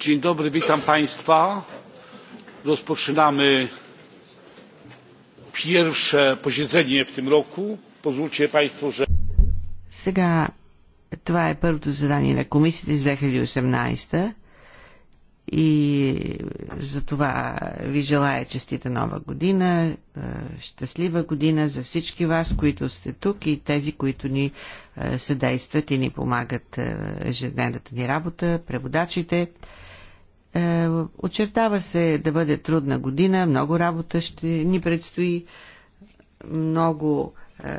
dzień dobry witam państwa rozpoczynamy pierwsze posiedzenie w tym roku pozwólcie państwo że сега това е първото задание на комисията из 2018 и за това ви желая честита нова година, е, щастлива година за всички вас, които сте тук и тези, които ни е, съдействат и ни помагат е, ежедневната ни работа, преводачите. Е, очертава се да бъде трудна година, много работа ще ни предстои, много е, е,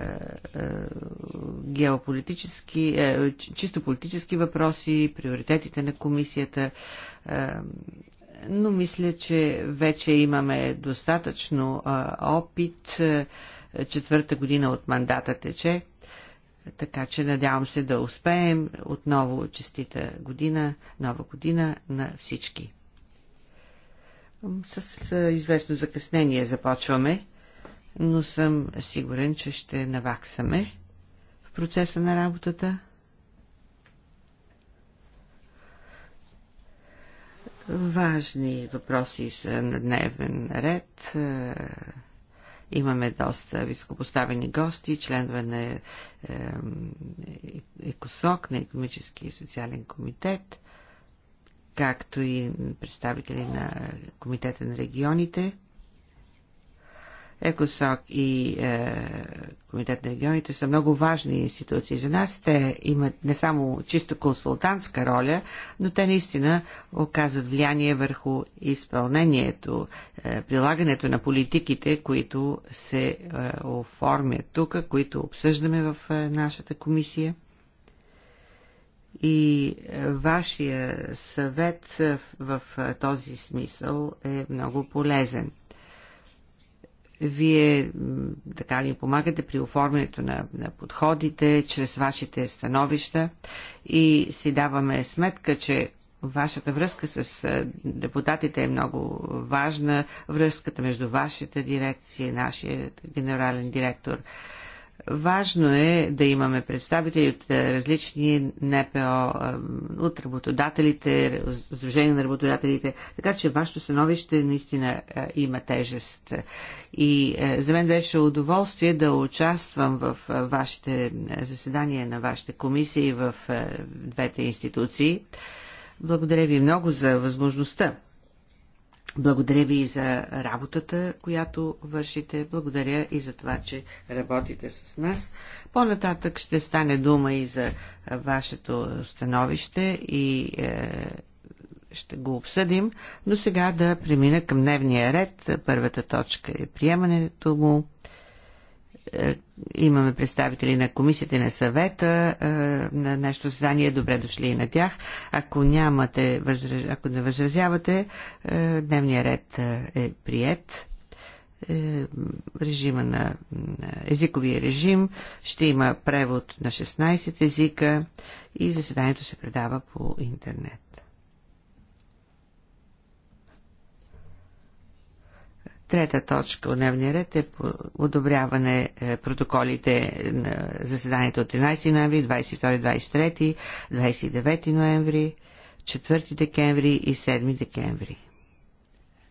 геополитически, чисто политически въпроси, приоритетите на комисията. Но мисля, че вече имаме достатъчно опит. Четвърта година от мандата тече. Така че надявам се да успеем отново честита година, нова година на всички. С известно закъснение започваме, но съм сигурен, че ще наваксаме в процеса на работата. Важни въпроси са на дневен ред. Имаме доста високопоставени гости, членове на ЕКОСОК, на Економически и социален комитет, както и представители на Комитета на регионите – ЕКОСОК и е, Комитет на регионите са много важни институции за нас. Те имат не само чисто консултантска роля, но те наистина оказват влияние върху изпълнението, е, прилагането на политиките, които се е, оформят тук, които обсъждаме в е, нашата комисия и е, вашия съвет в е, този смисъл е много полезен. Вие така ни помагате при оформянето на, на подходите, чрез вашите становища и си даваме сметка, че вашата връзка с депутатите е много важна, връзката между вашата дирекция и нашия генерален директор. Важно е да имаме представители от е, различни НПО, е, от работодателите, Сдружение на работодателите, така че вашето становище наистина е, има тежест. И за мен беше удоволствие да участвам в вашите заседания на вашите комисии в двете институции. Благодаря ви много за възможността благодаря ви и за работата, която вършите. Благодаря и за това, че работите с нас. По-нататък ще стане дума и за вашето становище и е, ще го обсъдим, но сега да премина към дневния ред. Първата точка е приемането му. Е, имаме представители на комисията и на съвета е, на нашето създание. Добре дошли и на тях. Ако, нямате, ако не възразявате, е, дневният ред е прият режима на езиковия режим. Ще има превод на 16 езика и заседанието се предава по интернет. Трета точка от дневния ред е одобряване е, протоколите на заседанието от 13 ноември, 22-23, 29 ноември, 4 декември и 7 декември.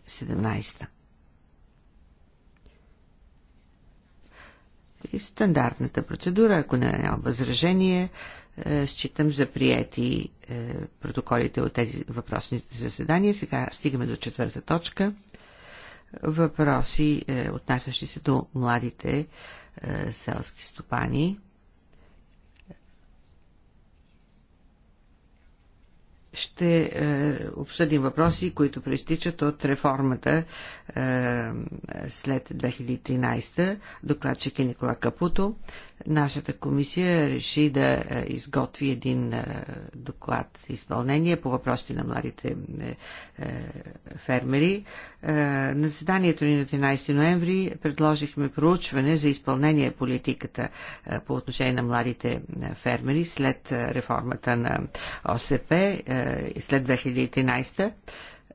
17. И стандартната процедура, ако не е възражение, считам за приети е, протоколите от тези въпросни заседания. Сега стигаме до четвърта точка – въпроси, е, отнасящи се до младите е, селски стопани. ще е, обсъдим въпроси, които проистичат от реформата е, след 2013. Докладчик е Никола Капуто нашата комисия реши да е, изготви един е, доклад за изпълнение по въпросите на младите е, фермери. На заседанието ни на 13 ноември предложихме проучване за изпълнение политиката по отношение на младите фермери след реформата на ОСП и след 2013.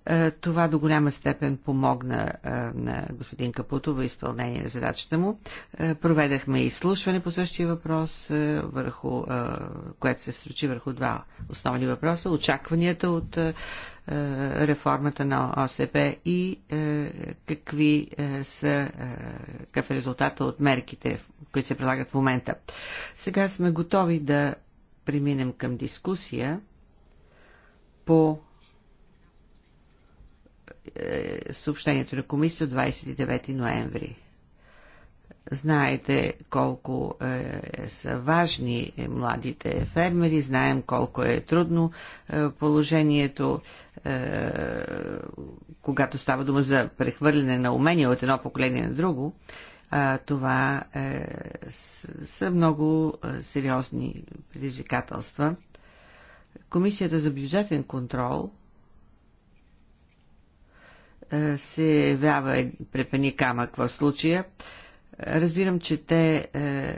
Е, това до голяма степен помогна е, на господин Капуто в изпълнение на задачата му. Е, проведахме изслушване по същия въпрос, върху, което се случи върху два основни въпроса. Очакванията от реформата на ОСП и какви са, какъв е резултата от мерките, които се прилагат в момента. Сега сме готови да преминем към дискусия по е, съобщението на комисия от 29 ноември. Знаете колко е, са важни е, младите фермери, знаем колко е трудно е, положението, е, когато става дума за прехвърляне на умения от едно поколение на друго. Е, това е, са много е, сериозни предизвикателства. Комисията за бюджетен контрол – е, се явява препани камък в случая. Разбирам, че те е,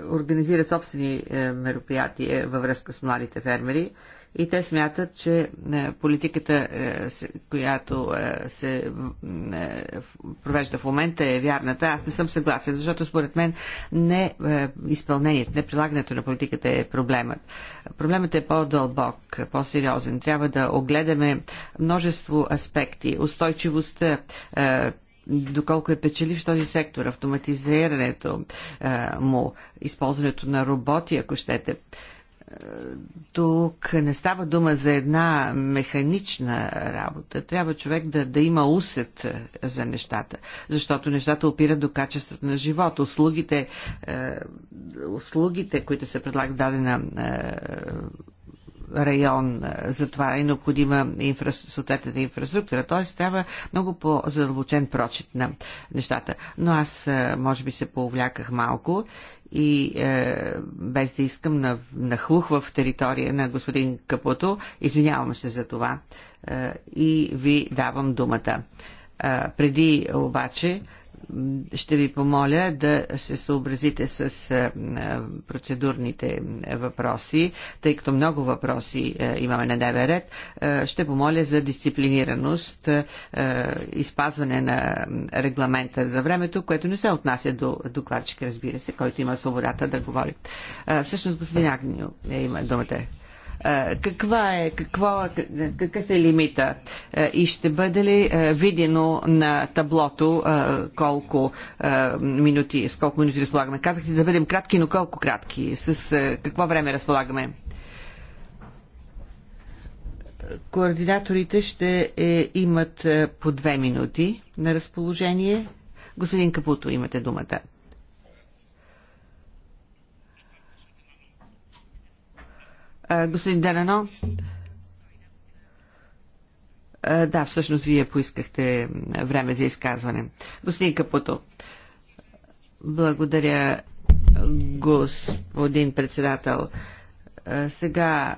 организират собствени е, мероприятия във връзка с младите фермери и те смятат, че е, политиката, е, която се провежда в момента е вярната. Аз не съм съгласен, защото според мен не изпълнението, не прилагането на политиката е проблемът. Проблемът е по-дълбок, по-сериозен. Трябва да огледаме множество аспекти. Устойчивостта, доколко е печеливш този сектор, автоматизирането е, му, използването на роботи, ако щете. Е, тук не става дума за една механична работа. Трябва човек да, да има усет е, за нещата, защото нещата опират до качеството на живота. Услугите, е, услугите които се предлагат дадена е, район. Е, за това е необходима инфра... съответната инфраструктура. Т.е. трябва много по-задълбочен прочит на нещата. Но аз, е, може би, се повляках малко и е, без да искам на, нахлух в територия на господин Капото, извинявам се за това е, и ви давам думата. Е, преди обаче ще ви помоля да се съобразите с процедурните въпроси, тъй като много въпроси имаме на дневен ред. Ще помоля за дисциплинираност, изпазване на регламента за времето, което не се отнася до докладчика, разбира се, който има свободата да говори. Всъщност, господин Агнио е, има думата. Каква е, какво, какъв е лимита? И ще бъде ли видено на таблото колко минути, с колко минути разполагаме? Казахте да бъдем кратки, но колко кратки? С какво време разполагаме? Координаторите ще е, имат по две минути на разположение. Господин Капуто, имате думата. Господин Денано, да, всъщност вие поискахте време за изказване. Господин Капуто, благодаря господин председател сега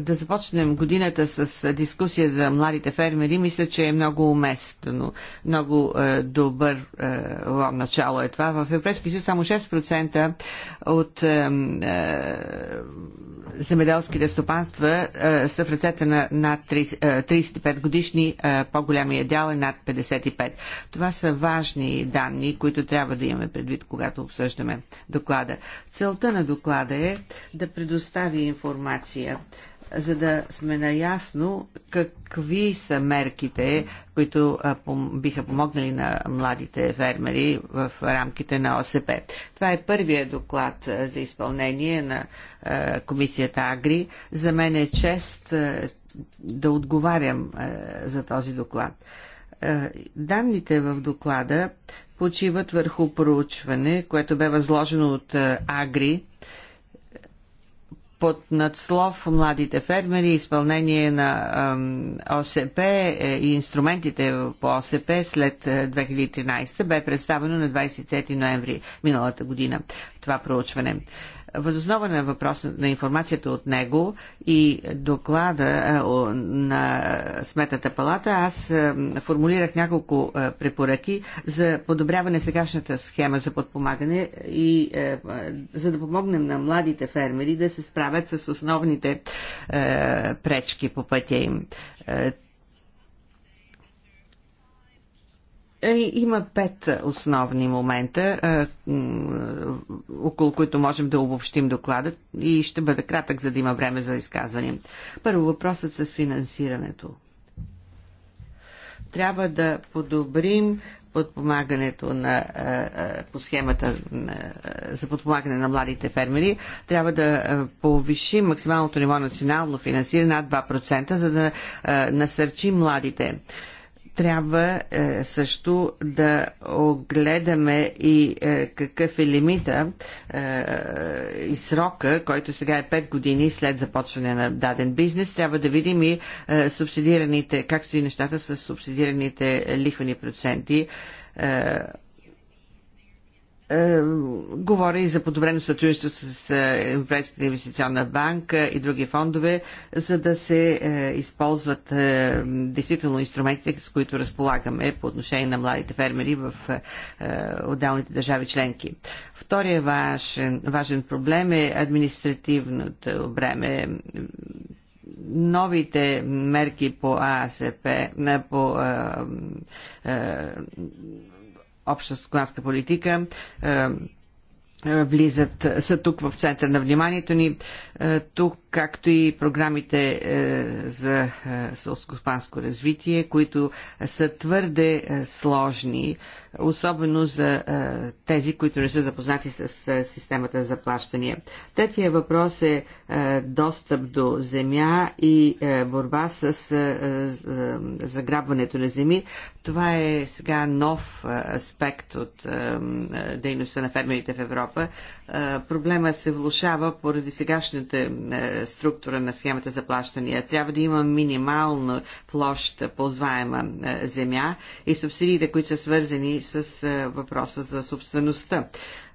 да започнем годината с дискусия за младите фермери, мисля, че е много уместно. Много е, добър е, начало е това. В Европейския съюз само 6% от е, земеделските стопанства са в ръцете на над 30, 35 годишни, по големия дял е над 55. Това са важни данни, които трябва да имаме предвид, когато обсъждаме доклада. Целта на доклада е да предоставим предостави информация, за да сме наясно какви са мерките, които биха помогнали на младите фермери в рамките на ОСП. Това е първият доклад за изпълнение на комисията Агри. За мен е чест да отговарям за този доклад. Данните в доклада почиват върху проучване, което бе възложено от Агри под надслов младите фермери, изпълнение на ОСП е, и инструментите по ОСП след 2013 е, бе представено на 23 ноември миналата година това проучване. Възоснова на въпрос на информацията от него и доклада на Сметната палата, аз формулирах няколко препоръки за подобряване сегашната схема за подпомагане и за да помогнем на младите фермери да се справят с основните пречки по пътя им Е, има пет основни момента, е, около които можем да обобщим доклада и ще бъда кратък, за да има време за изказване. Първо въпросът с финансирането. Трябва да подобрим подпомагането на, е, по схемата за подпомагане на младите фермери, трябва да повишим максималното ниво национално финансиране над 2%, за да насърчим младите. Трябва е, също да огледаме и е, какъв е лимита е, и срока, който сега е 5 години след започване на даден бизнес. Трябва да видим и е, субсидираните, как стои нещата с субсидираните лихвени проценти. Е, е, говоря и за подобрено сътрудничество с е, Европейската инвестиционна банка и други фондове, за да се е, използват действително инструментите, с които разполагаме по отношение на младите фермери в отделните държави членки. Втория важен, важен проблем е административното бреме новите мерки по АСП, по а, а, обща стоканска политика е, е, влизат, са тук в центъра на вниманието ни. Е, тук, както и програмите е, за е, селскостопанско развитие, които са твърде сложни, особено за тези, които не са запознати с системата за плащания. Третия въпрос е достъп до земя и борба с заграбването на земи. Това е сега нов аспект от дейността на фермерите в Европа. Проблема се влушава поради сегашната сегашната е, структура на схемата за плащания. Трябва да има минимална площ ползваема е, земя и субсидиите, които са свързани с е, въпроса за собствеността.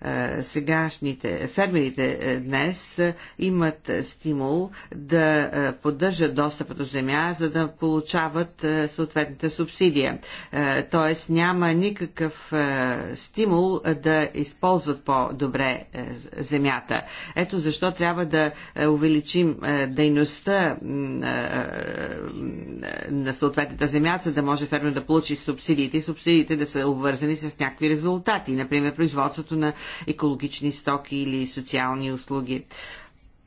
Е, сегашните фермерите е, днес е, имат стимул да поддържат достъп до земя, за да получават съответната субсидия. Тоест няма никакъв стимул да използват по-добре земята. Ето защо трябва да увеличим дейността на съответната земя, за да може фермер да получи субсидиите и субсидиите да са обвързани с някакви резултати. Например, производството на екологични стоки или социални услуги.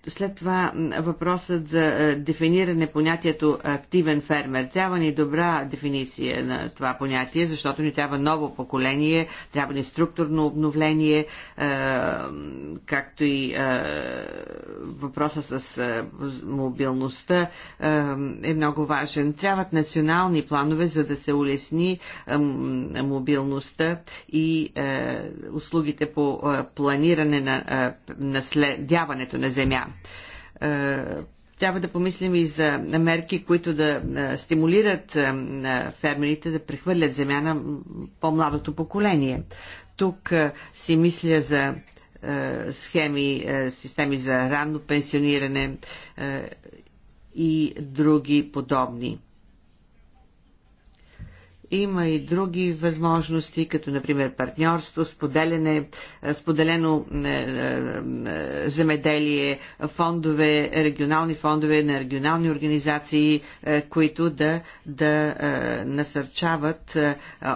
След това въпросът за е, дефиниране понятието активен фермер. Трябва ни добра дефиниция на това понятие, защото ни трябва ново поколение, трябва ни структурно обновление, е, както и е, въпроса с мобилността е много важен. Трябват национални планове, за да се улесни мобилността и услугите по планиране на наследяването на земя. Е, трябва да помислим и за мерки, които да е, стимулират е, фермерите да прехвърлят земя на по-младото поколение. Тук си мисля за схеми, системи за ранно пенсиониране и други подобни. Има и други възможности, като например партньорство, споделяне, е, споделено е, е, земеделие, фондове, регионални фондове на регионални организации, които да, да насърчават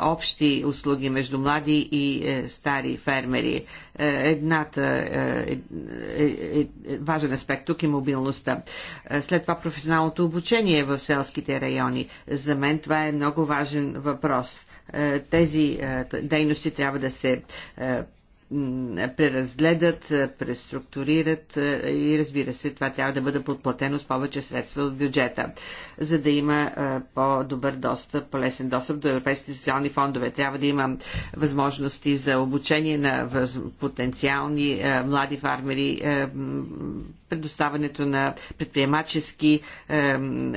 общи услуги между млади и стари фермери. Е, едната, е, е, е важен аспект тук е мобилността. След това професионалното обучение в селските райони. За мен това е много важен въпрос. Тези дейности трябва да се преразгледат, преструктурират и разбира се, това трябва да бъде подплатено с повече средства от бюджета, за да има по-добър достъп, по-лесен достъп до европейските социални фондове. Трябва да има възможности за обучение на потенциални млади фармери, предоставането на предприемачески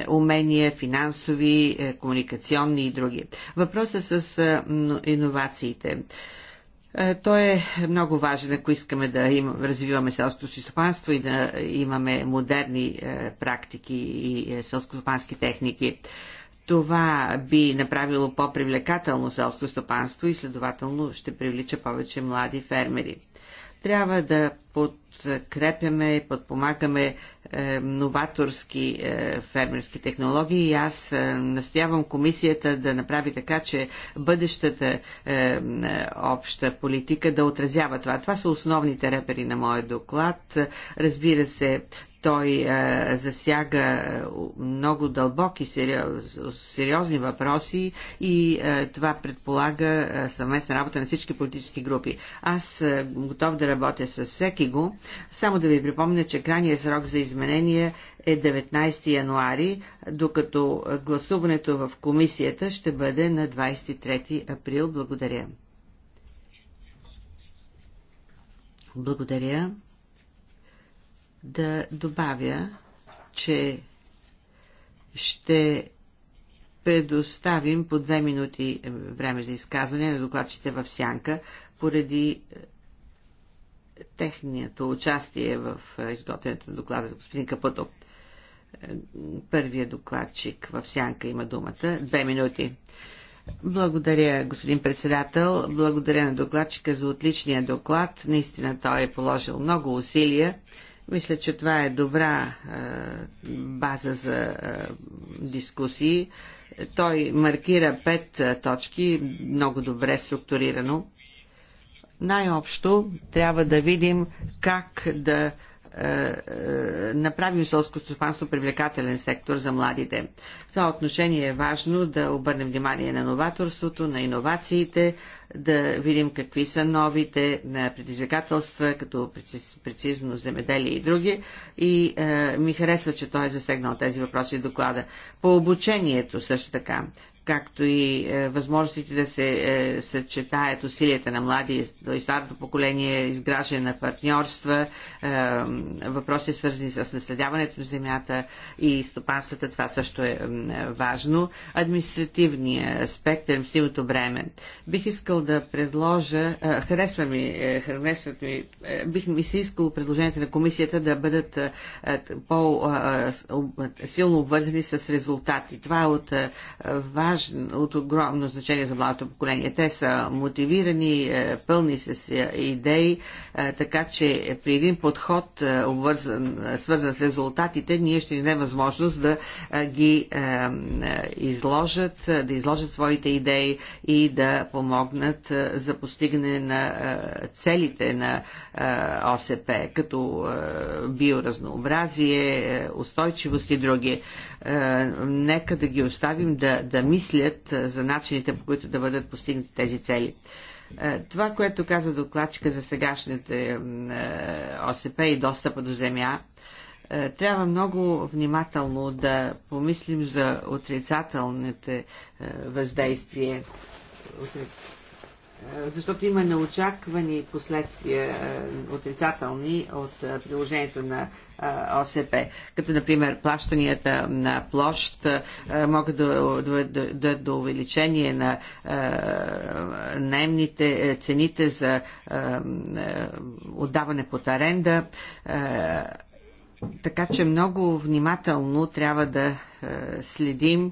умения, финансови, е, комуникационни и други. Въпросът с иновациите. Е, той е много важен, ако искаме да развиваме селското си стопанство и да имаме модерни е, практики и е, селскостопански техники. Това би направило по-привлекателно селско стопанство и следователно ще привлича повече млади фермери. Трябва да под подкрепяме и подпомагаме е, новаторски е, фермерски технологии и аз е, настоявам комисията да направи така, че бъдещата обща политика да отразява това. Това са основните репери на моят доклад. Разбира се, той а, е, засяга е, много дълбоки, сериоз, сериозни въпроси и а, е, това предполага а, съвместна работа на всички политически групи. Аз а, готов да работя с всеки го. Само да ви припомня, че крайният срок за изменение е 19 януари, докато гласуването в комисията ще бъде на 23 април. Благодаря. Благодаря да добавя, че ще предоставим по две минути време за изказване на докладчите в Сянка, поради е, техното участие в е, изготвянето на доклада за господин Капъто. Е, първият докладчик в Сянка има думата. Две минути. Благодаря, господин председател. Благодаря на докладчика за отличния доклад. Наистина той е положил много усилия мисля, че това е добра база за дискусии. Той маркира пет точки, много добре структурирано. Най-общо трябва да видим как да е, е, направим селско стопанство привлекателен сектор за младите. В това отношение е важно да обърнем внимание на новаторството, на иновациите, да видим какви са новите предизвикателства, като прецизно земеделие и други. И е, ми харесва, че той е засегнал тези въпроси в доклада. По обучението също така както и е, възможностите да се е, съчетаят усилията на млади и старото поколение, изграждане на партньорства, е, въпроси свързани с наследяването на земята и стопанствата, това също е важно. Административният аспект, административното време. Бих искал да предложа, харесва ми, харесва ми, бих ми се искало предложенията на комисията да бъдат по-силно обвързани с резултати. Това е от важно от огромно значение за младото поколение. Те са мотивирани, е, пълни с е, идеи, е, така че при един подход, обвързан, свързан с резултатите, ние ще имаме възможност да ги изложат, да изложат своите идеи и да помогнат за постигане на целите на ОСП, като биоразнообразие, устойчивост и други. Е, нека да ги оставим да, да мислят е, за начините, по които да бъдат постигнати тези цели. Е, това, което каза докладчика за сегашните ОСП и достъпа до земя, трябва много внимателно да помислим за отрицателните въздействия. защото има неочаквани последствия отрицателни от приложението на ОСП, като например плащанията на площ могат да, доведат до увеличение на наемните е, цените за отдаване под аренда. Така че много внимателно трябва да следим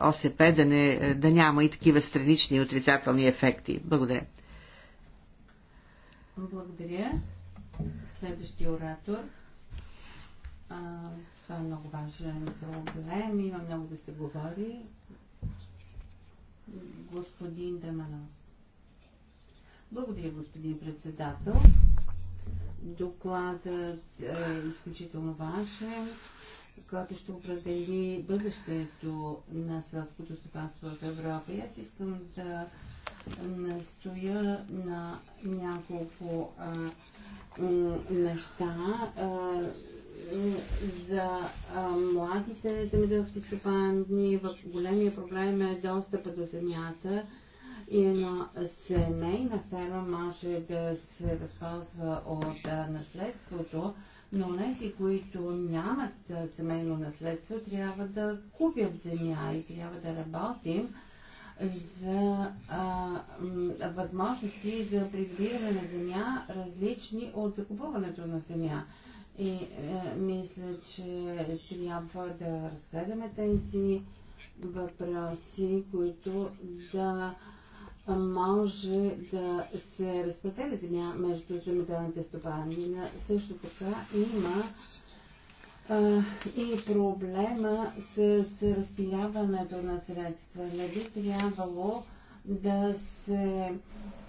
ОСП да, не, да няма и такива странични отрицателни ефекти. Благодаря. Благодаря. Следващия оратор. А, това е много важен проблем. Има много да се говори. Господин Деманос. Благодаря, господин председател. Докладът е изключително важен, който ще определи бъдещето на селското стопанство в Европа. И аз искам да настоя на няколко а, неща за младите земеделски стопани. Големия проблем е достъпа до земята и една семейна ферма може да се възползва от наследството, но тези, които нямат семейно наследство, трябва да купят земя и трябва да работим за а, възможности за придобиване на земя, различни от закупуването на земя. И е, мисля, че трябва да разгледаме тези въпроси, които да може да се разпределя земя между земеделните стопани. Също така има и проблема с, с разпиляването на средства. Не би трябвало да се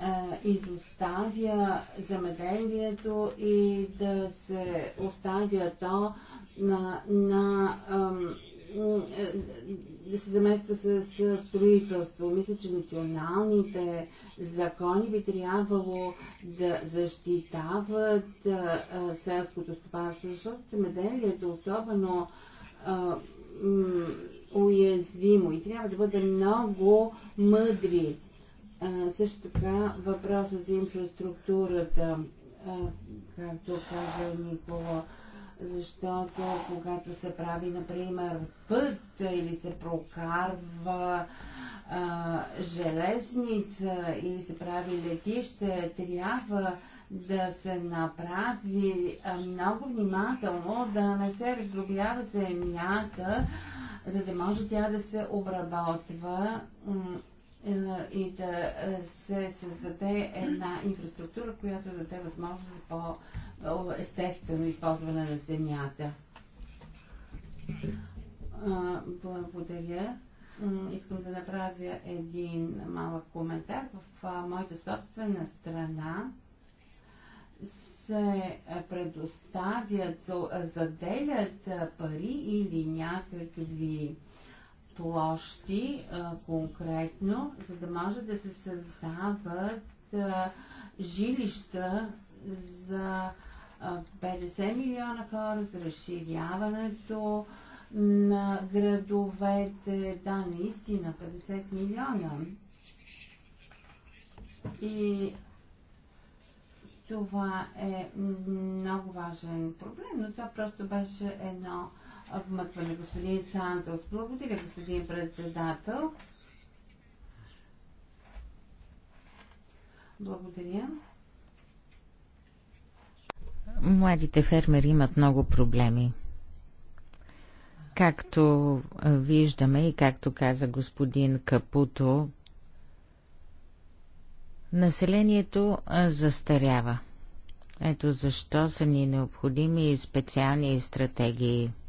а, изоставя замеделието и да се оставя то на, на ам, да се замества с, строителство. Мисля, че националните закони би трябвало да защитават селското стопанство, защото земеделието е особено уязвимо и трябва да бъде много мъдри. също така въпроса за инфраструктурата, както каза Никола, защото когато се прави, например, път или се прокарва а, железница или се прави летище, трябва да се направи а, много внимателно, да не се раздробява земята, за да може тя да се обработва е, и да се създаде една инфраструктура, която да даде възможност за по- естествено използване на земята. Благодаря. Искам да направя един малък коментар. В моята собствена страна се предоставят, заделят пари или някакви площи конкретно, за да може да се създават жилища за 50 милиона хора за разширяването на градовете. Да, наистина 50 милиона. И това е много важен проблем, но това просто беше едно вмъкване. Господин Сантос, благодаря, господин председател. Благодаря. Младите фермери имат много проблеми. Както виждаме и както каза господин Капуто, населението застарява. Ето защо са ни необходими специални стратегии –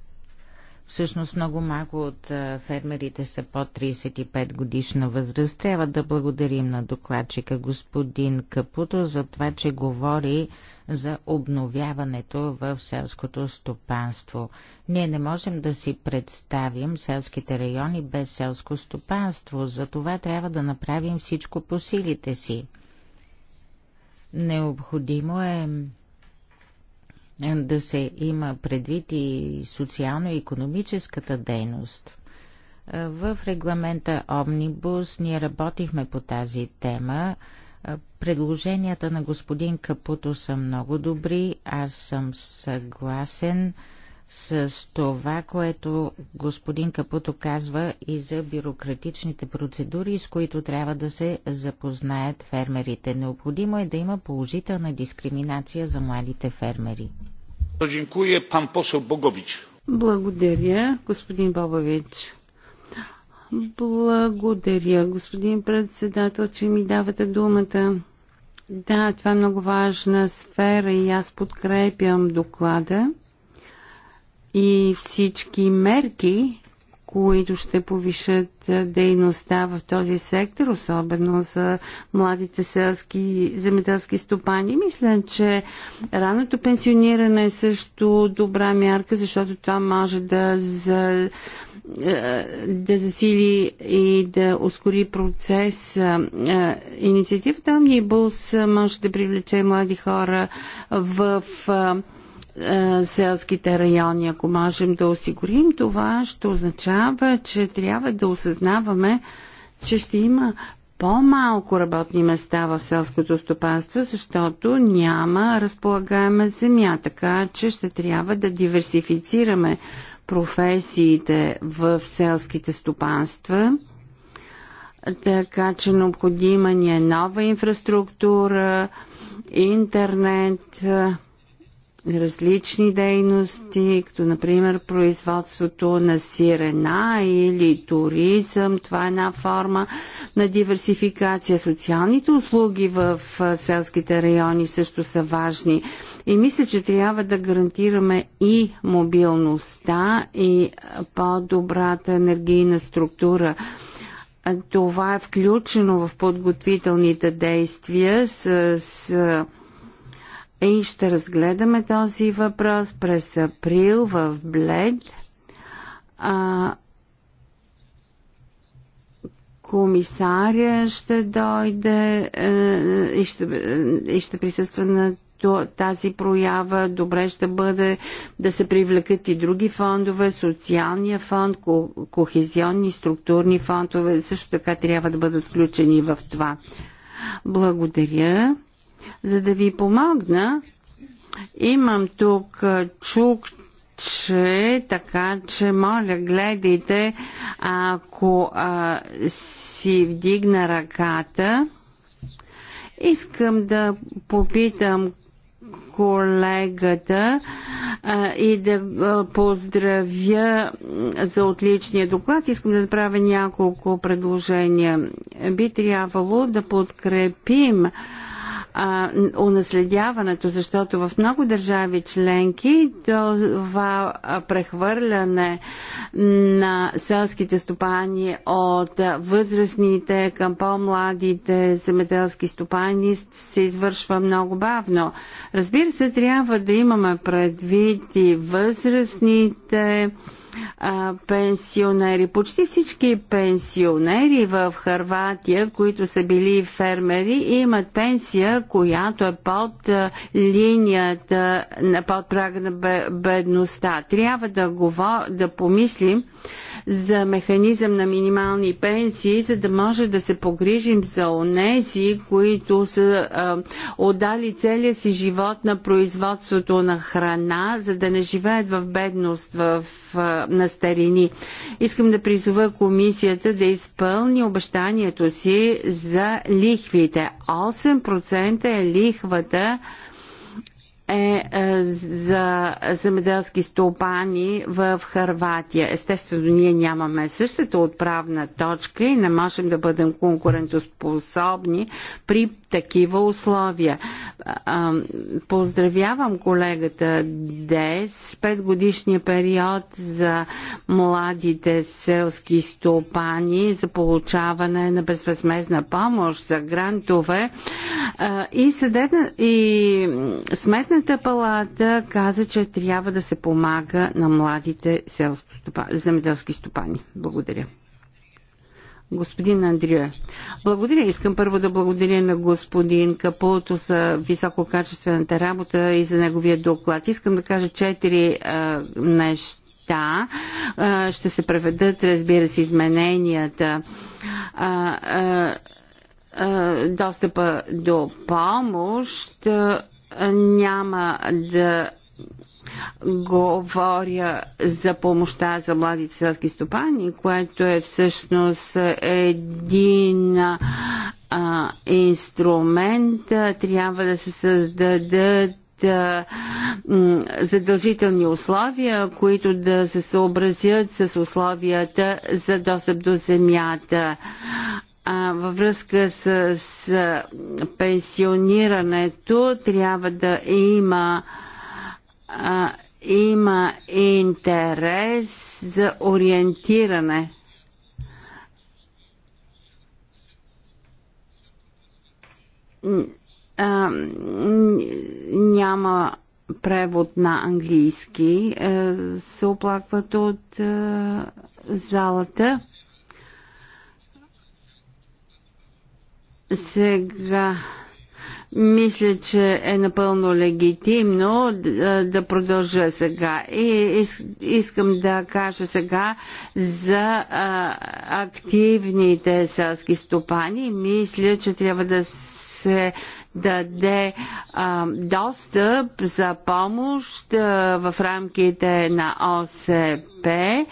Всъщност много малко от фермерите са под 35 годишна възраст. Трябва да благодарим на докладчика господин Капуто за това, че говори за обновяването в селското стопанство. Ние не можем да си представим селските райони без селско стопанство, за това трябва да направим всичко по силите си. Необходимо е да се има предвид и социално-економическата дейност. В регламента Омнибус ние работихме по тази тема. Предложенията на господин Капуто са много добри. Аз съм съгласен с това, което господин Капуто казва и за бюрократичните процедури, с които трябва да се запознаят фермерите. Необходимо е да има положителна дискриминация за младите фермери. Благодаря, господин Бобович. Благодаря, господин председател, че ми давате думата. Да, това е много важна сфера и аз подкрепям доклада и всички мерки, които ще повишат дейността в този сектор, особено за младите селски земеделски стопани. Мисля, че раното пенсиониране е също добра мярка, защото това може да, за, да засили и да ускори процес. Инициативата Omnibus може да привлече млади хора в е, селските райони. Ако можем да осигурим това, ще означава, че трябва да осъзнаваме, че ще има по-малко работни места в селското стопанство, защото няма разполагаема земя, така че ще трябва да диверсифицираме професиите в селските стопанства, така че необходима ни е нова инфраструктура, интернет, различни дейности, като например производството на сирена или туризъм. Това е една форма на диверсификация. Социалните услуги в селските райони също са важни. И мисля, че трябва да гарантираме и мобилността, и по-добрата енергийна структура. Това е включено в подготвителните действия с, с и ще разгледаме този въпрос през април в Блед. А, комисаря ще дойде е, и, ще, е, и ще присъства на тази проява. Добре ще бъде да се привлекат и други фондове, социалния фонд, кохезионни, структурни фондове. Също така трябва да бъдат включени в това. Благодаря. За да ви помогна, имам тук чук, че така, че моля, гледайте, ако а, си вдигна ръката, искам да попитам колегата а, и да а, поздравя за отличния доклад. Искам да направя няколко предложения. Би трябвало да подкрепим а, а, унаследяването, защото в много държави членки това прехвърляне на селските стопани от възрастните към по-младите земеделски стопани се извършва много бавно. Разбира се, трябва да имаме предвид и възрастните, а, пенсионери. Почти всички пенсионери в Харватия, които са били фермери, имат пенсия, която е под а, линията, под прага на бедността. Трябва да, говор, да помислим за механизъм на минимални пенсии, за да може да се погрижим за онези, които са а, отдали целия си живот на производството на храна, за да не живеят в бедност в, а, на старини. Искам да призова комисията да изпълни обещанието си за лихвите. 8% е лихвата е, е за земеделски стопани в Харватия. Естествено, ние нямаме същата отправна точка и не можем да бъдем конкурентоспособни при такива условия. Поздравявам колегата Дес, годишния период за младите селски стопани за получаване на безвъзмезна помощ за грантове и, съдебна, и сметна Сметната палата каза, че трябва да се помага на младите земеделски стопани. Благодаря. Господин Андрия, благодаря. Искам първо да благодаря на господин Капуто за висококачествената работа и за неговия доклад. Искам да кажа четири а, неща неща да, ще се преведат, разбира се, измененията. Достъпа до помощ няма да говоря за помощта за младите селски стопани, което е всъщност един а, инструмент. Трябва да се създадат задължителни условия, които да се съобразят с условията за достъп до земята а, във връзка с, с пенсионирането трябва да има а, има интерес за ориентиране. А, няма превод на английски. Се оплакват от залата. Сега мисля, че е напълно легитимно да продължа сега. И искам да кажа сега за активните селски стопани. Мисля, че трябва да се даде а, достъп за помощ а, в рамките на ОСП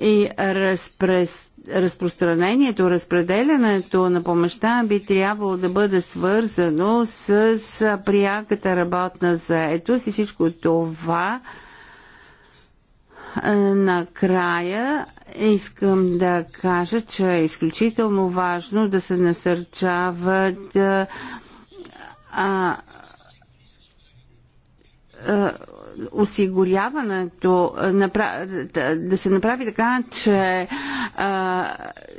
и разпрест разпространението, разпределянето на помощта би трябвало да бъде свързано с, с пряката работна заетост и всичко това е, накрая искам да кажа, че е изключително важно да се насърчават е, а, а, е, осигуряването да се направи така, че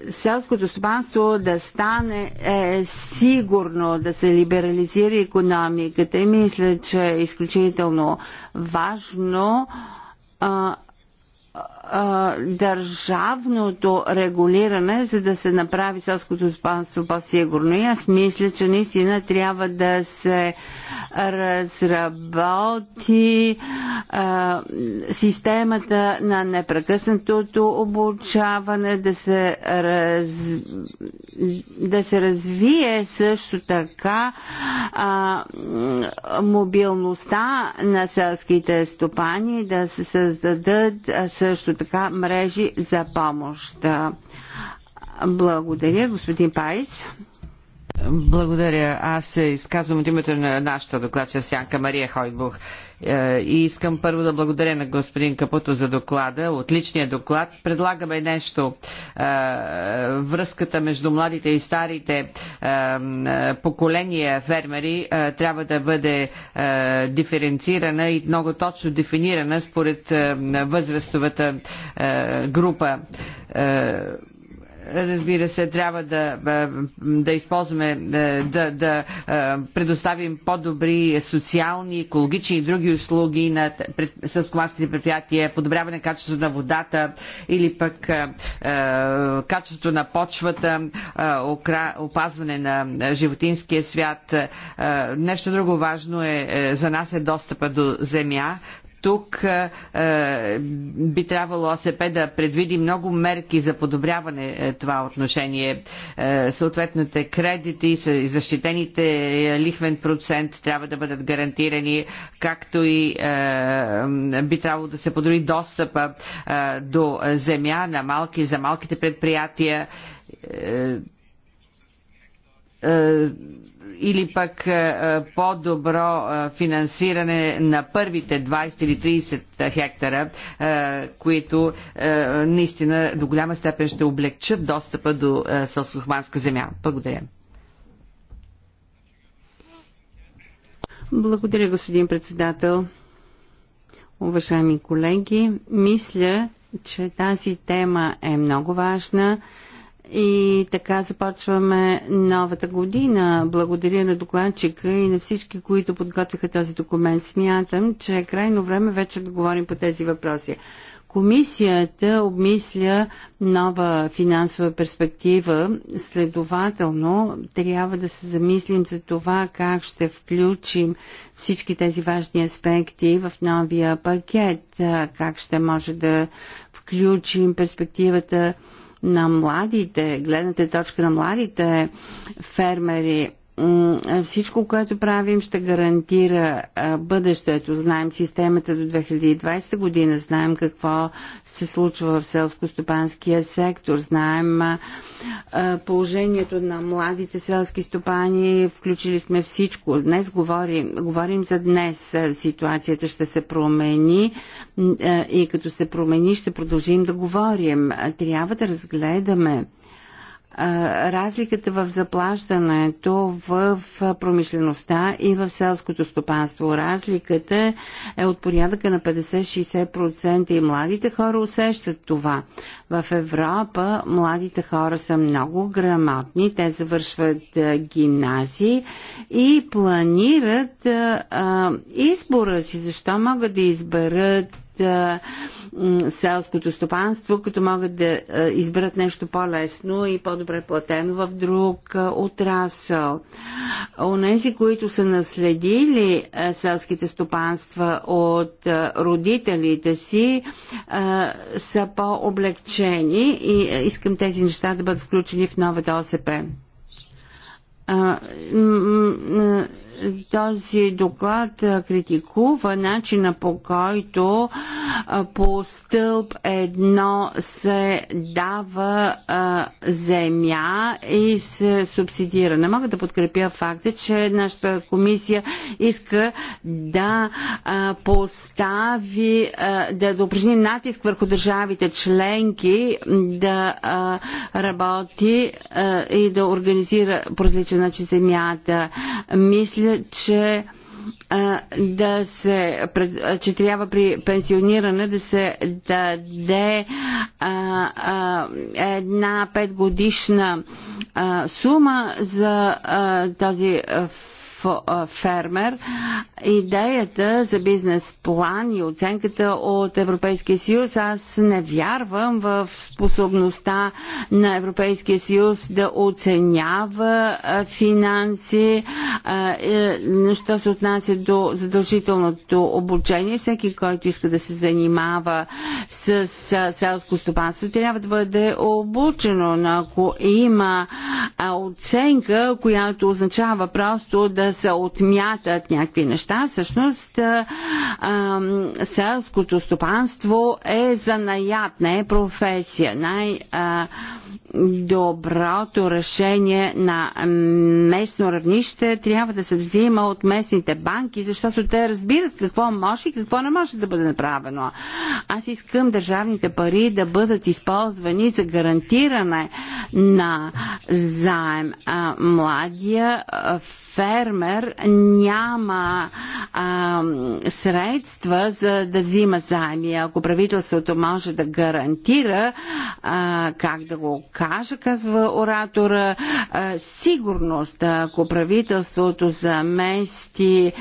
селското стопанство да стане е, сигурно, да се либерализира економиката и мисля, че е изключително важно а, а, държавното регулиране, за да се направи селското стопанство по-сигурно. И аз мисля, че наистина трябва да се разработи а, системата на непрекъснатото обучаване, да се, раз, да се развие също така а, мобилността на селските стопани, да се създадат също така мрежи за помощ. Благодаря, господин Пайс. Благодаря. Аз се изказвам от името на нашата докладча Сянка Мария Хойбух. Е, и искам първо да благодаря на господин Капуто за доклада, отличния доклад. Предлагаме нещо. Е, връзката между младите и старите е, поколения фермери трябва да бъде диференцирана и много точно дефинирана според възрастовата група разбира се, трябва да, да използваме, да, да предоставим по-добри социални, екологични и други услуги на селскоманските предприятия, подобряване на качеството на водата или пък качеството на почвата, опазване на животинския свят. нещо друго важно е, е, за нас е достъпа до земя. Тук е, е, би трябвало ОСП да предвиди много мерки за подобряване е, това отношение. Е, съответните кредити и защитените е, лихвен процент трябва да бъдат гарантирани, както и е, би трябвало да се подобри достъпа е, до земя на малки, за малките предприятия. Е, е, или пък е, е, по-добро е, финансиране на първите 20 или 30 хектара, които наистина до голяма степен ще облегчат достъпа до сълсохманска земя. Благодаря. Благодаря, господин председател. Уважаеми колеги, мисля, че тази тема е много важна. И така започваме новата година. Благодаря на докладчика и на всички, които подготвиха този документ. Смятам, че е крайно време вече да говорим по тези въпроси. Комисията обмисля нова финансова перспектива, следователно трябва да се замислим за това как ще включим всички тези важни аспекти в новия пакет, как ще може да включим перспективата на младите, гледната точка на младите фермери всичко, което правим, ще гарантира бъдещето. Знаем системата до 2020 година, знаем какво се случва в селско-стопанския сектор, знаем положението на младите селски стопани, включили сме всичко. Днес говорим, говорим за днес. Ситуацията ще се промени и като се промени, ще продължим да говорим. Трябва да разгледаме разликата в заплащането в промишлеността и в селското стопанство. Разликата е от порядъка на 50-60% и младите хора усещат това. В Европа младите хора са много грамотни, те завършват гимназии и планират избора си, защо могат да изберат селското стопанство, като могат да изберат нещо по-лесно и по-добре платено в друг отрасъл. Онези, които са наследили селските стопанства от родителите си, са по-облегчени и искам тези неща да бъдат включени в новата ОСП този доклад критикува начина по който по стълб едно се дава земя и се субсидира. Не мога да подкрепя факта, че нашата комисия иска да постави, да, допрежни натиск върху държавите членки да работи и да организира по различен начин земята. Мисля, мисля, че да се, че трябва при пенсиониране да се даде а, а, една петгодишна сума за а, този фермер. Идеята за бизнес план и оценката от Европейския съюз, аз не вярвам в способността на Европейския съюз да оценява финанси, е, що се отнася до задължителното обучение. Всеки, който иска да се занимава с селско стопанство, трябва да бъде обучено. Но ако има оценка, която означава просто да се отмятат някакви неща. Всъщност селското стопанство е занаят, не е професия. Най- а, доброто решение на местно равнище трябва да се взима от местните банки, защото те разбират какво може и какво не може да бъде направено. Аз искам държавните пари да бъдат използвани за гарантиране на заем. А, младия фермер няма а, средства за да взима заеми. Ако правителството може да гарантира а, как да го окаже, казва оратора, сигурност, ако правителството замести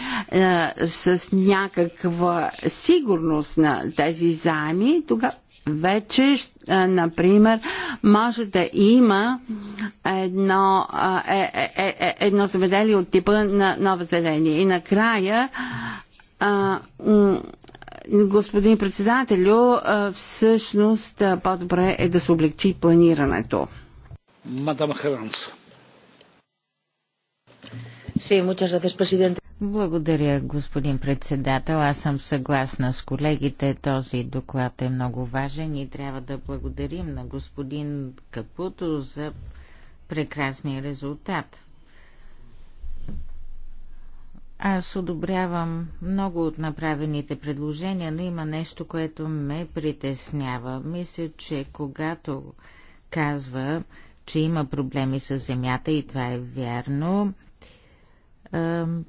с някаква сигурност на тези заеми, тогава вече, например, може да има едно, е, е, е, едно заведение от типа на Нова Зеление. И накрая а, господин председателю, всъщност по-добре е да се облегчи планирането. Мадам Херанс. Благодаря, господин председател. Аз съм съгласна с колегите. Този доклад е много важен и трябва да благодарим на господин Капуто за прекрасния резултат. Аз одобрявам много от направените предложения, но има нещо, което ме притеснява. Мисля, че когато казва, че има проблеми с земята и това е вярно,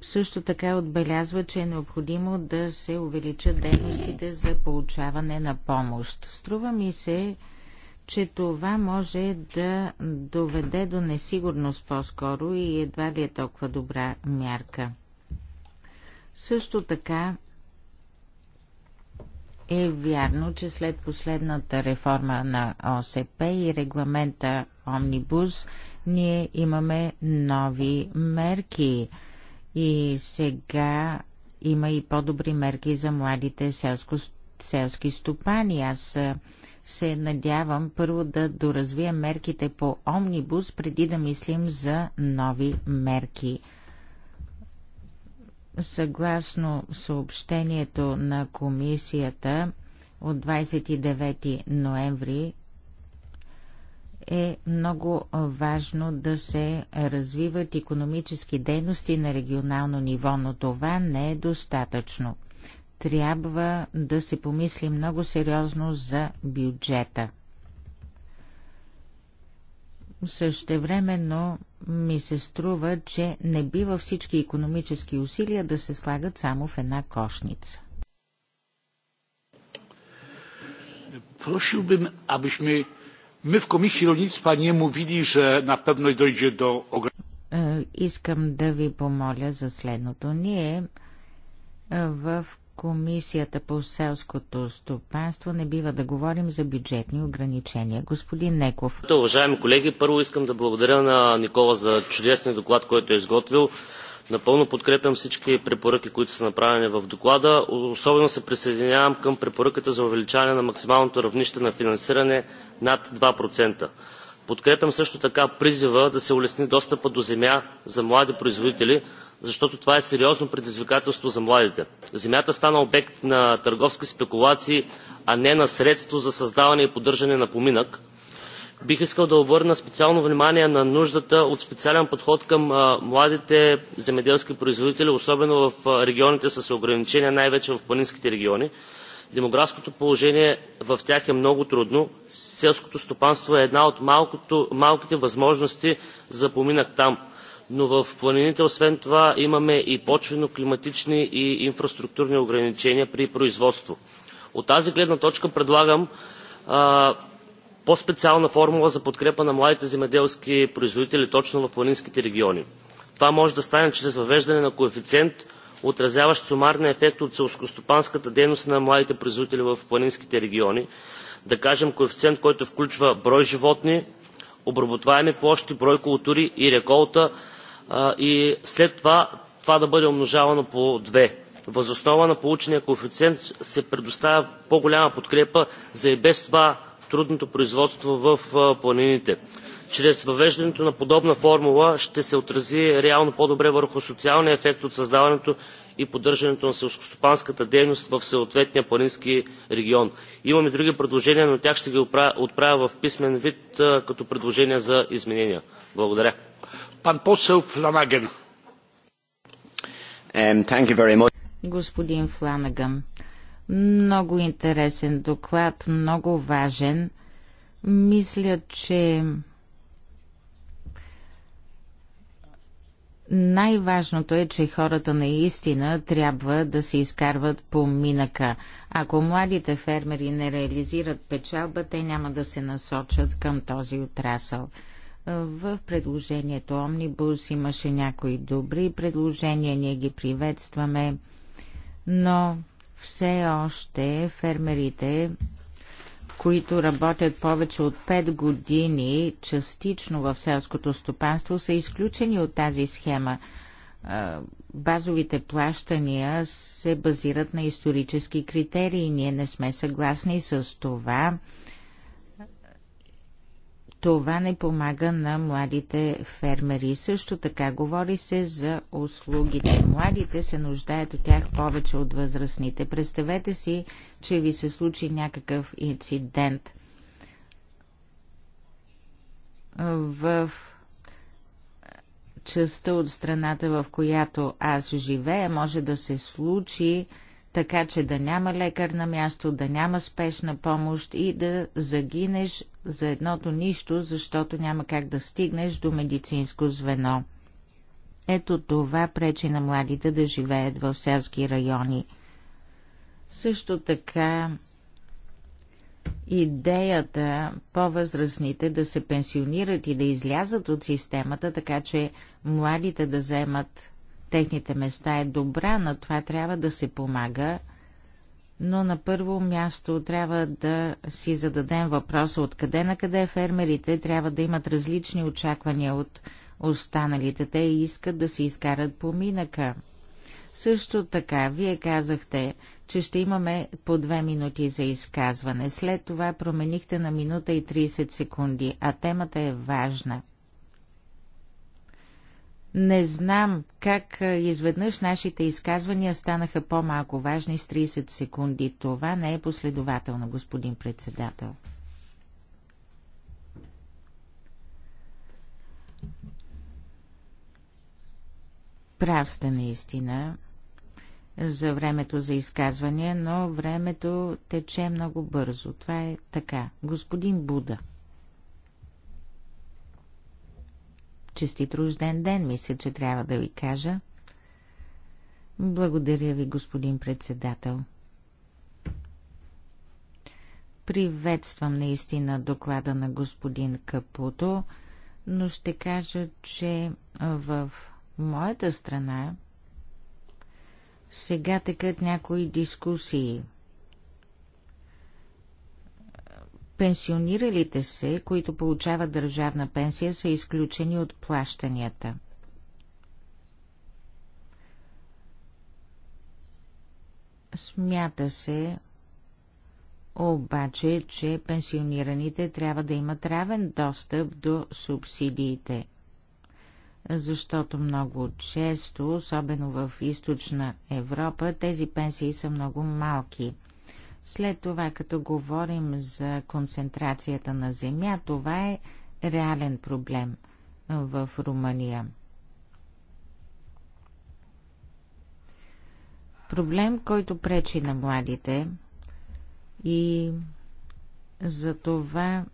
също така отбелязва, че е необходимо да се увеличат дейностите за получаване на помощ. Струва ми се, че това може да доведе до несигурност по-скоро и едва ли е толкова добра мярка. Също така е вярно, че след последната реформа на ОСП и регламента Омнибус, ние имаме нови мерки. И сега има и по-добри мерки за младите селско, селски стопани. Аз се надявам първо да доразвия мерките по Омнибус, преди да мислим за нови мерки – Съгласно съобщението на комисията от 29 ноември е много важно да се развиват економически дейности на регионално ниво, но това не е достатъчно. Трябва да се помисли много сериозно за бюджета – Същевременно ми се струва, че не бива всички економически усилия да се слагат само в една кошница. Просил бим, Ми в комисии родництва не му види, че że na дойде до do е, Искам да ви помоля за следното. Ние в Комисията по селското стопанство не бива да говорим за бюджетни ограничения. Господин Неков. Уважаеми колеги, първо искам да благодаря на Никола за чудесния доклад, който е изготвил. Напълно подкрепям всички препоръки, които са направени в доклада. Особено се присъединявам към препоръката за увеличаване на максималното равнище на финансиране над 2%. Подкрепям също така призива да се улесни достъпа до земя за млади производители, защото това е сериозно предизвикателство за младите. Земята стана обект на търговски спекулации, а не на средство за създаване и поддържане на поминък. Бих искал да обърна специално внимание на нуждата от специален подход към младите земеделски производители, особено в регионите с ограничения, най-вече в планинските региони. Демографското положение в тях е много трудно. Селското стопанство е една от малкото, малките възможности за поминък там. Но в планините, освен това, имаме и почвено-климатични и инфраструктурни ограничения при производство. От тази гледна точка предлагам по-специална формула за подкрепа на младите земеделски производители точно в планинските региони. Това може да стане чрез въвеждане на коефициент отразяващ сумарния ефект от селскостопанската дейност на младите производители в планинските региони. Да кажем коефициент, който включва брой животни, обработваеми площи, брой култури и реколта и след това това да бъде умножавано по две. Въз основа на получения коефициент се предоставя по-голяма подкрепа за и без това трудното производство в планините чрез въвеждането на подобна формула ще се отрази реално по добре върху социалния ефект от създаването и поддържането на селскостопанската дейност в съответния планински регион. Имаме други предложения но тях ще ги отправя в писмен вид като предложения за изменения. благодаря. Господин Фланаган, много интересен доклад, много важен. Мисля, че Най-важното е, че хората наистина трябва да се изкарват по минъка. Ако младите фермери не реализират печалба, те няма да се насочат към този отрасъл. В предложението Омнибус имаше някои добри предложения, ние ги приветстваме, но все още фермерите които работят повече от 5 години частично в селското стопанство, са изключени от тази схема. Базовите плащания се базират на исторически критерии. Ние не сме съгласни с това това не помага на младите фермери. Също така говори се за услугите. Младите се нуждаят от тях повече от възрастните. Представете си, че ви се случи някакъв инцидент. В частта от страната, в която аз живея, може да се случи така, че да няма лекар на място, да няма спешна помощ и да загинеш за едното нищо, защото няма как да стигнеш до медицинско звено. Ето това пречи на младите да живеят в селски райони. Също така идеята по-възрастните да се пенсионират и да излязат от системата, така че младите да вземат техните места е добра, но това трябва да се помага – но на първо място трябва да си зададем въпроса откъде на къде фермерите трябва да имат различни очаквания от останалите. Те искат да се изкарат поминъка. Също така, вие казахте, че ще имаме по две минути за изказване. След това променихте на минута и 30 секунди, а темата е важна – не знам как изведнъж нашите изказвания станаха по-малко важни с 30 секунди. Това не е последователно, господин председател. Прав сте наистина за времето за изказвания, но времето тече много бързо. Това е така. Господин Буда. Честит рожден ден, мисля, че трябва да ви кажа. Благодаря ви, господин председател. Приветствам наистина доклада на господин Капуто, но ще кажа, че в моята страна сега текат някои дискусии – Пенсиониралите се, които получават държавна пенсия, са изключени от плащанията. Смята се, обаче, че пенсионираните трябва да имат равен достъп до субсидиите. Защото много често, особено в източна Европа, тези пенсии са много малки – след това, като говорим за концентрацията на земя, това е реален проблем в Румъния. Проблем, който пречи на младите и за това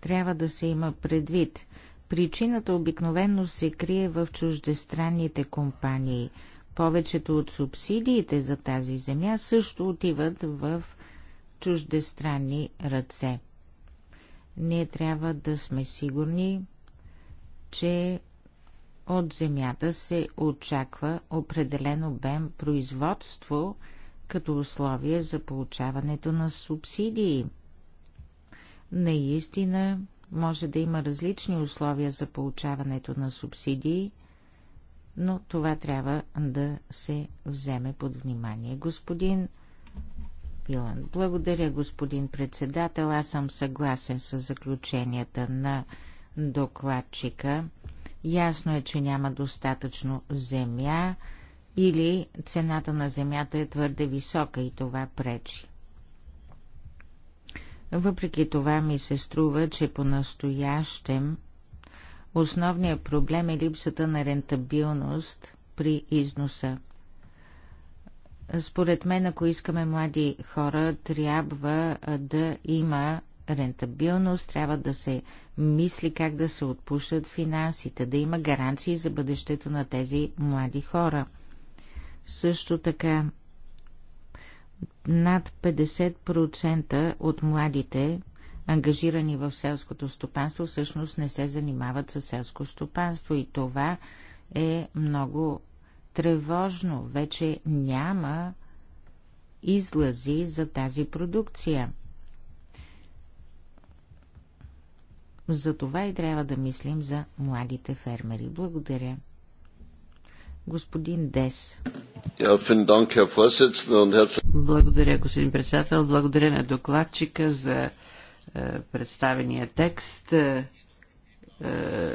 трябва да се има предвид. Причината обикновенно се крие в чуждестранните компании. Повечето от субсидиите за тази земя също отиват в чуждестранни ръце. Ние трябва да сме сигурни, че от земята се очаква определен обем производство като условие за получаването на субсидии. Наистина може да има различни условия за получаването на субсидии, но това трябва да се вземе под внимание. Господин Билан. Благодаря, господин председател. Аз съм съгласен с заключенията на докладчика. Ясно е, че няма достатъчно земя или цената на земята е твърде висока и това пречи. Въпреки това ми се струва, че по-настоящем основният проблем е липсата на рентабилност при износа според мен, ако искаме млади хора, трябва да има рентабилност, трябва да се мисли как да се отпушат финансите, да има гаранции за бъдещето на тези млади хора. Също така, над 50% от младите, ангажирани в селското стопанство, всъщност не се занимават с селско стопанство и това е много тревожно. Вече няма излази за тази продукция. За това и трябва да мислим за младите фермери. Благодаря. Господин Дес. Благодаря, господин председател. Благодаря на докладчика за е, представения текст. Е,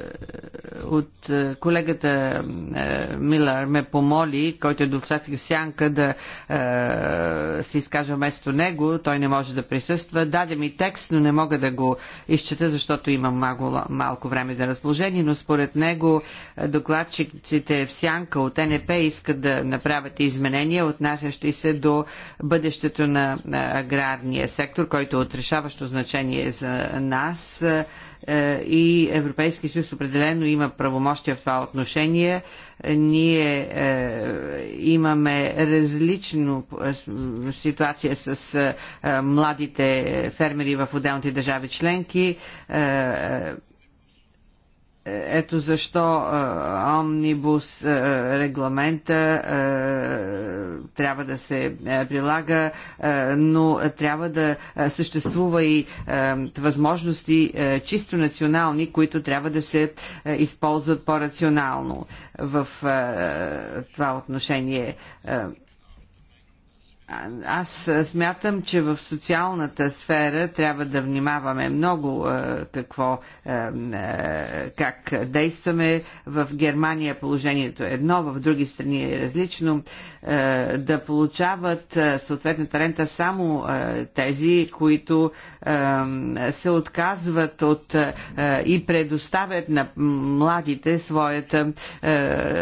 от е, колегата е, Милър ме помоли, който е докладчик Сянка, да се изкажа вместо него. Той не може да присъства. Даде ми текст, но не мога да го изчета, защото имам малко, малко време за разположение, но според него докладчиците в Сянка от НП искат да направят изменения, отнасящи се до бъдещето на аграрния сектор, който е от решаващо значение за нас е, и Европейския съюз определено има правомощия в това отношение. Ние е, имаме различна е, ситуация с младите фермери в отделните държави членки. Ето защо омнибус регламента трябва да се прилага, но трябва да съществува и възможности чисто национални, които трябва да се използват по-рационално в това отношение аз смятам, че в социалната сфера трябва да внимаваме много какво, как действаме. В Германия положението е едно, в други страни е различно. Да получават съответната рента само тези, които се отказват от и предоставят на младите своята,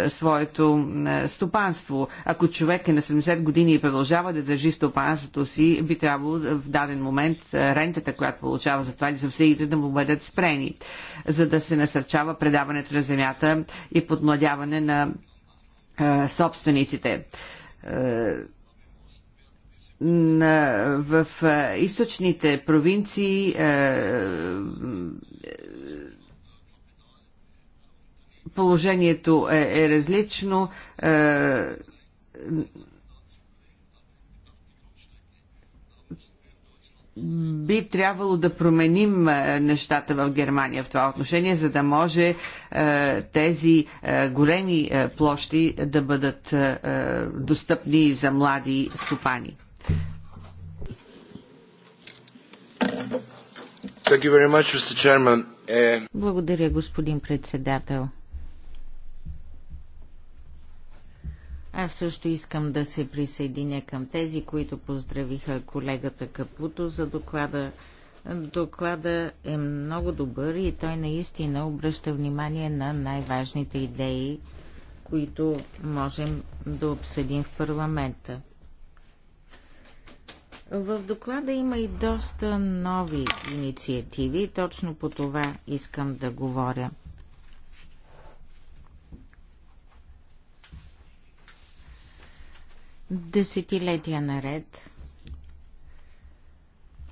своето стопанство. Ако човек е на 70 години и продължава да държи стопанството си, би трябвало в даден момент е, рентата, която получава за това или субсидиите да му бъдат спрени, за да се насърчава предаването на земята и подмладяване на е, собствениците. Е, в е, източните провинции е, е, положението е, е различно. Е, би трябвало да променим е, нещата в Германия в това отношение, за да може е, тези е, големи площи да бъдат достъпни за млади стопани. Благодаря, господин председател. Аз също искам да се присъединя към тези, които поздравиха колегата Капуто за доклада. Доклада е много добър и той наистина обръща внимание на най-важните идеи, които можем да обсъдим в парламента. В доклада има и доста нови инициативи, точно по това искам да говоря – Десетилетия наред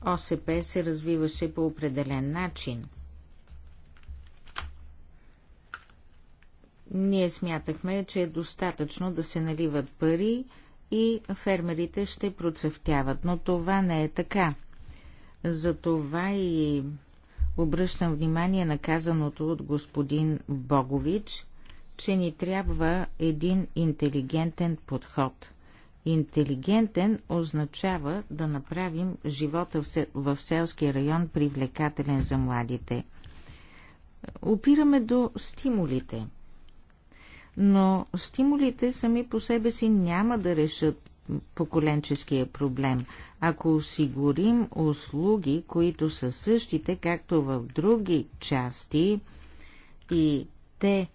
ОСП се развиваше по определен начин. Ние смятахме, че е достатъчно да се наливат пари и фермерите ще процъфтяват, но това не е така. Затова и обръщам внимание на казаното от господин Богович, че ни трябва един интелигентен подход – Интелигентен означава да направим живота в селския район привлекателен за младите. Опираме до стимулите. Но стимулите сами по себе си няма да решат поколенческия проблем. Ако осигурим услуги, които са същите, както в други части, и те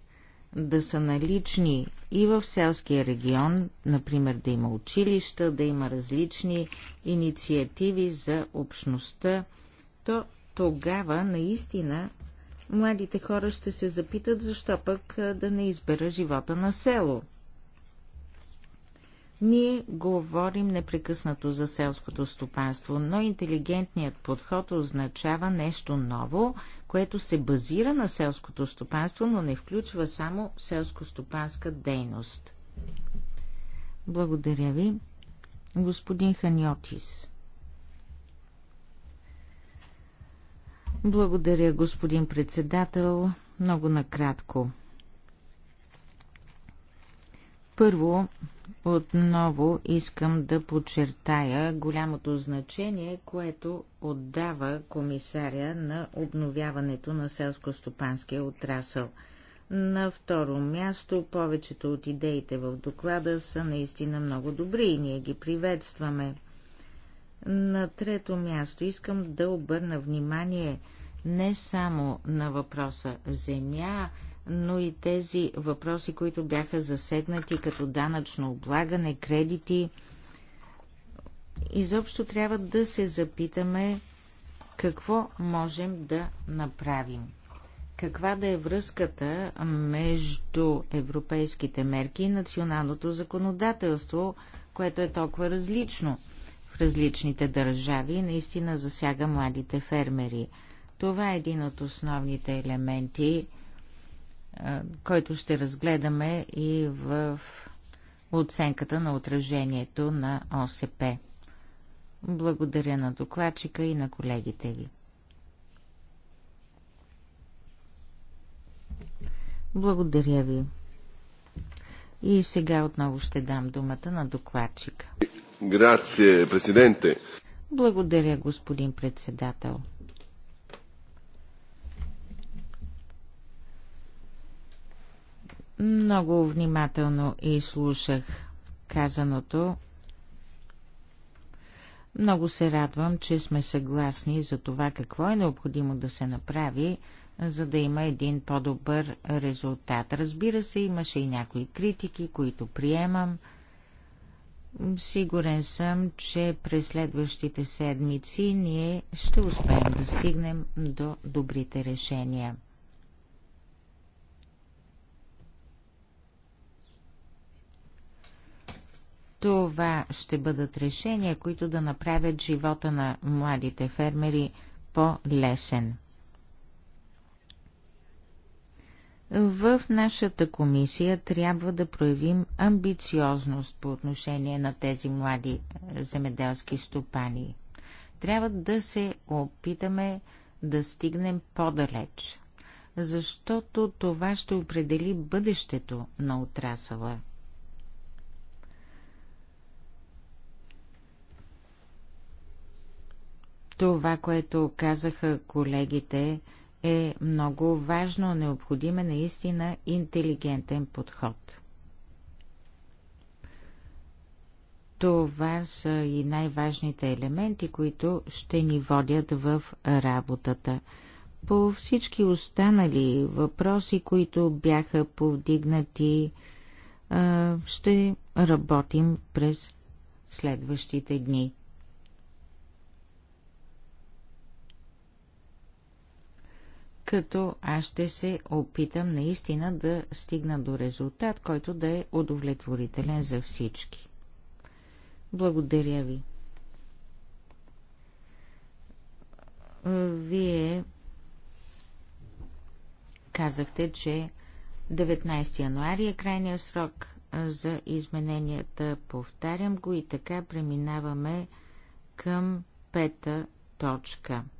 да са налични и в селския регион, например да има училища, да има различни инициативи за общността, то тогава наистина младите хора ще се запитат защо пък да не избера живота на село. Ние говорим непрекъснато за селското стопанство, но интелигентният подход означава нещо ново, което се базира на селското стопанство, но не включва само селско-стопанска дейност. Благодаря ви, господин Ханьотис. Благодаря, господин председател. Много накратко. Първо, отново искам да подчертая голямото значение, което отдава комисаря на обновяването на селско-стопанския отрасъл. На второ място, повечето от идеите в доклада са наистина много добри и ние ги приветстваме. На трето място искам да обърна внимание не само на въпроса земя, но и тези въпроси, които бяха засегнати като данъчно облагане, кредити. Изобщо трябва да се запитаме какво можем да направим. Каква да е връзката между европейските мерки и националното законодателство, което е толкова различно в различните държави и наистина засяга младите фермери. Това е един от основните елементи който ще разгледаме и в оценката на отражението на ОСП. Благодаря на докладчика и на колегите ви. Благодаря ви. И сега отново ще дам думата на докладчика. Грация, президенте. Благодаря, господин председател. Много внимателно изслушах казаното. Много се радвам, че сме съгласни за това какво е необходимо да се направи, за да има един по-добър резултат. Разбира се, имаше и някои критики, които приемам. Сигурен съм, че през следващите седмици ние ще успеем да стигнем до добрите решения. Това ще бъдат решения, които да направят живота на младите фермери по-лесен. В нашата комисия трябва да проявим амбициозност по отношение на тези млади е, земеделски стопани. Трябва да се опитаме да стигнем по-далеч, защото това ще определи бъдещето на отрасъла. Това, което казаха колегите, е много важно. Необходим е наистина интелигентен подход. Това са и най-важните елементи, които ще ни водят в работата. По всички останали въпроси, които бяха повдигнати, ще работим през следващите дни. като аз ще се опитам наистина да стигна до резултат, който да е удовлетворителен за всички. Благодаря ви. Вие казахте, че 19 януари е крайния срок за измененията. Повтарям го и така преминаваме към пета точка –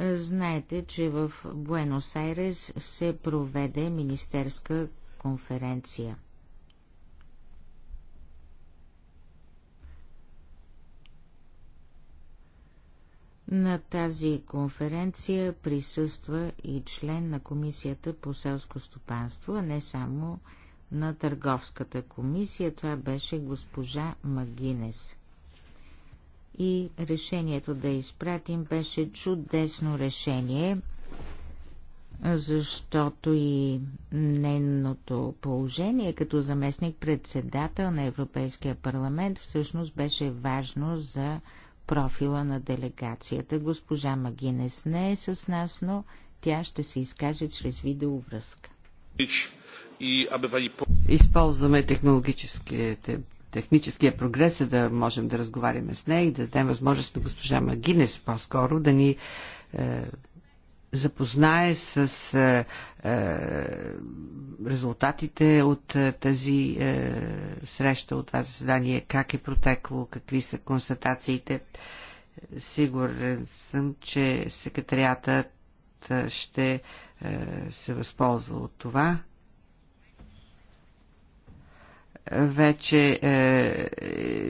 Знаете, че в Буенос Айрес се проведе министерска конференция. На тази конференция присъства и член на Комисията по селско стопанство, а не само на Търговската комисия. Това беше госпожа Магинес и решението да изпратим беше чудесно решение, защото и нейното положение като заместник-председател на Европейския парламент всъщност беше важно за профила на делегацията. Госпожа Магинес не е с нас, но тя ще се изкаже чрез видеовръзка. Използваме технологическите техническия прогрес, за да можем да разговаряме с нея и да дадем възможност на госпожа Магинес по-скоро да ни е, запознае с е, е, резултатите от е, тази е, среща, от това заседание, как е протекло, какви са констатациите. Сигурен съм, че секретариатът е, ще е, се възползва от това вече е,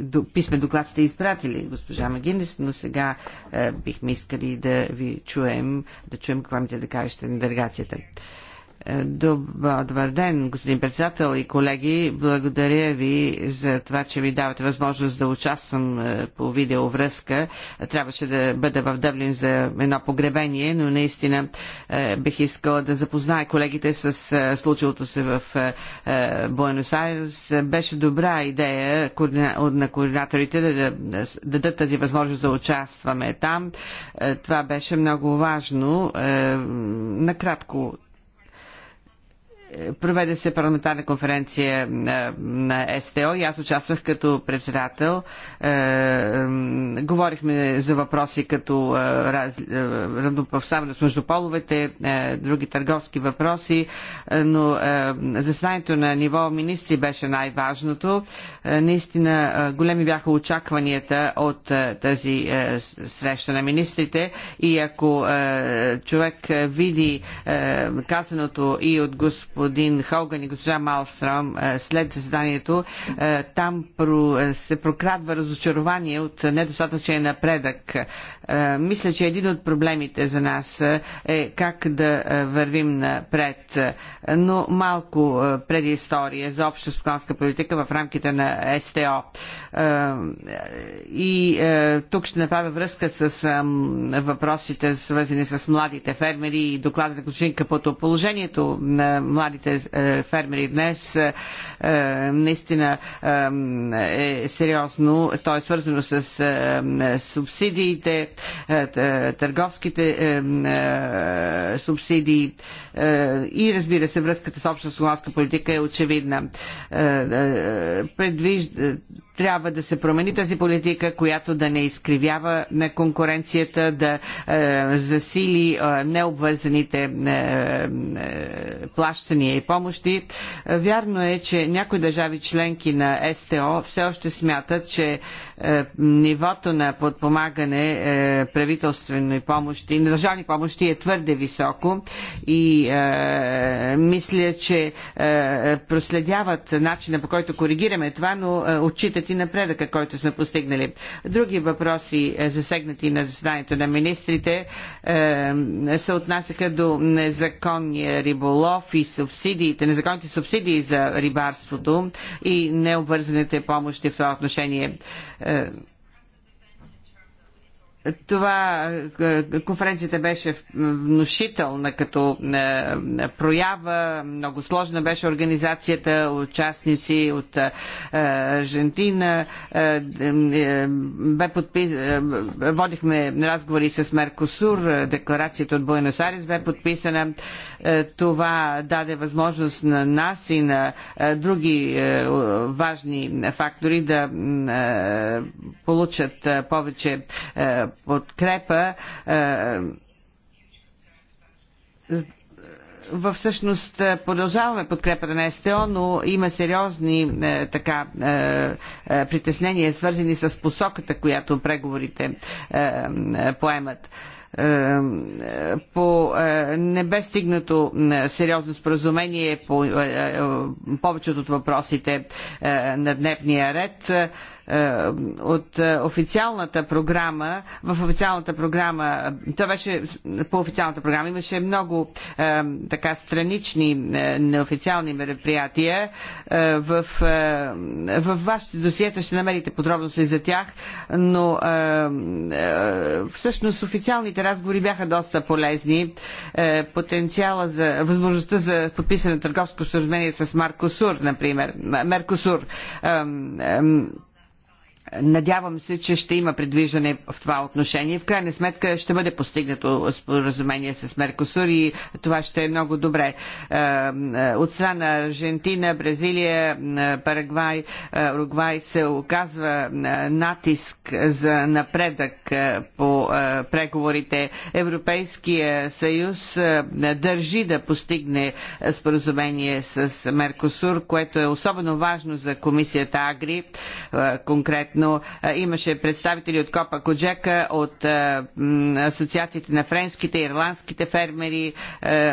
до, писмен доклад сте изпратили, госпожа Магинес, но сега е, бихме искали да ви чуем, да чуем ми те да кажете на делегацията. Е, Добър, ден, господин председател и колеги. Благодаря ви за това, че ми давате възможност да участвам е, по видеовръзка. Трябваше да бъда в Дъблин за едно погребение, но наистина е, бих искала да запозная колегите с е, случилото се в Буенос Айрес. Беше добра идея на координаторите да дадат тази възможност да участваме там. Това беше много важно. Накратко Проведе се парламентарна конференция на СТО и аз участвах като председател. Е, говорихме за въпроси като е, раз... Е, равнопоставеност между половете, други търговски въпроси, но заседанието на ниво министри беше най-важното. Наистина големи бяха очакванията от тази среща на министрите и ако човек види казаното и от господин господин Холган и госпожа Малстром е, след заседанието. Е, там е, се прокрадва разочарование от недостатъчен напредък. Мисля, че един от проблемите за нас е как да вървим напред, но малко предистория за обща стоканска политика в рамките на СТО. И тук ще направя връзка с въпросите, свързани с младите фермери и доклада на господин Капото. Положението на младите младите е, фермери днес е, е, наистина е сериозно. То е свързано с субсидиите, търговските субсидии и разбира се връзката с обща политика е очевидна. Предвижда трябва да се промени тази политика, която да не изкривява на конкуренцията, да е, засили е, необвързаните е, е, плащания и помощи. Вярно е, че някои държави членки на СТО все още смятат, че е, нивото на подпомагане е, правителствени помощи, на държавни помощи е твърде високо и е, мисля, че е, проследяват начина по който коригираме това, но е, отчитат и напредъка, който сме постигнали. Други въпроси, е, засегнати на заседанието на министрите, е, се отнасяха до незаконния риболов и субсидиите, незаконните субсидии за рибарството и необвързаните помощи в това отношение. Е, това е, е, конференцията беше внушителна като е, проява, много сложна беше организацията, участници от Аржентина, бе подпис... водихме разговори с Меркосур, декларацията от Буенос Арес бе подписана, това даде възможност на нас и на други важни фактори да получат повече подкрепа е, в всъщност е, продължаваме подкрепа на СТО, но има сериозни е, така е, е, притеснения, свързани с посоката, която преговорите е, поемат по, не бе стигнато сериозно споразумение по повечето от въпросите на дневния ред. Е, от е, официалната програма, в официалната програма, това беше по официалната програма, имаше много е, така странични неофициални мероприятия. В, в вашите досиета ще намерите подробности за тях, но всъщност официалните разговори бяха доста полезни. Потенциала за възможността за подписане на търговско споразумение с Маркосур, например, Меркосур. Надявам се, че ще има предвиждане в това отношение. В крайна сметка ще бъде постигнато споразумение с Меркосур и това ще е много добре. Е, е, от страна Аржентина, Бразилия, е, Парагвай, Уругвай се оказва натиск за напредък по преговорите. Европейския съюз държи да постигне споразумение с Меркосур, което е особено важно за комисията Агри, конкретно съответно имаше представители от Копа Коджека, от асоциациите на френските, и ирландските фермери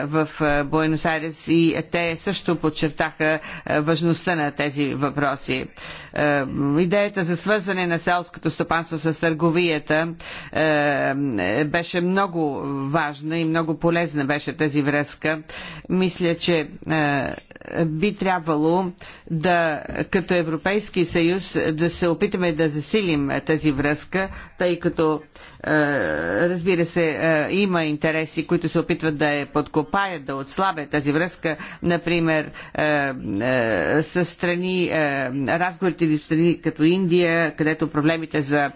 в Буенос Айрес и те също подчертаха важността на тези въпроси. Е, идеята за свързване на селското стопанство с търговията е, е, беше много важна и много полезна беше тази връзка. Мисля, че би трябвало да, като Европейски съюз, да се опитаме да засилим тази връзка, тъй като, разбира се, има интереси, които се опитват да я подкопаят, да отслабят тази връзка. Например, с страни разговорите развитите страни като Индия, където проблемите за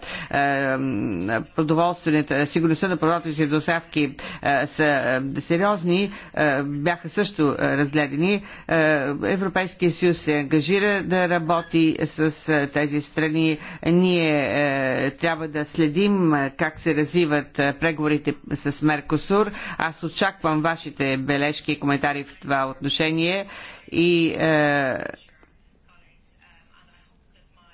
продоволствената, сигурността на продоволствените доставки е, са е, сериозни, е, бяха също разгледани. Европейския съюз се ангажира да работи с тези страни. Ние трябва да следим как се развиват преговорите с Меркосур. Аз очаквам вашите бележки и коментари в това отношение и е,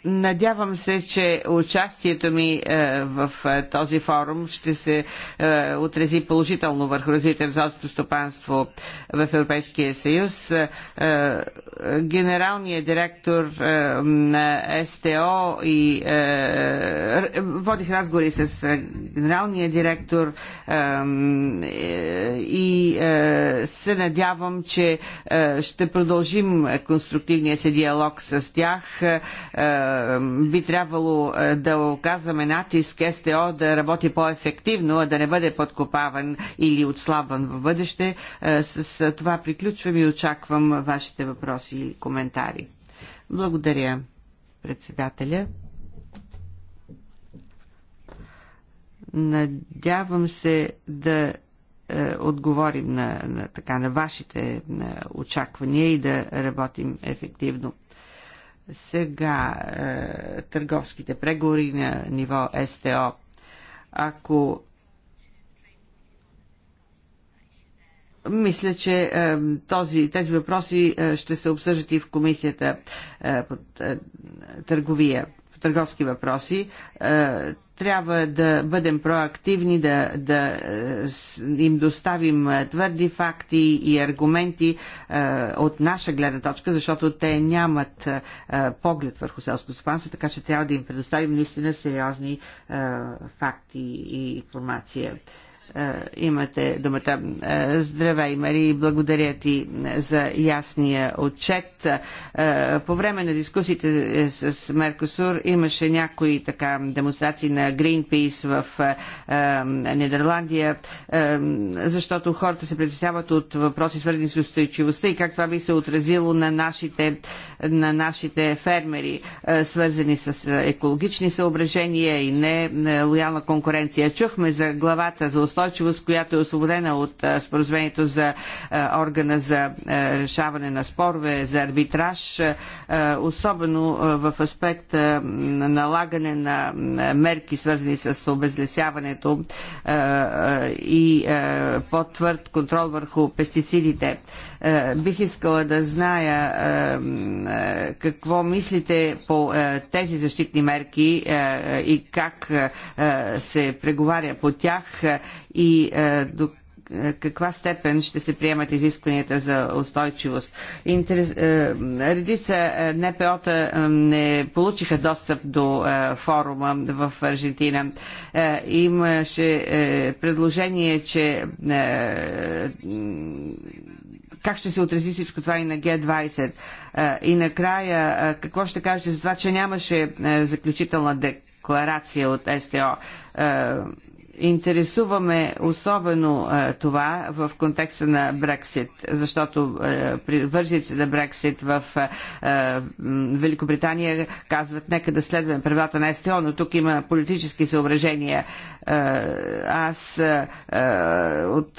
Надявам се, че участието ми е, в е, този форум ще се е, отрези положително върху развитие в зоотското стопанство в Европейския съюз. Генералният директор на СТО и водих разговори с генералния директор и се надявам, че ще продължим конструктивния си диалог с тях е, би трябвало е, да оказваме натиск СТО да работи по-ефективно, а да не бъде подкопаван или отслабван в бъдеще. Е, с това приключвам и очаквам вашите въпроси и коментари. Благодаря, председателя. Надявам се да отговорим на, на, така, на вашите на очаквания и да работим ефективно сега е, търговските преговори на ниво СТО. Ако мисля, че е, този, тези въпроси е, ще се обсъждат и в комисията е, под е, търговия по търговски въпроси, е, трябва да бъдем проактивни, да, да е, им доставим е, твърди факти и аргументи от наша гледна точка, защото те нямат поглед върху селското стопанство, така че трябва да им предоставим наистина сериозни факти и информация. Е, имате думата. Е, здравей, Мари, благодаря ти за ясния отчет. Е, по време на дискусиите с Меркосур имаше някои така демонстрации на Greenpeace в Нидерландия, защото хората се притесняват от въпроси свързани с устойчивостта и как това би се отразило на нашите, на нашите фермери, свързани с екологични съображения и не лоялна конкуренция. Чухме за главата за устойчивост устойчивост, която е освободена от споразумението за органа за решаване на спорове, за арбитраж, особено в аспект на налагане на мерки, свързани с обезлесяването и по-твърд контрол върху пестицидите. Е, бих искала да зная е, е, какво мислите по тези защитни мерки и как се преговаря по тях и до каква степен ще се приемат изискванията за устойчивост. Интерес, е, редица НПО-та не получиха достъп до е, форума в Аржентина. Е, имаше е, предложение, че е, как ще се отрази всичко това и на Г-20? Е, и накрая, е, какво ще кажете за това, че нямаше е, заключителна декларация от СТО? интересуваме особено а, е, това в контекста на Брексит, защото е, привържите на Брексит в а, е, Великобритания казват нека да следваме правилата на СТО, но тук има политически съображения. Аз от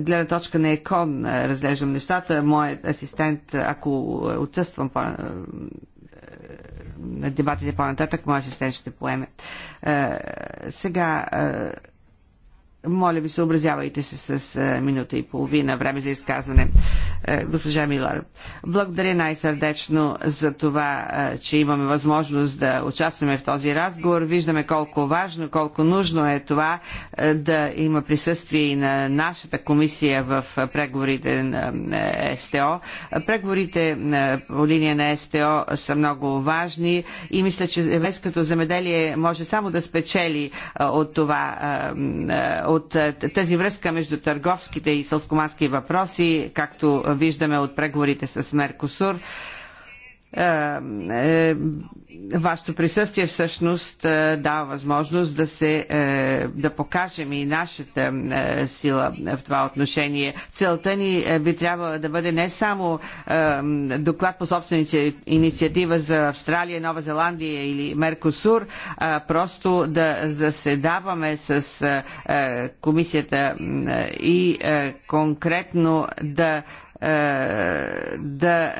гледна точка на ЕКОН разглеждам нещата. Моят асистент, ако отсъствам по на дебатите по-нататък, моят асистент ще поеме. Сега моля ви, съобразявайте се с е, минута и половина време за изказване. Е, госпожа Милар, благодаря най-сърдечно за това, е, че имаме възможност да участваме в този разговор. Виждаме колко важно, колко нужно е това да има присъствие и на нашата комисия в преговорите на СТО. Преговорите по линия на СТО са много важни и мисля, че европейското замеделие може само да спечели от това от е, тази връзка между търговските и сълскомански въпроси, както виждаме от преговорите с Меркосур. Е, е, вашето присъствие всъщност е, дава възможност да се да покажем и нашата сила в това отношение. Целта ни би трябвало да бъде не само доклад по собствена инициатива за Австралия, Нова Зеландия или Меркосур, а просто да заседаваме с комисията и конкретно да е, да,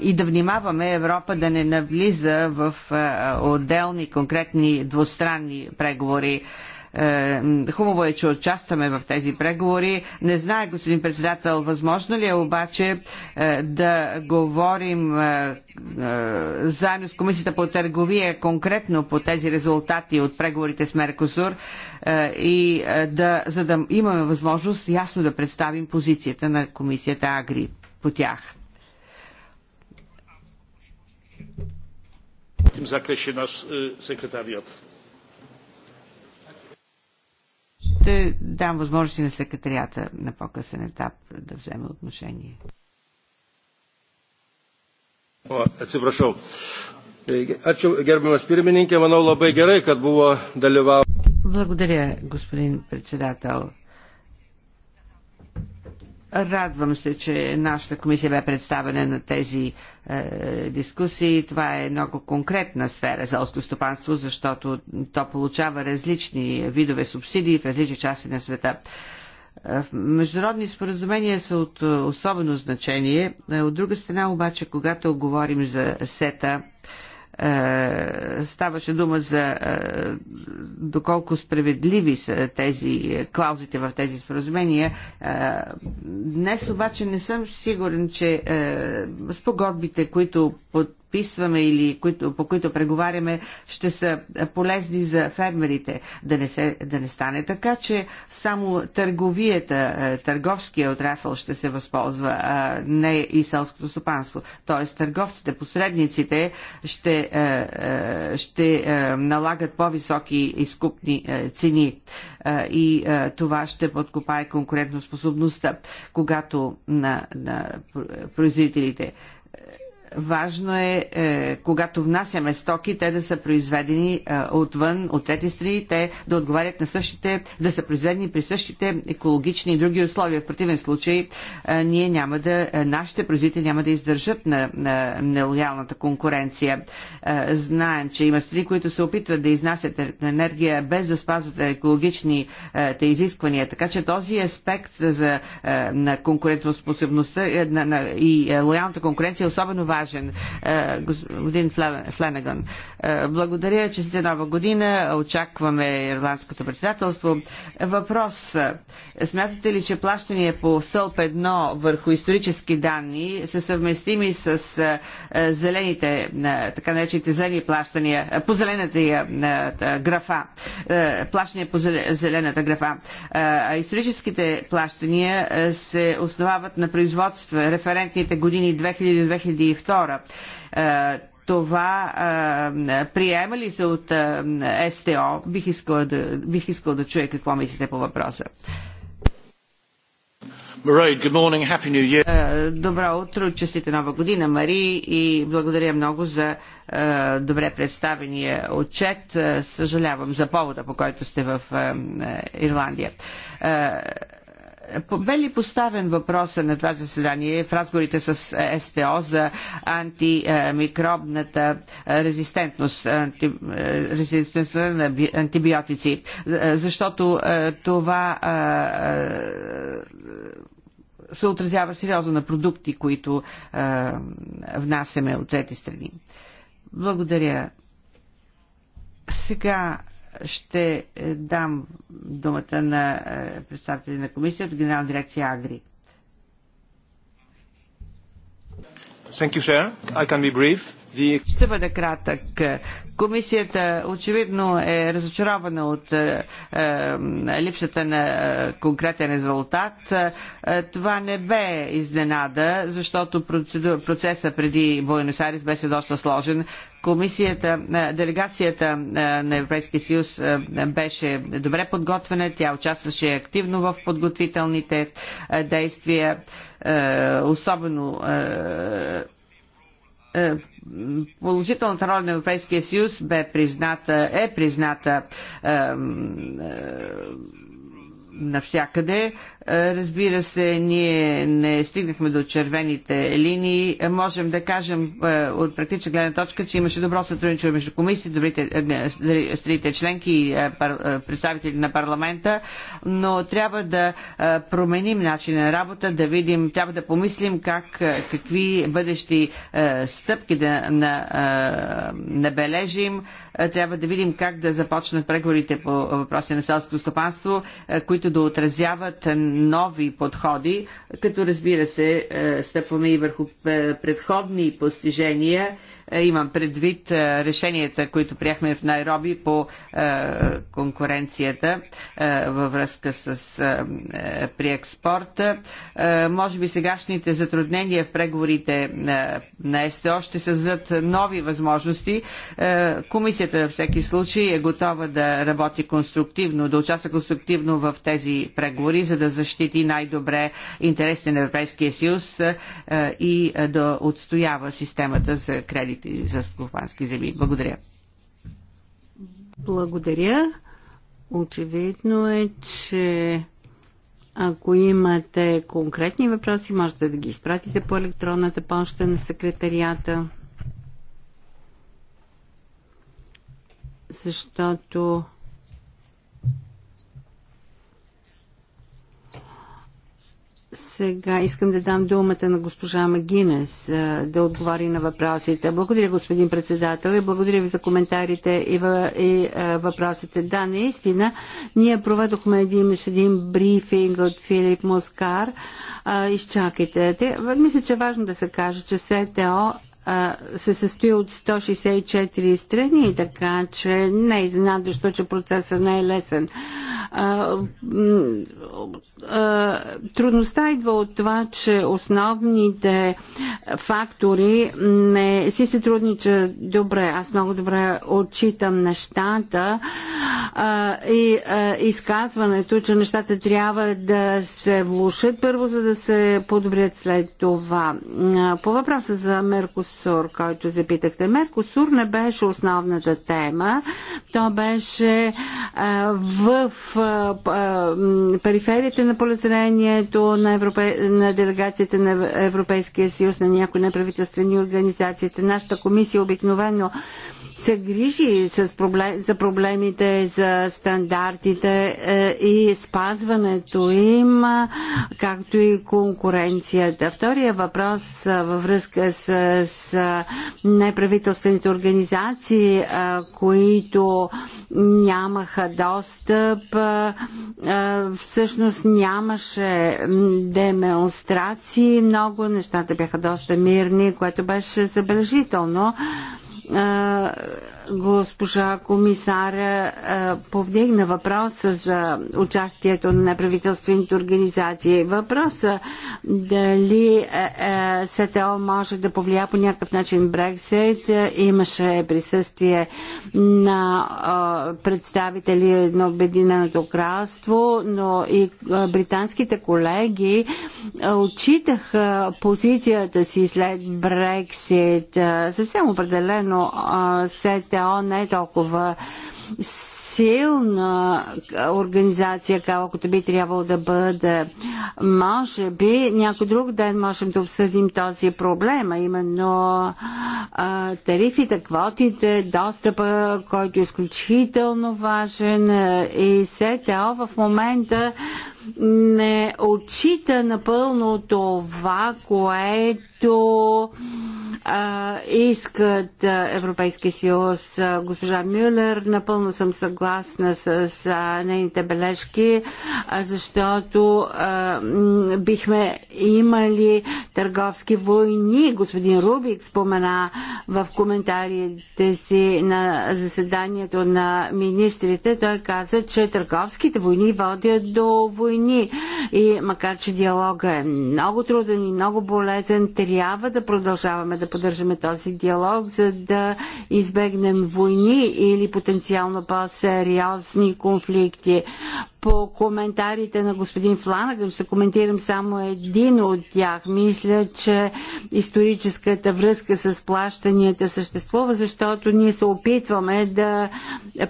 и да внимаваме Европа да не навлиза в е, отделни конкретни двустранни преговори е, хубаво е, че участваме в тези преговори. Не знае, господин председател, възможно ли е обаче е, да говорим е, заедно с Комисията по търговия конкретно по тези резултати от преговорите с Меркосур и да, за да имаме възможност ясно да представим позицията на Комисията Агри по тях. zakresie nasz sekretariat ще дам възможност и на секретарията на по-късен етап да вземе отношение. Atsiprašau. Ačiū, gerbiamas pirmininkė, manau labai gerai, kad buvo Благодаря, господин председател. Радвам се, че нашата комисия бе представена на тези е, дискусии. Това е много конкретна сфера за стопанство, защото то получава различни видове субсидии в различни части на света. Е, международни споразумения са от е, особено значение. Е, от друга страна обаче, когато говорим за сета, е, ставаше дума за е, доколко справедливи са тези клаузите в тези споразумения. Е, днес обаче не съм сигурен, че спогодбите, които под подписваме или които, по които преговаряме, ще са полезни за фермерите. Да не, се, да не стане така, че само търговията, е, търговския отрасъл ще се възползва, а не и селското стопанство. Тоест търговците, посредниците ще, е, е, ще налагат по-високи изкупни цени и това ще подкопае конкурентоспособността, когато на, на производителите Важно е, е, когато внасяме стоки, те да са произведени е, отвън, от трети страни, те да отговарят на същите, да са произведени при същите екологични и други условия. В противен случай, е, ние няма да, е, нашите производители няма да издържат на, на нелоялната конкуренция. Е, знаем, че има страни, които се опитват да изнасят е, енергия без да спазват екологичните е, изисквания. Така че този аспект за, е, на конкурентоспособността е, на, на, и е, лоялната конкуренция е особено важен важен. Е, господин Фленеган. Е, благодаря, че сте нова година. Очакваме ирландското председателство. Въпрос. Смятате ли, че плащания по стълб 1 върху исторически данни са съвместими с е, зелените, така наречените зелени плащания, по зелената графа, плащания по зелената графа. Историческите плащания се основават на производство, референтните години 2000-2002 е, това е, приема ли се от е, СТО? Бих искал да, бих искал да чуя какво мислите по въпроса. Добро утро, честите нова година, Мари, и благодаря много за добре представения отчет. Съжалявам за повода, по който сте в Ирландия бе ли поставен въпроса на това заседание в разговорите с е, СТО за антимикробната е, резистентност, анти, е, резистентност на антибиотици? Защото това се отразява сериозно на продукти, които внасяме от трети страни. Благодаря. Сега ще е, дам думата на е, представители на комисия от Генерална дирекция Агри. Thank you, Chair. I can be brief. Ще бъда кратък. Комисията очевидно е разочарована от е, е липсата на е, конкретен резултат. Е, това не бе изненада, защото процеду... процеса преди Буенос Айрес беше доста сложен. Комисията, е, делегацията на Европейския съюз беше добре подготвена, тя участваше активно в подготвителните действия, особено е, положителната роля на Европейския съюз бе призната, е призната е, е, навсякъде. Разбира се, ние не стигнахме до червените линии. Можем да кажем е, от практична гледна точка, че имаше добро сътрудничество между комисии, добрите е, е, страните членки и представители на парламента, но трябва да променим начин на работа, да видим, трябва да помислим как, какви бъдещи стъпки да набележим. Трябва да видим как да започнат преговорите по въпроси на селското стопанство, които да отразяват нови подходи, като разбира се е, стъпваме и върху е, предходни постижения е, имам предвид е, решенията, които приехме в Найроби по е, конкуренцията във връзка с при експорта. Може би сегашните затруднения в преговорите на СТО ще създадат нови възможности. Комисията във всеки случай е готова да работи конструктивно, да участва конструктивно в тези преговори, за да защити най-добре интересите на Европейския съюз и да отстоява системата за кредит за заскопански земи. Благодаря. Благодаря. Очевидно е, че ако имате конкретни въпроси, можете да ги изпратите по електронната почта на секретарията. Защото Сега искам да дам думата на госпожа Магинес да отговори на въпросите. Благодаря, господин председател, и благодаря ви за коментарите и, въ... и въпросите. Да, наистина, ние проведохме един, един брифинг от Филип Москар. изчакайте. Мисля, че е важно да се каже, че СТО а, се състои от 164 страни, така че не е изненадващо, че процесът не е лесен. А, а, трудността идва от това, че основните фактори не си се трудничат добре. Аз много добре отчитам нещата а, и а, изказването, че нещата трябва да се влушат първо, за да се подобрят след това. По въпроса за Меркус Меркосур, който запитахте. Меркосур не беше основната тема. То беше е, в е, е, периферията на полезрението на, Европе... на делегацията на Европейския съюз, на някои неправителствени организации. Нашата комисия обикновено се грижи с проблем, за проблемите, за стандартите е, и спазването им, както и конкуренцията. Втория въпрос във връзка с, с неправителствените организации, е, които нямаха достъп, е, всъщност нямаше демонстрации, много нещата бяха доста мирни, което беше забележително а, госпожа комисара повдигна въпроса за участието на неправителствените организации. Въпроса дали СТО може да повлия по някакъв начин Брексит. Имаше присъствие на представители на Обединеното кралство, но и британските колеги отчитаха позицията си след Брексит. Съвсем определено след СТО не е толкова силна организация, колкото би трябвало да бъде. Може би някой друг ден можем да обсъдим този проблем, а именно а, тарифите, квотите, достъпа, който е изключително важен и СТО в момента не отчита напълно това, което а, искат Европейския съюз. Госпожа Мюллер, напълно съм съгласна с, с нейните бележки, защото а, бихме имали търговски войни. Господин Рубик спомена в коментарите си на заседанието на министрите. Той каза, че търговските войни водят до войни войни. И макар, че диалога е много труден и много болезен, трябва да продължаваме да поддържаме този диалог, за да избегнем войни или потенциално по-сериозни конфликти по коментарите на господин Фланагър. Ще коментирам само един от тях. Мисля, че историческата връзка с плащанията съществува, защото ние се опитваме да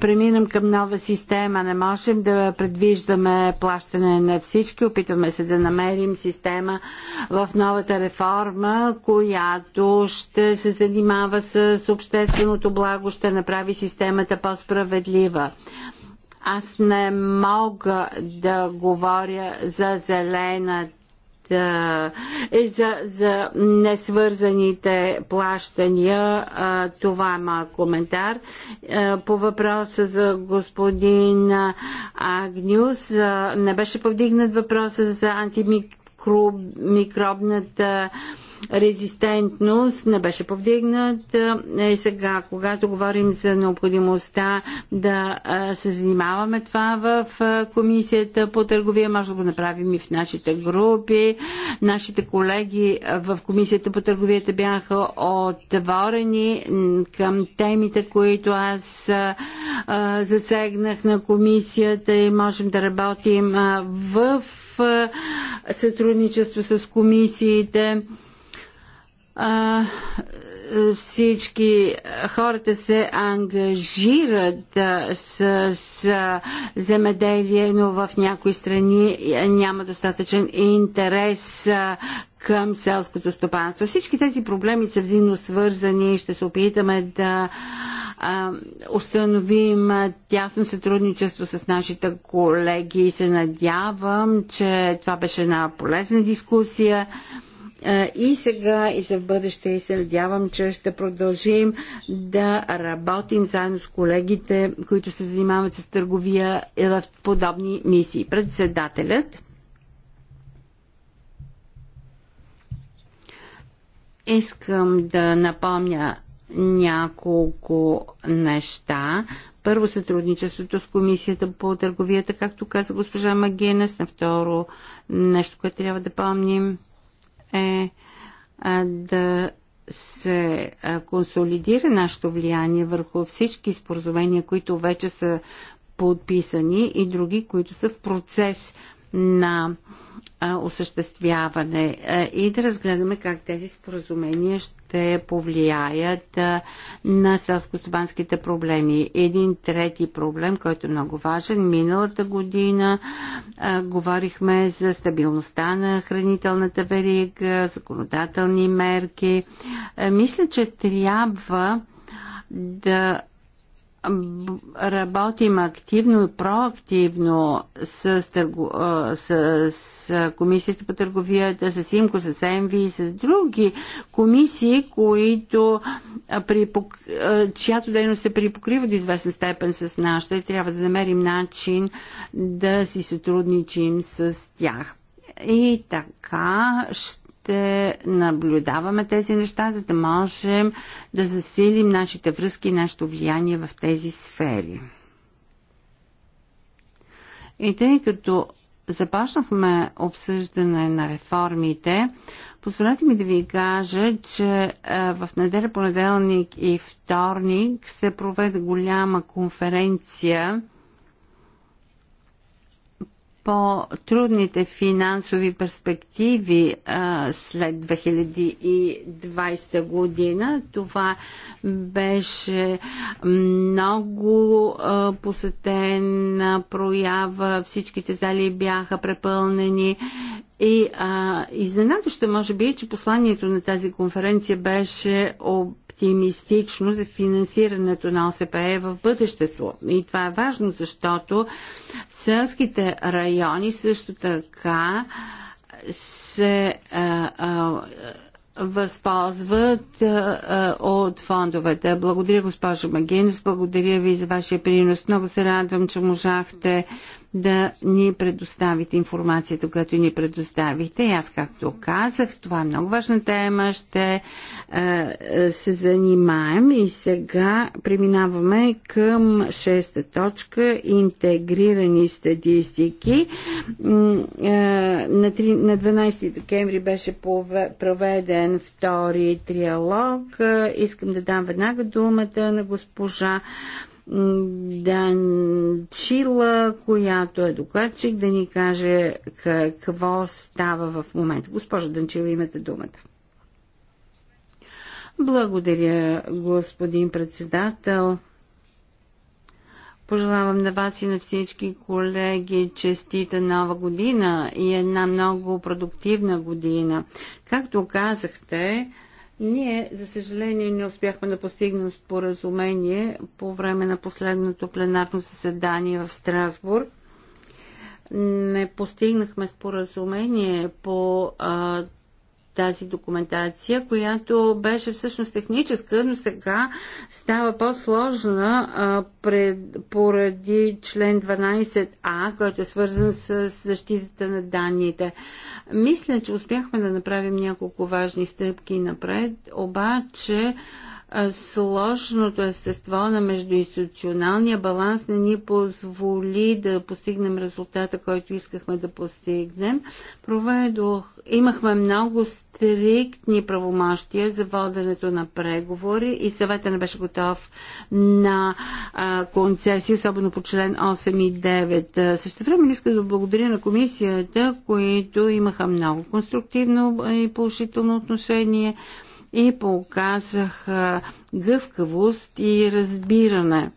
преминем към нова система. Не можем да предвиждаме плащане на всички. Опитваме се да намерим система в новата реформа, която ще се занимава с общественото благо, ще направи системата по-справедлива. Аз не мога да говоря за зелената и е, за, за несвързаните плащания. Това е моят коментар. По въпроса за господин Агнюс, не беше повдигнат въпроса за антимикробната антимикроб резистентност не беше повдигнат. И е, сега, когато говорим за необходимостта да се занимаваме това в комисията по търговия, може да го направим и в нашите групи. Нашите колеги в комисията по търговията бяха отворени към темите, които аз засегнах на комисията и можем да работим в сътрудничество с комисиите всички хората се ангажират с, с земеделие, но в някои страни няма достатъчен интерес към селското стопанство. Всички тези проблеми са взаимно свързани и ще се опитаме да установим тясно сътрудничество с нашите колеги и се надявам, че това беше една полезна дискусия и сега, и за в бъдеще, и се надявам, че ще продължим да работим заедно с колегите, които се занимават с търговия е, в подобни мисии. Председателят. Искам да напомня няколко неща. Първо сътрудничеството с комисията по търговията, както каза госпожа Магенес. На второ нещо, което трябва да помним е да се консолидира нашето влияние върху всички споразумения, които вече са подписани и други, които са в процес на осъществяване и да разгледаме как тези споразумения ще повлияят на на селскостопанските проблеми. Един трети проблем, който е много важен, миналата година а, говорихме за стабилността на хранителната верига, законодателни мерки. А, мисля, че трябва да работим активно и проактивно с, търго, с, с Комисията по търговията, с ИМКО, с МВИ и с други комисии, които при, чиято дейност се припокрива до известен степен с нашата и трябва да намерим начин да си сътрудничим с тях. И така ще ще наблюдаваме тези неща, за да можем да засилим нашите връзки и нашето влияние в тези сфери. И тъй като започнахме обсъждане на реформите, позволете ми да ви кажа, че е, в неделя, понеделник и вторник се проведе голяма конференция – по-трудните финансови перспективи а, след 2020 година. Това беше много а, посетена проява. Всичките зали бяха препълнени. И а, изненадващо може би е, че посланието на тази конференция беше об оптимистично за финансирането на ОСПЕ в бъдещето. И това е важно, защото селските райони също така се възползват от фондовете. Благодаря, госпожо Магинес, благодаря ви за вашия принос. Много се радвам, че можахте да ни предоставите информацията, която ни предоставите. И аз, както казах, това е много важна тема, ще е, е се занимаем и сега преминаваме към шеста точка интегрирани статистики. Е, на 12 декември беше проведен втори триалог. Е, искам да дам веднага думата на госпожа Данчила, която е докладчик, да ни каже какво става в момента. Госпожо Данчила, имате думата. Благодаря, господин председател. Пожелавам на вас и на всички колеги честита нова година и една много продуктивна година. Както казахте, ние, за съжаление, не успяхме да постигнем споразумение по време на последното пленарно заседание в Страсбург. Не постигнахме споразумение по а, тази документация, която беше всъщност техническа, но сега става по-сложна поради член 12а, който е свързан с защитата на данните. Мисля, че успяхме да направим няколко важни стъпки напред, обаче сложното естество на междуинституционалния баланс не ни позволи да постигнем резултата, който искахме да постигнем. Проведох, имахме много стриктни правомощия за воденето на преговори и съвета не беше готов на а, концесии, особено по член 8 и 9. Също време искам да благодаря на комисията, които имаха много конструктивно и положително отношение и показаха гъвкавост и разбиране.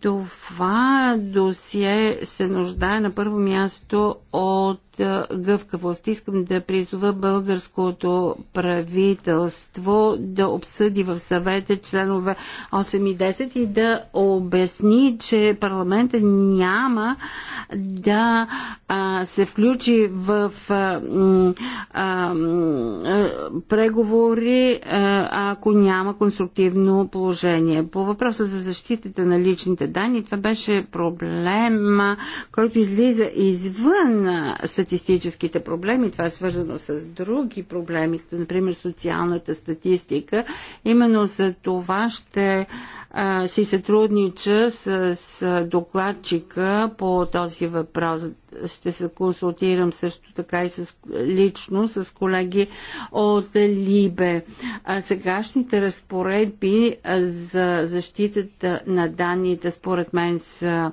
Това досие се нуждае на първо място от доста гъвкавост. Искам да призова българското правителство да обсъди в съвета членове 8 и 10 и да обясни, че парламента няма да а, се включи в а, а, преговори, ако няма конструктивно положение. По въпроса за защитата на личните данни, това беше проблема, който излиза извън статистиката статистическите проблеми, това е свързано с други проблеми, като например социалната статистика. Именно за това ще си сътруднича с, с докладчика по този въпрос. Ще се консултирам също така и с, лично с колеги от Либе. А сегашните разпоредби за защитата на данните според мен са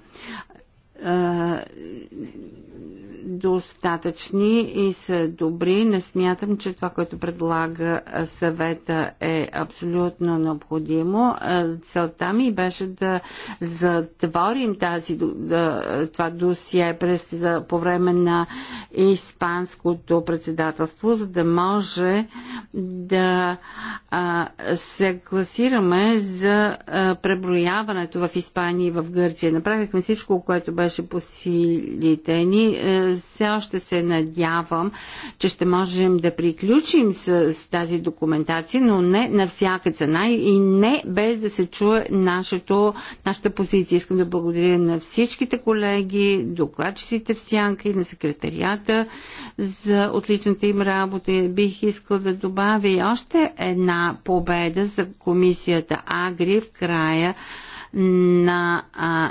достатъчни и са добри. Не смятам, че това, което предлага съвета е абсолютно необходимо. Целта ми беше да затворим тази, това досие през, по време на испанското председателство, за да може да се класираме за преброяването в Испания и в Гърция. Направихме всичко, което беше по силите ни е, все още се надявам, че ще можем да приключим с, с тази документация, но не на всяка цена и не без да се чуе нашето, нашата позиция. Искам да благодаря на всичките колеги, докладчиците в Сянка и на секретарията за отличната им работа. Бих искал да добавя и още една победа за комисията Агри в края на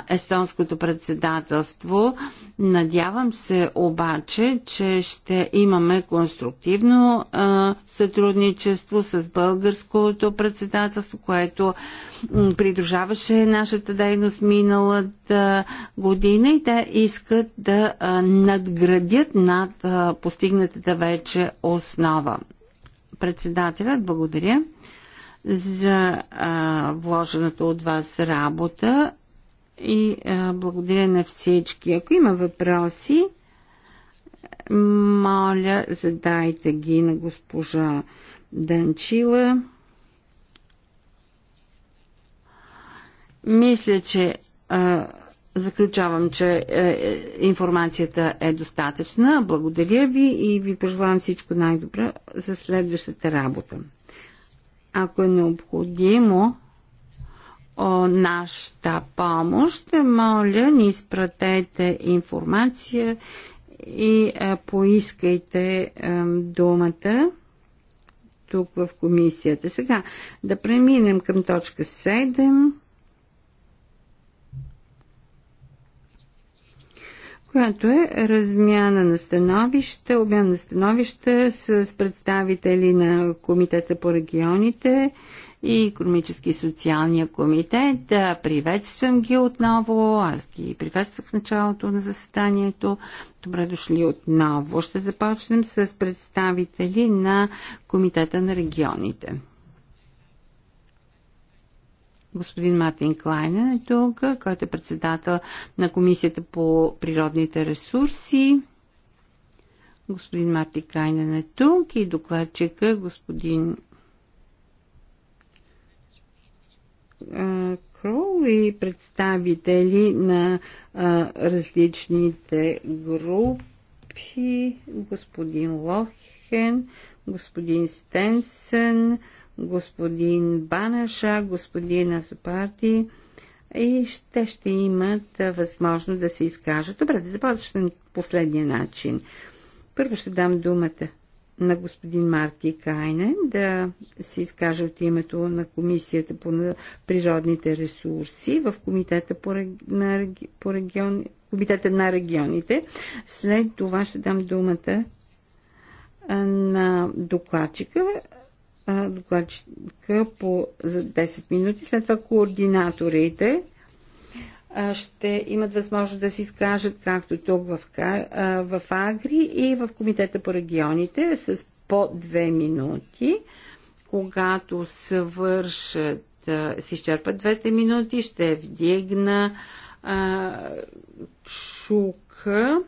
естонското председателство. Надявам се обаче, че ще имаме конструктивно сътрудничество с българското председателство, което придружаваше нашата дейност миналата година и те искат да надградят над постигнатата вече основа. Председателят, благодаря за а, вложената от вас работа и а, благодаря на всички. Ако има въпроси, моля, задайте ги на госпожа Данчила. Мисля, че а, заключавам, че а, е, информацията е достатъчна. Благодаря ви и ви пожелавам всичко най-добро за следващата работа ако е необходимо о, нашата помощ, е, моля, ни изпратете информация и а, е, поискайте а, е, думата тук в комисията. Сега да преминем към точка 7. която е размяна на становища, обмяна на становища с представители на Комитета по регионите и Економически и социалния комитет. Да приветствам ги отново. Аз ги приветствах в началото на заседанието. Добре дошли отново. Ще започнем с представители на Комитета на регионите. Господин Мартин Клайнен е тук, който е председател на Комисията по природните ресурси. Господин Марти Кайнен е тук и докладчика господин Крол и представители на различните групи, господин Лохен, господин Стенсен, господин Банаша, господин Азопарти и те ще имат възможност да се изкажат. Добре, да започнем последния начин. Първо ще дам думата на господин Марти Кайнен да се изкаже от името на Комисията по природните ресурси в Комитета, по, на, по регион, комитета на регионите. След това ще дам думата на докладчика докладчика по, за 10 минути. След това координаторите ще имат възможност да се изкажат както тук в, в Агри и в Комитета по регионите с по 2 минути. Когато свършат, се изчерпат двете минути, ще вдигна а, шука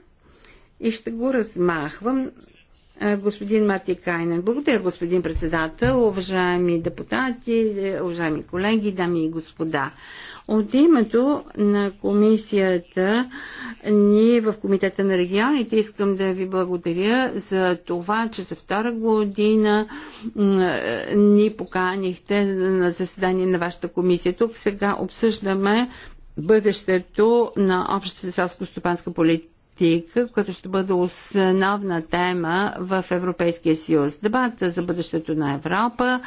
и ще го размахвам господин Марти Кайнен. Благодаря, господин председател, уважаеми депутати, уважаеми колеги, дами и господа. От името на комисията, ние в Комитета на регионите искам да ви благодаря за това, че за втора година ни поканихте на заседание на вашата комисия. Тук сега обсъждаме бъдещето на общата селско-стопанска политика политика, която ще бъде основна тема в Европейския съюз. Дебата за бъдещето на Европа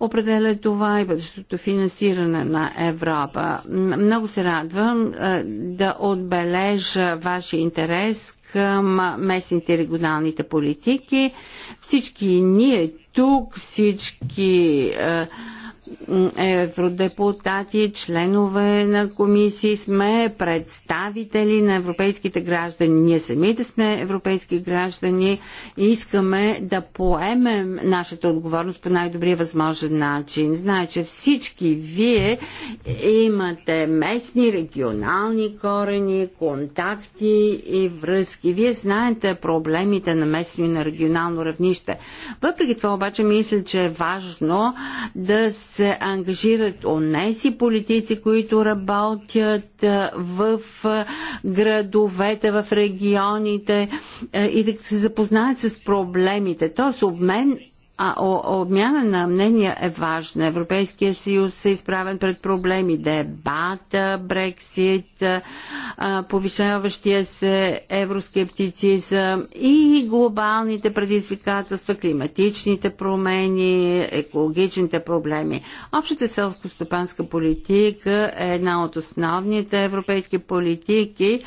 определя това и бъдещото финансиране на Европа. Много се радвам е, да отбележа вашия интерес към местните и регионалните политики. Всички ние тук, всички е, евродепутати, членове на комисии сме представители на европейските граждани. Ние самите да сме европейски граждани и искаме да поемем нашата отговорност по най-добрия възможен начин. Знае, че всички вие имате местни, регионални корени, контакти и връзки. Вие знаете проблемите на местно и на регионално равнище. Въпреки това обаче мисля, че е важно да се се ангажират онези политици, които работят в градовете, в регионите и да се запознаят с проблемите. Тоест обмен а, о, обмяна на мнения е важна. Европейския съюз е изправен пред проблеми. Дебата, Брексит, повишаващия се евроскептицизъм и глобалните предизвикателства, климатичните промени, екологичните проблеми. Общата селско-стопанска политика е една от основните европейски политики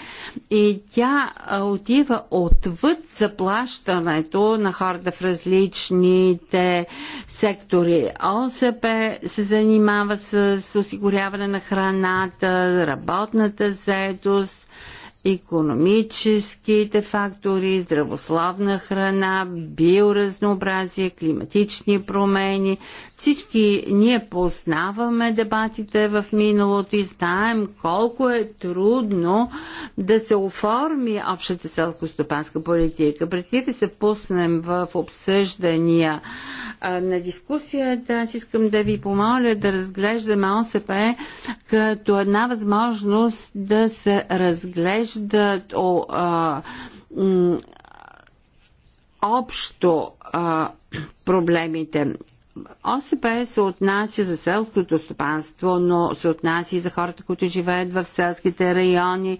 и тя отива отвъд заплащането на хората в различни различните сектори. ОСП се занимава с осигуряване на храната, работната заедост, економическите фактори, здравословна храна, биоразнообразие, климатични промени, всички ние познаваме дебатите в миналото и знаем колко е трудно да се оформи общата селско-стопанска политика. Преди да се пуснем в обсъждания на дискусията, аз искам да ви помоля да разглеждаме ОСП като една възможност да се разглеждат о, а, общо а, проблемите. ОСП се отнася за селското стопанство, но се отнася и за хората, които живеят в селските райони,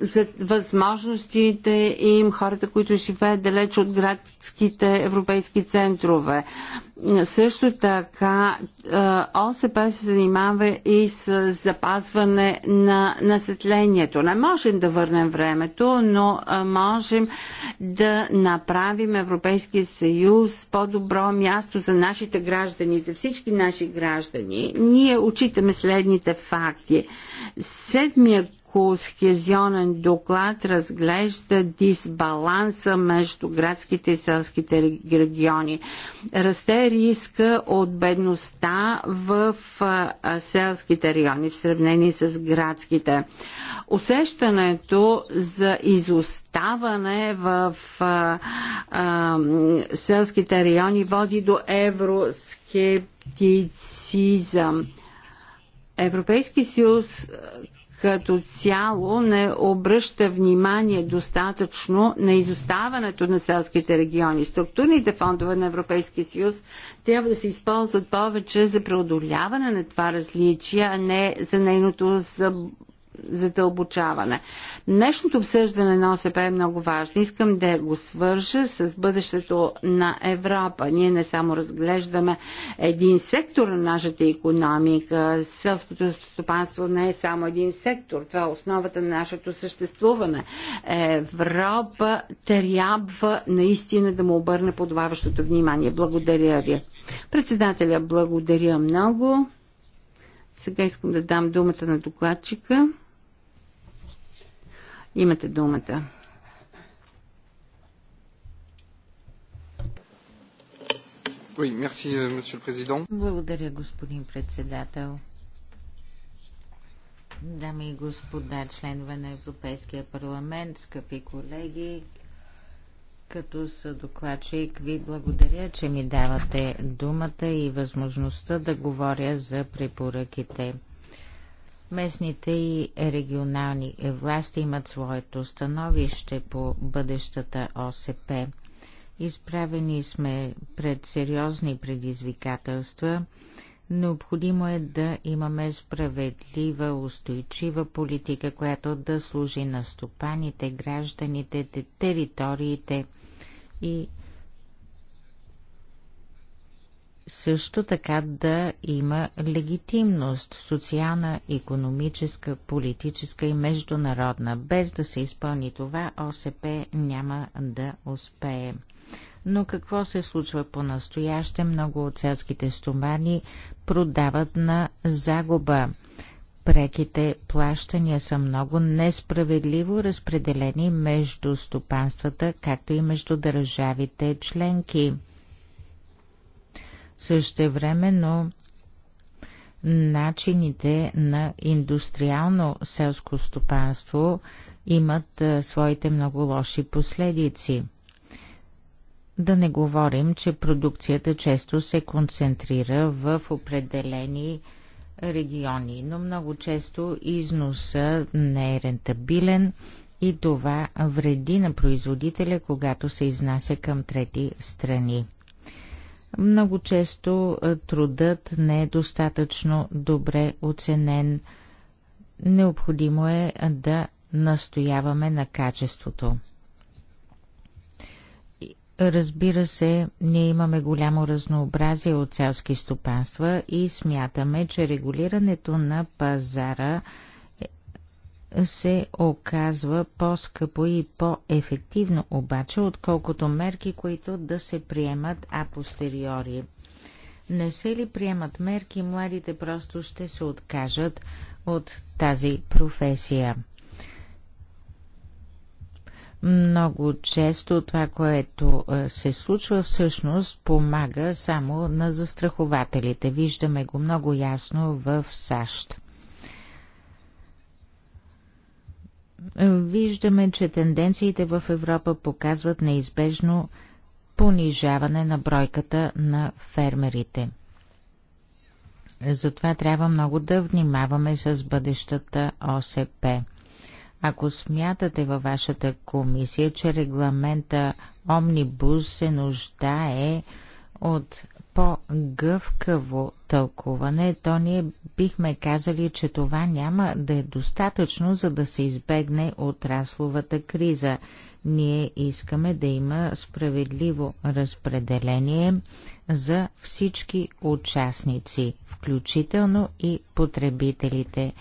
за възможностите им, хората, които живеят далеч от градските европейски центрове. Също така ОСП се занимава и с запазване на населението. Не можем да върнем времето, но можем да направим Европейския съюз по-добро място за нашите граждани, за всички наши граждани, ние отчитаме следните факти. Седмият кохезионен доклад разглежда дисбаланса между градските и селските региони. Расте риска от бедността в селските райони в сравнение с градските. Усещането за изоставане в а, а, селските райони води до евроскептицизъм. Европейски съюз като цяло не обръща внимание достатъчно на изоставането на селските региони. Структурните фондове на Европейския съюз трябва да се използват повече за преодоляване на това различие, а не за нейното задълбочаване. Днешното обсъждане на ОСП е много важно. Искам да го свържа с бъдещето на Европа. Ние не само разглеждаме един сектор на нашата економика. Селското стопанство не е само един сектор. Това е основата на нашето съществуване. Европа трябва наистина да му обърне подобаващото внимание. Благодаря ви. Председателя, благодаря много. Сега искам да дам думата на докладчика. Имате думата. Euh, благодаря, господин председател. Дами и господа, членове на Европейския парламент, скъпи колеги, като съдокладчик ви благодаря, че ми давате думата и възможността да говоря за препоръките. Местните и регионални власти имат своето становище по бъдещата ОСП. Изправени сме пред сериозни предизвикателства. Необходимо е да имаме справедлива, устойчива политика, която да служи на стопаните, гражданите, териториите и също така да има легитимност социална, економическа, политическа и международна. Без да се изпълни това, ОСП няма да успее. Но какво се случва по-настояще? Много от селските стомани продават на загуба. Преките плащания са много несправедливо разпределени между стопанствата, както и между държавите членки. Също но начините на индустриално селско стопанство имат своите много лоши последици. Да не говорим, че продукцията често се концентрира в определени региони, но много често износа не е рентабилен и това вреди на производителя, когато се изнася към трети страни. Много често е, трудът не е достатъчно добре оценен. Необходимо е, е да настояваме на качеството. Разбира се, ние имаме голямо разнообразие от селски стопанства и смятаме, че регулирането на пазара се оказва по-скъпо и по-ефективно обаче, отколкото мерки, които да се приемат апостериори. Не се ли приемат мерки, младите просто ще се откажат от тази професия. Много често това, което се случва всъщност помага само на застрахователите. Виждаме го много ясно в САЩ. виждаме, че тенденциите в Европа показват неизбежно понижаване на бройката на фермерите. Затова трябва много да внимаваме с бъдещата ОСП. Ако смятате във вашата комисия, че регламента Омнибус се нуждае от по-гъвкаво тълкуване, то ние бихме казали, че това няма да е достатъчно, за да се избегне отрасловата криза. Ние искаме да има справедливо разпределение за всички участници, включително и потребителите.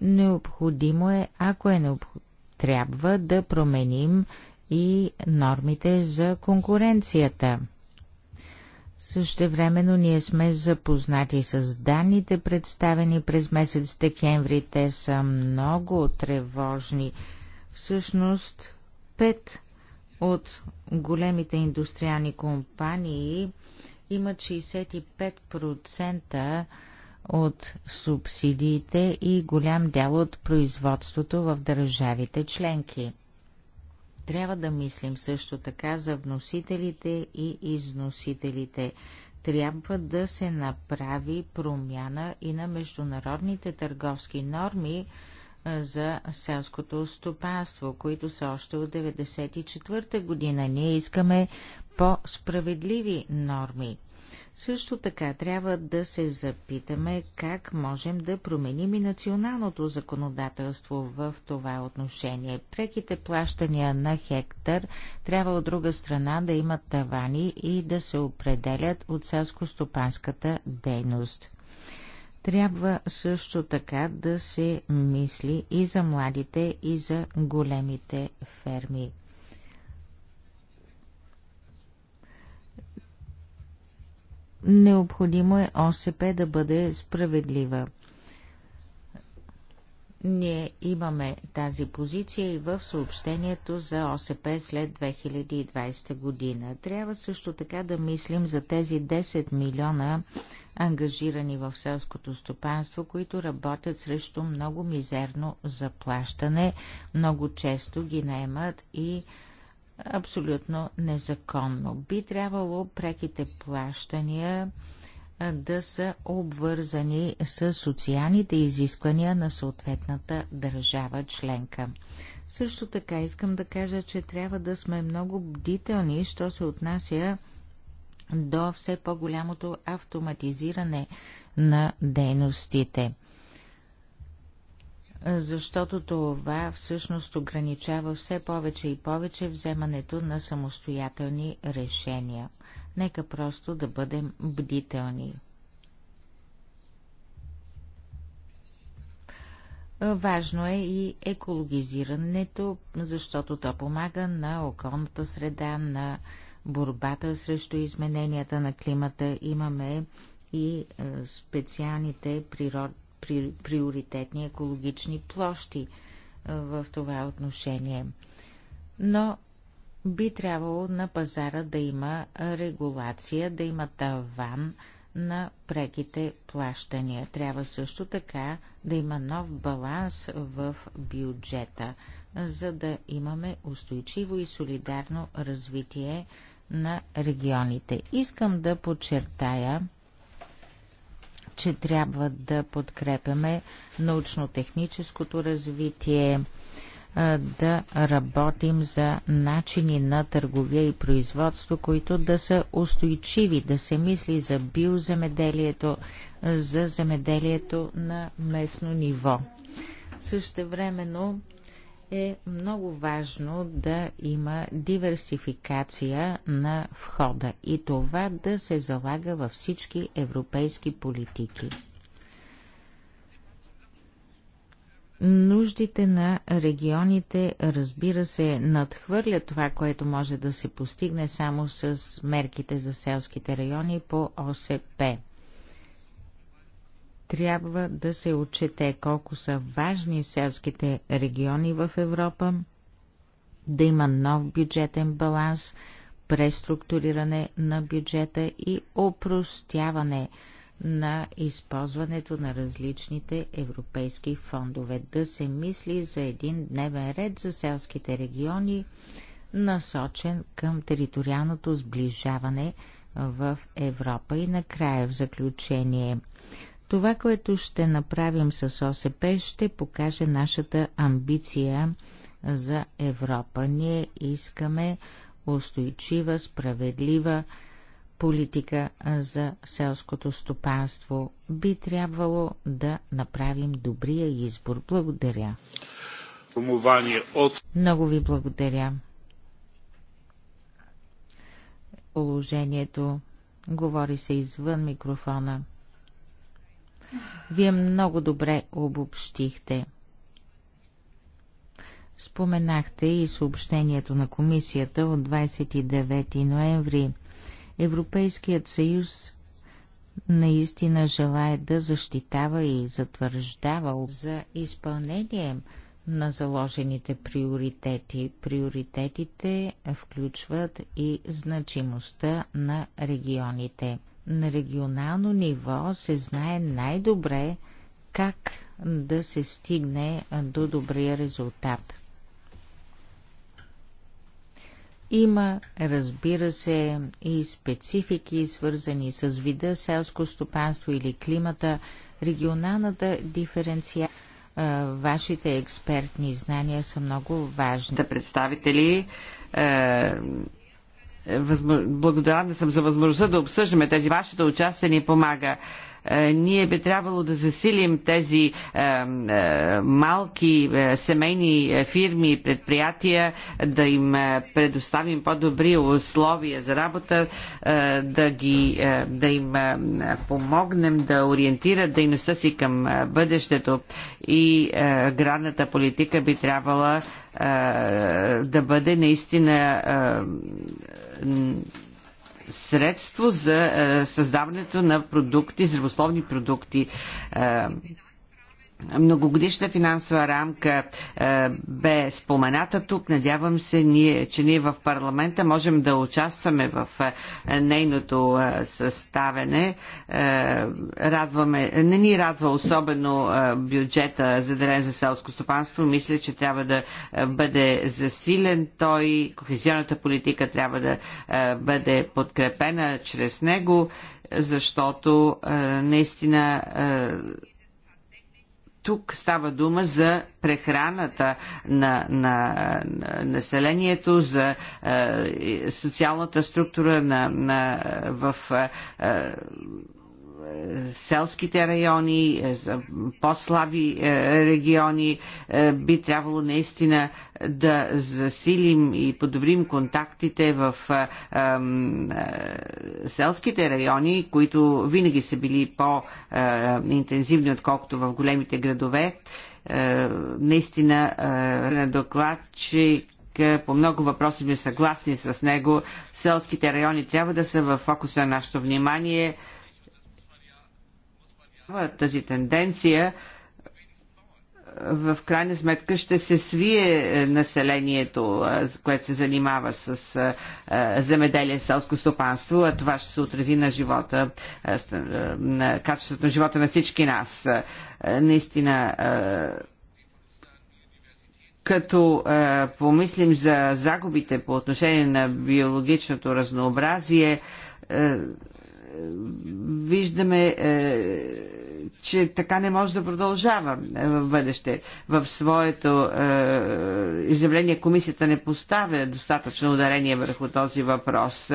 Необходимо е, ако е необходимо, трябва да променим и нормите за конкуренцията. Същевременно ние сме запознати с данните, представени през месец декември. Те са много тревожни. Всъщност, пет от големите индустриални компании имат 65% от субсидиите и голям дял от производството в държавите членки. Трябва да мислим също така за вносителите и износителите. Трябва да се направи промяна и на международните търговски норми за селското стопанство, които са още от 1994 година. Ние искаме по-справедливи норми. Също така трябва да се запитаме как можем да променим и националното законодателство в това отношение. Преките плащания на хектар трябва от друга страна да имат тавани и да се определят от селско-стопанската дейност. Трябва също така да се мисли и за младите, и за големите ферми. Необходимо е ОСП да бъде справедлива. Ние имаме тази позиция и в съобщението за ОСП след 2020 година. Трябва също така да мислим за тези 10 милиона ангажирани в селското стопанство, които работят срещу много мизерно заплащане. Много често ги наемат и абсолютно незаконно. Би трябвало преките плащания да са обвързани с социалните изисквания на съответната държава членка. Също така искам да кажа, че трябва да сме много бдителни, що се отнася до все по-голямото автоматизиране на дейностите – защото това всъщност ограничава все повече и повече вземането на самостоятелни решения. Нека просто да бъдем бдителни. Важно е и екологизирането, защото то помага на околната среда, на борбата срещу измененията на климата. Имаме и е, специалните природни приоритетни екологични площи в това отношение. Но би трябвало на пазара да има регулация, да има таван на преките плащания. Трябва също така да има нов баланс в бюджета, за да имаме устойчиво и солидарно развитие на регионите. Искам да подчертая, че трябва да подкрепяме научно-техническото развитие, да работим за начини на търговия и производство, които да са устойчиви, да се мисли за биоземеделието, за земеделието на местно ниво. Също времено е много важно да има диверсификация на входа и това да се залага във всички европейски политики. Нуждите на регионите, разбира се, надхвърлят това, което може да се постигне само с мерките за селските райони по ОСП трябва да се отчете колко са важни селските региони в Европа, да има нов бюджетен баланс, преструктуриране на бюджета и опростяване на използването на различните европейски фондове. Да се мисли за един дневен ред за селските региони, насочен към териториалното сближаване в Европа. И накрая в заключение това, което ще направим с ОСП, ще покаже нашата амбиция за Европа. Ние искаме устойчива, справедлива политика за селското стопанство. Би трябвало да направим добрия избор. Благодаря. От... Много ви благодаря. Положението говори се извън микрофона. Вие много добре обобщихте. Споменахте и съобщението на комисията от 29 ноември. Европейският съюз наистина желая да защитава и затвърждава за изпълнение на заложените приоритети. Приоритетите включват и значимостта на регионите на регионално ниво се знае най-добре как да се стигне до добрия резултат. Има, разбира се, и специфики, свързани с вида селско стопанство или климата, регионалната диференция. Вашите експертни знания са много важни. Да представители ли е, Възм... Благодарна съм за възможността да обсъждаме тези. Вашето участие ни помага е, ние би трябвало да засилим тези е, е, малки семейни фирми и предприятия, да им предоставим по-добри условия за работа, да, ги, да им помогнем да ориентират дейността си към бъдещето и градната политика би трябвала да бъде наистина средство за е, създаването на продукти, здравословни продукти е, Многогодишна финансова рамка е, бе спомената тук. Надявам се, ние, че ние в парламента можем да участваме в е, нейното е, съставене. Е, радваме, не ни радва особено е, бюджета за делен за селско стопанство. Мисля, че трябва да е, бъде засилен той. Кохезионната политика трябва да е, бъде подкрепена чрез него, защото е, наистина. Е, тук става дума за прехраната на, на, на населението, за е, социалната структура на, на, в. Е, селските райони, е, за по-слаби е, региони. Е, би трябвало наистина да засилим и подобрим контактите в селските райони, които винаги са били по-интензивни, отколкото в големите градове. Наистина на докладчик по много въпроси сме съгласни с него. Селските райони трябва да са в фокуса на нашето внимание тази тенденция, е, в крайна сметка ще се свие е, населението, е, което се занимава с земеделие, селско стопанство, а това ще се отрази на живота, на качеството на живота на всички нас. Наистина, като помислим за загубите по отношение на биологичното разнообразие, виждаме, е, че така не може да продължава е, в бъдеще. В своето е, изявление комисията не поставя достатъчно ударение върху този въпрос.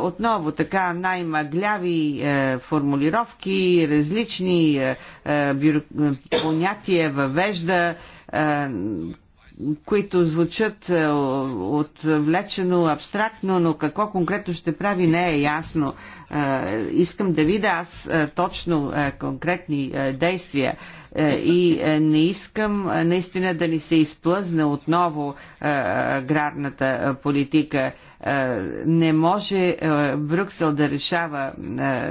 Отново така най-мъгляви формулировки, различни бюро... понятия въвежда, които звучат отвлечено, абстрактно, но какво конкретно ще прави не е ясно. Искам да видя аз точно конкретни действия и не искам наистина да ни се изплъзна отново аграрната политика. Не може Брюксел да решава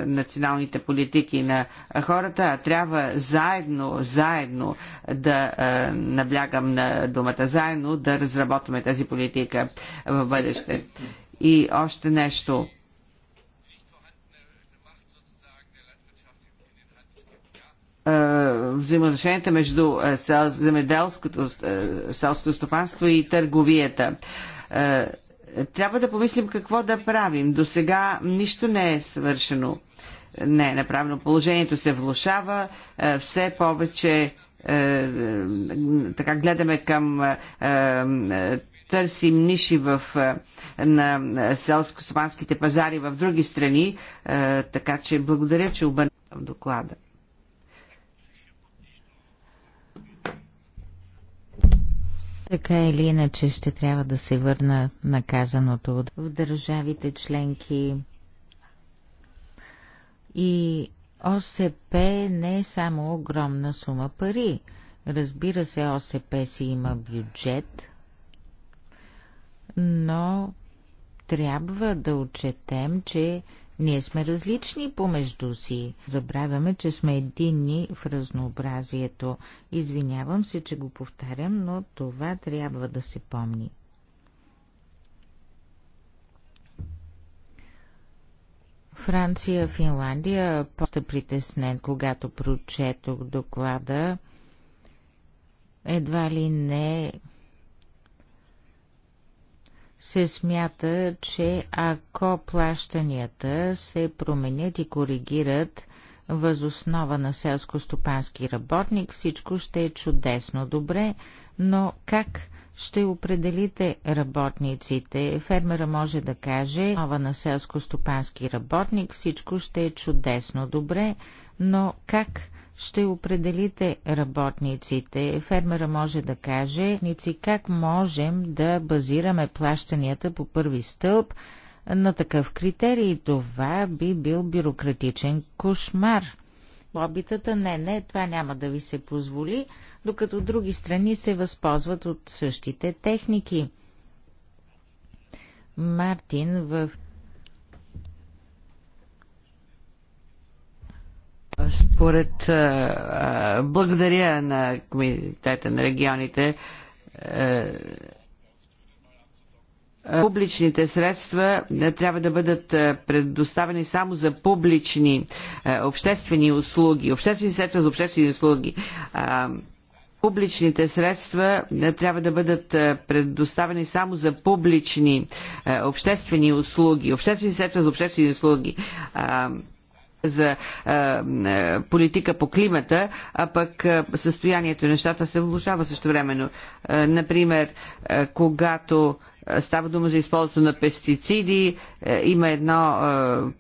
националните политики на хората, а трябва заедно, заедно да наблягам на думата заедно, да разработваме тази политика в бъдеще. И още нещо – взаимоотношенията между земеделското селското стопанство и търговията. Трябва да помислим какво да правим. До сега нищо не е свършено. Не е направено. Положението се влушава. Все повече така гледаме към търсим ниши в, на селско-стопанските пазари в други страни, така че благодаря, че обърнах в доклада. Така или иначе ще трябва да се върна наказаното в държавите членки. И ОСП не е само огромна сума пари. Разбира се, ОСП си има бюджет, но трябва да отчетем, че ние сме различни помежду си. Забравяме, че сме единни в разнообразието. Извинявам се, че го повтарям, но това трябва да се помни. Франция, Финландия, поста притеснен, когато прочетох доклада, едва ли не се смята, че ако плащанията се променят и коригират възоснова на селско-стопански работник, всичко ще е чудесно добре, но как ще определите работниците? Фермера може да каже, нова на селско-стопански работник, всичко ще е чудесно добре, но как ще определите работниците. Фермера може да каже, ници как можем да базираме плащанията по първи стълб на такъв критерий. Това би бил бюрократичен кошмар. Лобитата не, не, това няма да ви се позволи, докато други страни се възползват от същите техники. Мартин в Според благодаря на Комитета на регионите публичните средства трябва да бъдат предоставени само за публични обществени услуги, обществени средства за обществени услуги. Публичните средства трябва да бъдат предоставени само за публични обществени услуги, обществени средства за обществени услуги за е, е, политика по климата, а пък е, състоянието на нещата се влушава също времено. Например, когато Става дума за използване на пестициди. Има едно е,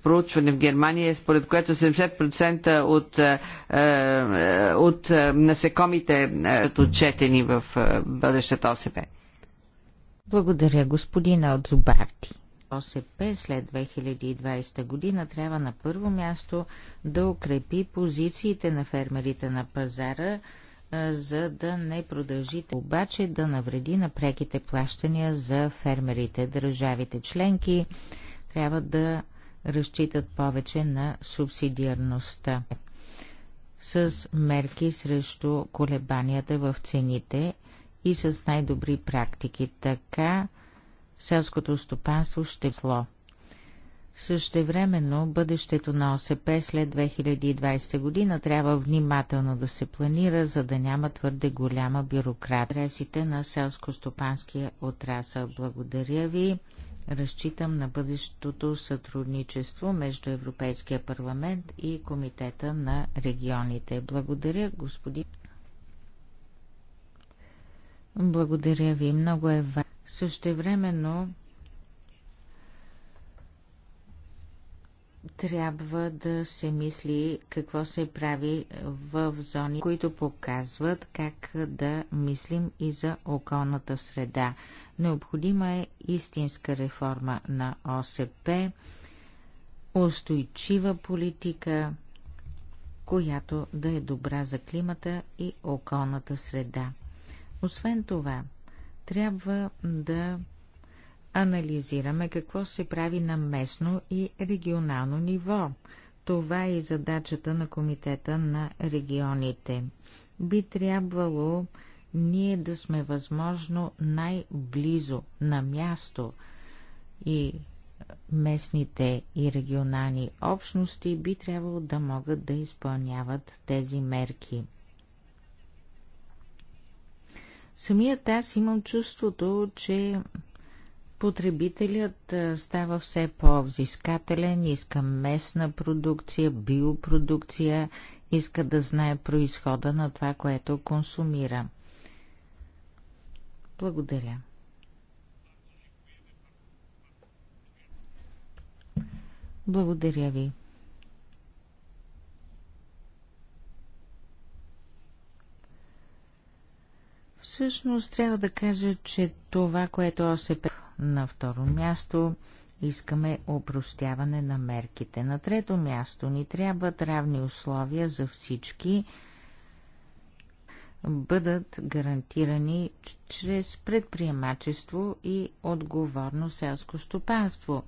проучване в Германия, според което 70% от, е, от насекомите е, отчетени в бъдещата ОСП. Благодаря, от Зубарти. ОСП след 2020 година трябва на първо място да укрепи позициите на фермерите на пазара, за да не продължите, обаче да навреди на преките плащания за фермерите. Държавите членки трябва да разчитат повече на субсидиарността с мерки срещу колебанията в цените и с най-добри практики. Така селското стопанство ще сло. Е Същевременно бъдещето на ОСП след 2020 година трябва внимателно да се планира, за да няма твърде голяма бюрократ. Ресите на селско-стопанския отрасъл. Благодаря ви. Разчитам на бъдещото сътрудничество между Европейския парламент и Комитета на регионите. Благодаря, господин. Благодаря ви, много е важно. Същевременно трябва да се мисли какво се прави в зони, които показват как да мислим и за околната среда. Необходима е истинска реформа на ОСП, устойчива политика, която да е добра за климата и околната среда. Освен това, трябва да анализираме какво се прави на местно и регионално ниво. Това е и задачата на Комитета на регионите. Би трябвало ние да сме възможно най-близо на място и местните и регионални общности би трябвало да могат да изпълняват тези мерки. Самият аз имам чувството, че потребителят става все по-взискателен, иска местна продукция, биопродукция, иска да знае происхода на това, което консумира. Благодаря. Благодаря ви. Всъщност трябва да кажа, че това, което ОСП на второ място, искаме опростяване на мерките. На трето място ни трябват равни условия за всички, бъдат гарантирани чрез предприемачество и отговорно селско стопанство.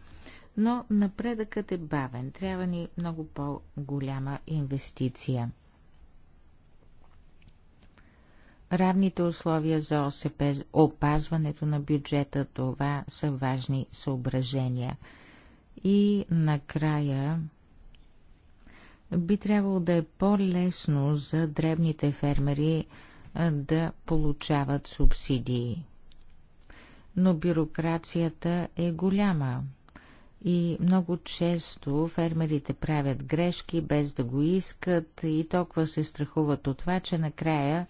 Но напредъкът е бавен, трябва ни много по-голяма инвестиция равните условия за ОСП, опазването на бюджета, това са важни съображения. И накрая би трябвало да е по-лесно за дребните фермери да получават субсидии. Но бюрокрацията е голяма и много често фермерите правят грешки без да го искат и толкова се страхуват от това, че накрая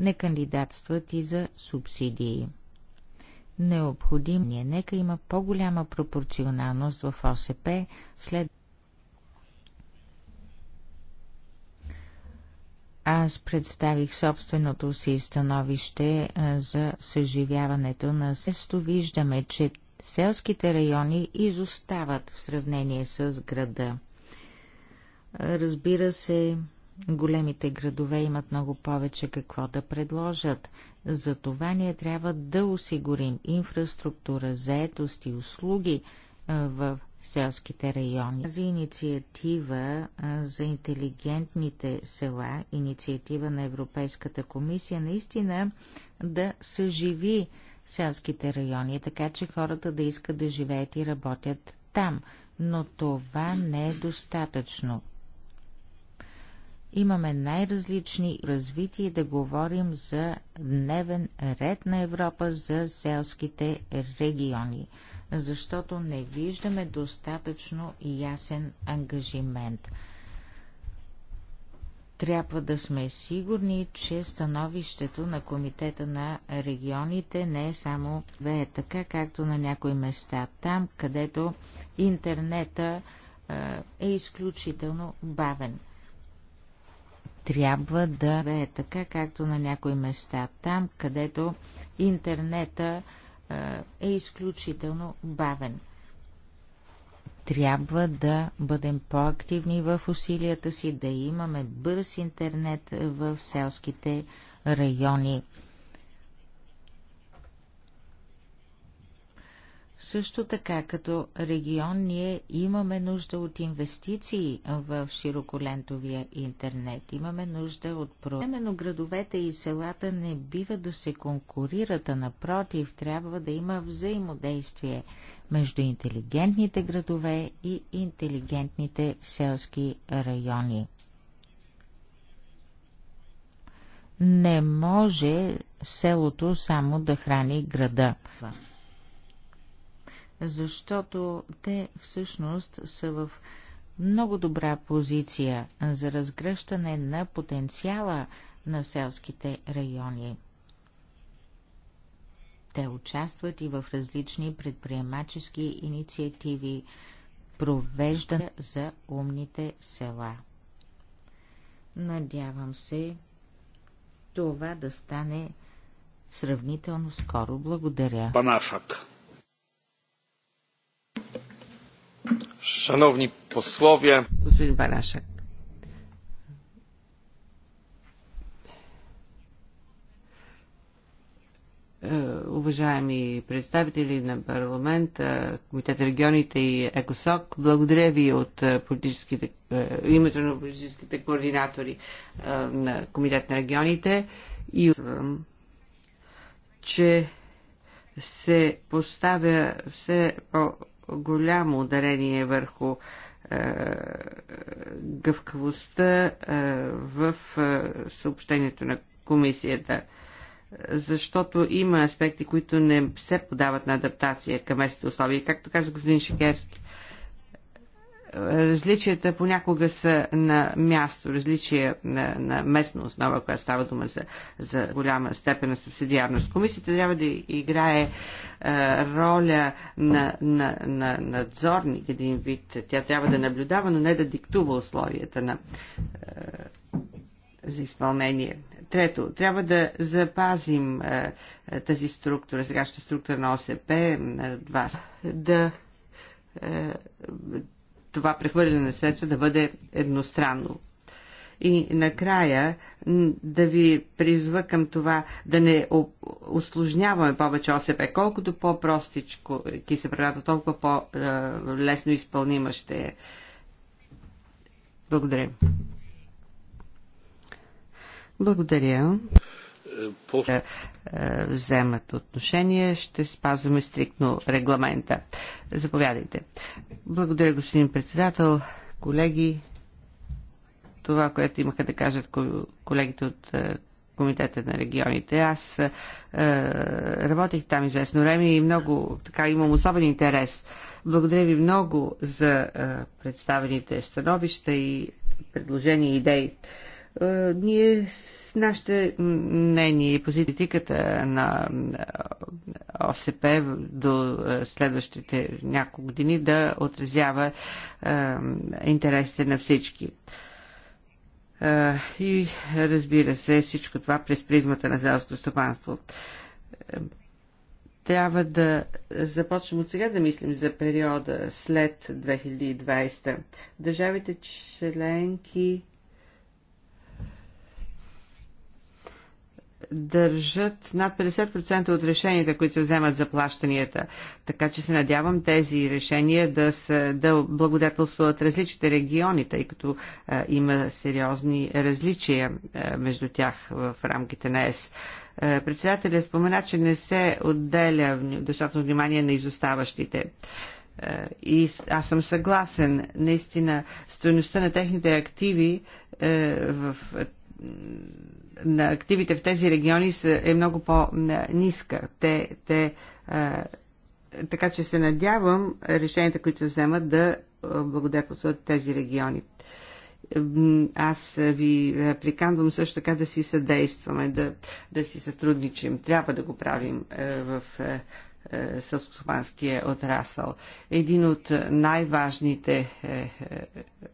не кандидатстват и за субсидии. Необходим е нека има по-голяма пропорционалност в ОСП след аз представих собственото си становище за съживяването на сесто. Виждаме, че селските райони изостават в сравнение с града. Разбира се, Големите градове имат много повече какво да предложат. За това ние трябва да осигурим инфраструктура, заетост и услуги в селските райони. За инициатива за интелигентните села, инициатива на Европейската комисия, наистина да съживи селските райони, така че хората да искат да живеят и работят там. Но това не е достатъчно имаме най-различни развития да говорим за дневен ред на Европа за селските региони, защото не виждаме достатъчно ясен ангажимент. Трябва да сме сигурни, че становището на Комитета на регионите не е само бе така, както на някои места. Там, където интернета е изключително бавен трябва да е така, както на някои места, там където интернета е изключително бавен. Трябва да бъдем по-активни в усилията си, да имаме бърз интернет в селските райони. Също така, като регион, ние имаме нужда от инвестиции в широколентовия интернет. Имаме нужда от проемено градовете и селата не бива да се конкурират, а напротив, трябва да има взаимодействие между интелигентните градове и интелигентните селски райони. Не може селото само да храни града защото те всъщност са в много добра позиция за разгръщане на потенциала на селските райони. Те участват и в различни предприемачески инициативи, провеждане за умните села. Надявам се това да стане сравнително скоро. Благодаря. Банашак. Szanowni posłowie. Господин Барашек. Е, уважаеми представители на парламента, Комитет регионите и ЕКОСОК. Благодаря ви от е, политическите, е, името на политическите координатори на Комитет на регионите и че се поставя все по голямо ударение върху е, гъвкавостта е, в е, съобщението на комисията, защото има аспекти, които не се подават на адаптация към местните условия, както каза господин Шикерски различията понякога са на място, различия на, на местна основа, която става дума за, за голяма степен на субсидиарност. Комисията трябва да играе е, роля на, на, на надзорник, един вид. Тя трябва да наблюдава, но не да диктува условията на, е, за изпълнение. Трето, трябва да запазим е, тази структура, сегашната структура на ОСП, е, два, да е, това прехвърляне на средства да бъде едностранно. И накрая да ви призва към това да не осложняваме повече ОСП. Колкото по-простичко ки се правилата, толкова по-лесно изпълнима ще е. Благодаря. Благодаря. Е, е, вземат отношение. Ще спазваме стриктно регламента. Заповядайте. Благодаря, господин председател, колеги. Това, което имаха да кажат колегите от е, Комитета на регионите. Аз е, работех там известно време и много така имам особен интерес. Благодаря ви много за е, представените становища и предложения и идеи. Е, ние нашите мнения и позитиката на ОСП до е, следващите няколко години да отразява е, интересите на всички. и разбира се, всичко това през призмата на зелското стопанство. Трябва да започнем от сега да мислим за периода след 2020. Държавите членки държат над 50% от решенията, които се вземат за плащанията. Така че се надявам тези решения да, са, да благодетелстват различните региони, тъй като а, е, има сериозни различия а, е, между тях в рамките на ЕС. Председателят председателя спомена, че не се отделя достатъчно внимание на изоставащите. Е, и аз съм съгласен, наистина, стоеността на техните активи е, в на активите в тези региони е много по-ниска. Те, те, така че се надявам решенията, които вземат, да благодетелстват тези региони. Аз ви приканвам също така да си съдействаме, да, да си сътрудничим. Трябва да го правим в сълскостопанския отрасъл. Един от най-важните е, е,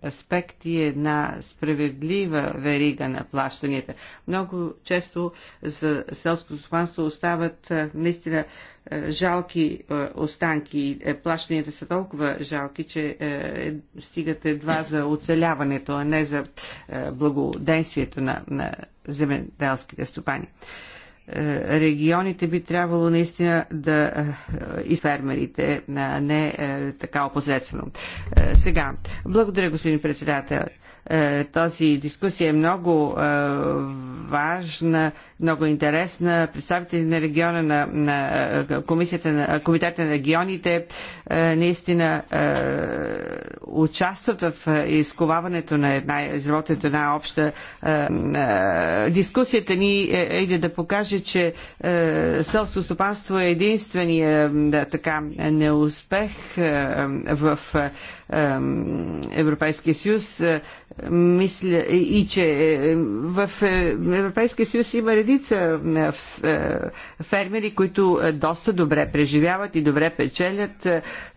аспект и една справедлива верига на плащанията. Много често за селското стопанство остават наистина жалки останки. Е, плащанията са толкова жалки, че е, стигат едва за оцеляването, а не за благоденствието на, на земеделските стопани. Е, регионите би трябвало наистина да е, и фермерите, не е, така опосредствено. Сега, благодаря господин председател. Е, Тази дискусия е много е, важна, много интересна. Представители на региона на, на е, комисията на комитета на регионите наистина участват в изковаването на една, изработването на обща дискусията ни е да покаже, че селско стопанство е единствения така неуспех в Европейския съюз. Мисля и че е, в е, Европейския съюз има редица е, фермери, които доста добре преживяват и добре печелят,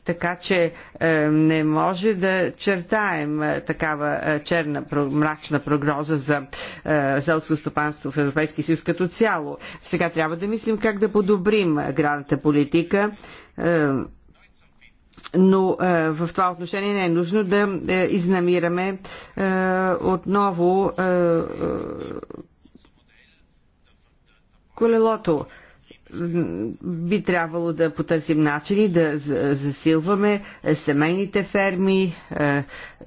така че не може да чертаем такава черна, мрачна прогноза за селско стопанство в Европейския съюз като цяло. Сега трябва да мислим как да подобрим аграрната политика но е, в това отношение не е нужно да е, изнамираме е, отново е, е, колелото. Би трябвало да потърсим начини да засилваме семейните ферми, е,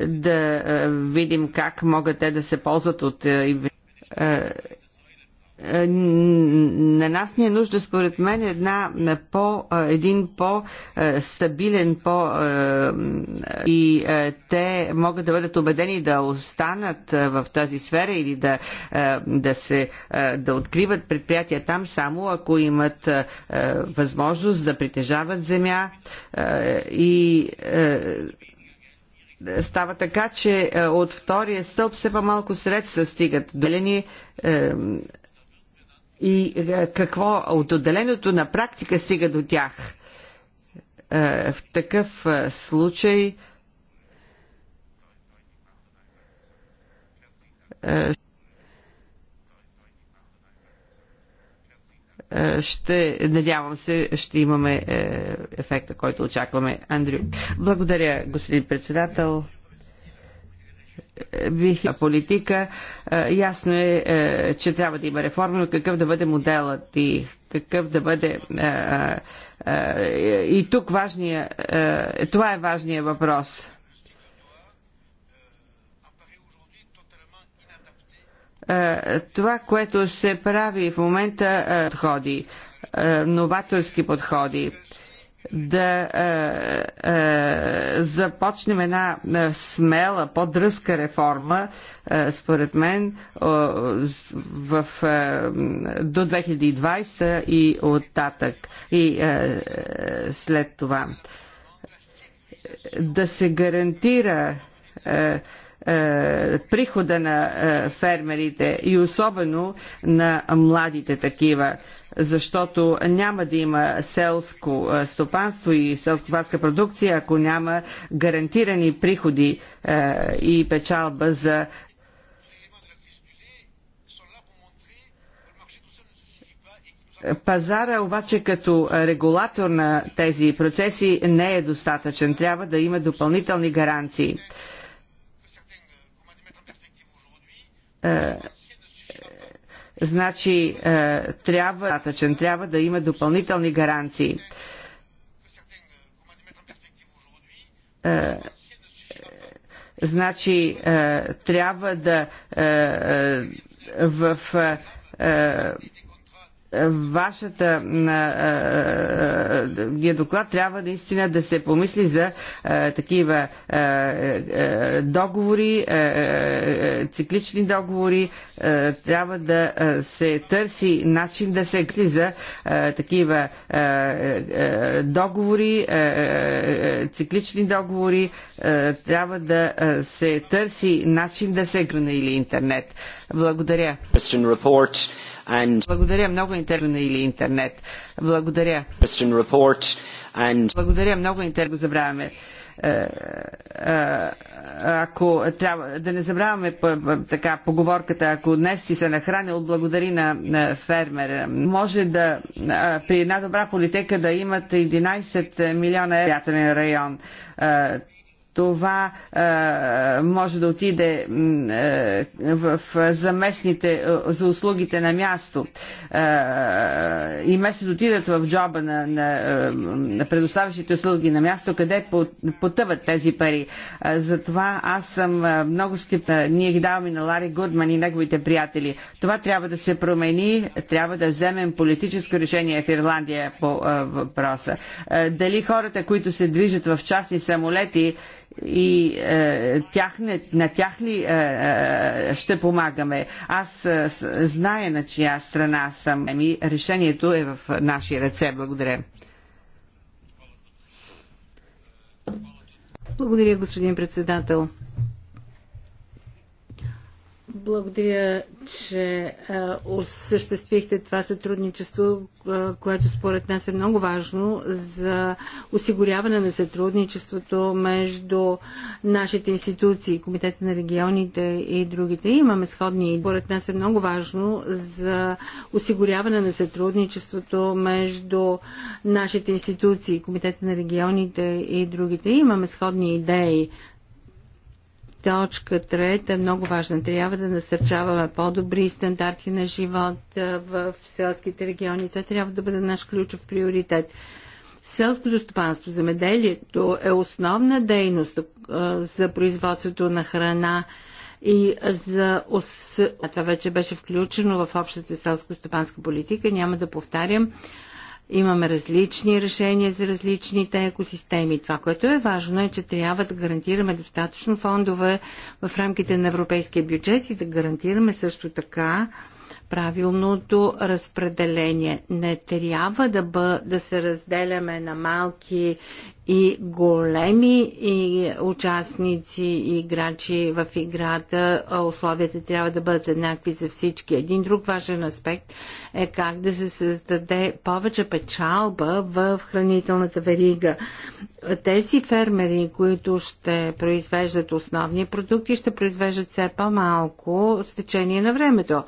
да е, видим как могат те да се ползват от. Е, е, на нас ни е нужда, според мен, една на по, е, един по-стабилен по, е, и те могат да бъдат убедени да останат в тази сфера или да, да, се, да откриват предприятия там само ако имат възможност да притежават земя и става така, че от втория стълб все по-малко средства стигат. Долени и е, какво от отделеното на практика стига до тях. Е, в такъв е, случай ще, надявам се, ще имаме ефекта, който очакваме. Андрю. Благодаря, господин председател бих политика. Ясно е, че трябва да има реформа, но какъв да бъде моделът и какъв да бъде. И тук важния, това е важният въпрос. Това, което се прави в момента, подходи, новаторски подходи да е, е, започнем една е, смела, по-дръзка реформа, е, според мен, е, в, е, до 2020 и оттатък и е, е, след това. Да се гарантира е, е прихода на е, фермерите и особено на младите такива защото няма да има селско стопанство и селскопанска продукция, ако няма гарантирани приходи и печалба за Пазара обаче като регулатор на тези процеси не е достатъчен. Трябва да има допълнителни гаранции. Значи е, трябва, трябва да има допълнителни гаранции е, значи е, трябва да е, е в е, вашата а, доклад трябва наистина да се помисли за такива договори, циклични договори, трябва да се търси начин да се кли за такива договори, циклични договори, трябва да се търси начин да се гръна или интернет. Благодаря and Благодаря много интервю или интернет. Благодаря. And... Благодаря много интервю забравяме е, е, ако трябва да не забравяме така поговорката, ако днес си се нахранил, благодари на, на фермера. Може да е, при една добра политика да имат 11 милиона на район това а, е, може да отиде а, е, в заместните а, е, за услугите на място а, и вместо да отидат в джоба на, на, на предоставящите услуги на място, къде потъват тези пари. А, затова аз съм много скипна. Ние ги даваме на Лари Гудман и неговите приятели. Това трябва да се промени, трябва да вземем политическо решение в Ирландия по а, въпроса. А, дали хората, които се движат в частни самолети, и е, тях не, на тях ли е, е, ще помагаме? Аз е, зная на чия страна съм. Еми, решението е в наши ръце. Благодаря. Благодаря, господин председател. Благодаря, че а, осъществихте това сътрудничество, а, което според нас е много важно за осигуряване на сътрудничеството между нашите институции, Комитета на регионите и другите. Имаме сходни. Според нас е много важно за осигуряване на сътрудничеството между нашите институции, Комитета на регионите и другите. Имаме сходни идеи Точка трета, много важна, трябва да насърчаваме по-добри стандарти на живот в селските региони. Това трябва да бъде наш ключов приоритет. Селското стопанство, замеделието е основна дейност за производството на храна и за ос... Това вече беше включено в общата селско-стопанска политика. Няма да повтарям Имаме различни решения за различните екосистеми. Това, което е важно е, че трябва да гарантираме достатъчно фондове в рамките на европейския бюджет и да гарантираме също така правилното разпределение. Не трябва да, бъ, да се разделяме на малки и големи и участници и играчи в играта. Условията трябва да бъдат еднакви за всички. Един друг важен аспект е как да се създаде повече печалба в хранителната верига. Тези фермери, които ще произвеждат основни продукти, ще произвеждат все по-малко с течение на времето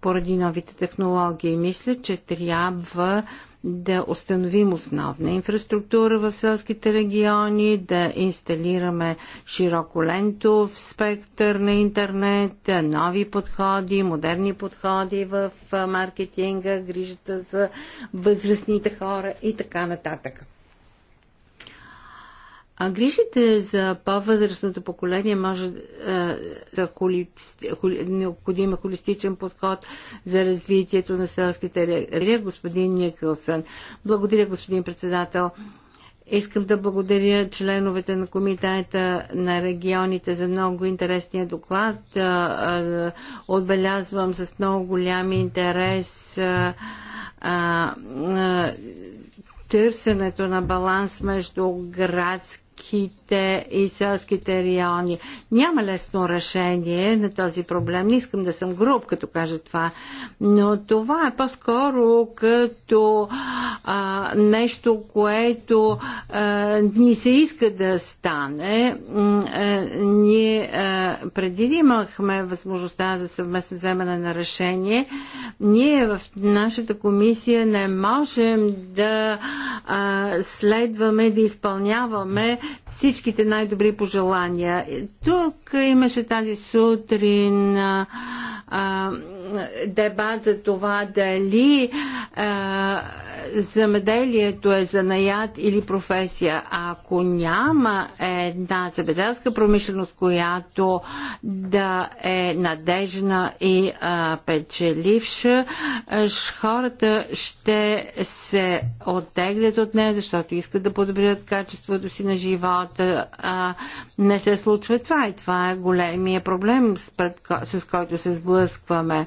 поради новите технологии. Мисля, че трябва да установим основна инфраструктура в селските региони, да инсталираме широколентов спектър на интернет, нови подходи, модерни подходи в маркетинга, грижата за възрастните хора и така нататък. А грижите за по-възрастното поколение може да е, холи, холи, необходим е холистичен подход за развитието на селските региони. Господин Никълсън. Благодаря, господин председател. Искам да благодаря членовете на Комитета на регионите за много интересния доклад. Е, отбелязвам с много голям интерес търсенето на баланс между градски малките и селските райони. Няма лесно решение на този проблем. Не искам да съм груб, като кажа това, но това е по-скоро като а, нещо, което а, ни се иска да стане. А, ние а, преди имахме възможността за съвместно вземане на решение. Ние в нашата комисия не можем да а, следваме, да изпълняваме всичките най-добри пожелания. Тук имаше тази сутрин а, дебат за това дали а, замеделието е занаят или професия. А ако няма една замеделска промишленост, която да е надежна и а, печеливша, аж хората ще се оттеглят от нея, защото искат да подобрят качеството си на живота. А, не се случва това и това е големия проблем, с който се сблъскваме.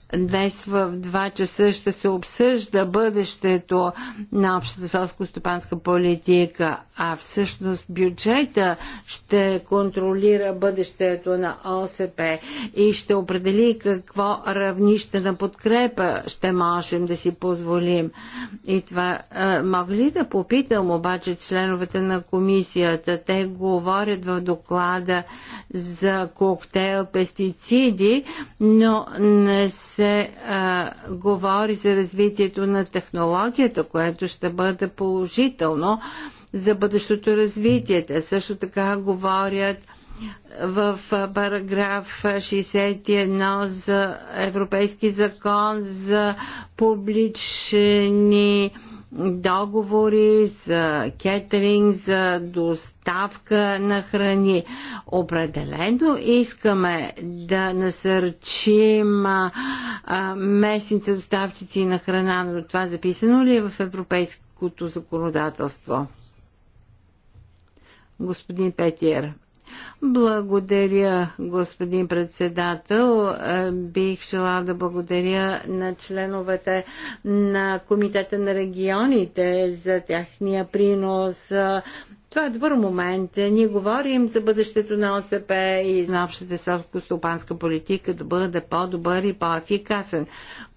Днес в 2 часа ще се обсъжда бъдещето на общата селско-стопанска политика, а всъщност бюджета ще контролира бъдещето на ОСП и ще определи какво равнище на подкрепа ще можем да си позволим. И това мога ли да попитам обаче членовете на комисията? Те говорят в доклада за коктейл пестициди, но не се се а, говори за развитието на технологията, което ще бъде положително за бъдещото развитие. Те също така говорят в параграф 61 за Европейски закон за публични договори за кетеринг, за доставка на храни. Определено искаме да насърчим местните доставчици на храна, но това записано ли е в европейското законодателство? Господин Петиер. Благодаря, господин председател. Е, бих желал да благодаря на членовете на Комитета на регионите за тяхния принос. Е, това е добър момент. Е, ние говорим за бъдещето на ОСП и на общата селско-стопанска политика да бъде по-добър и по-ефикасен.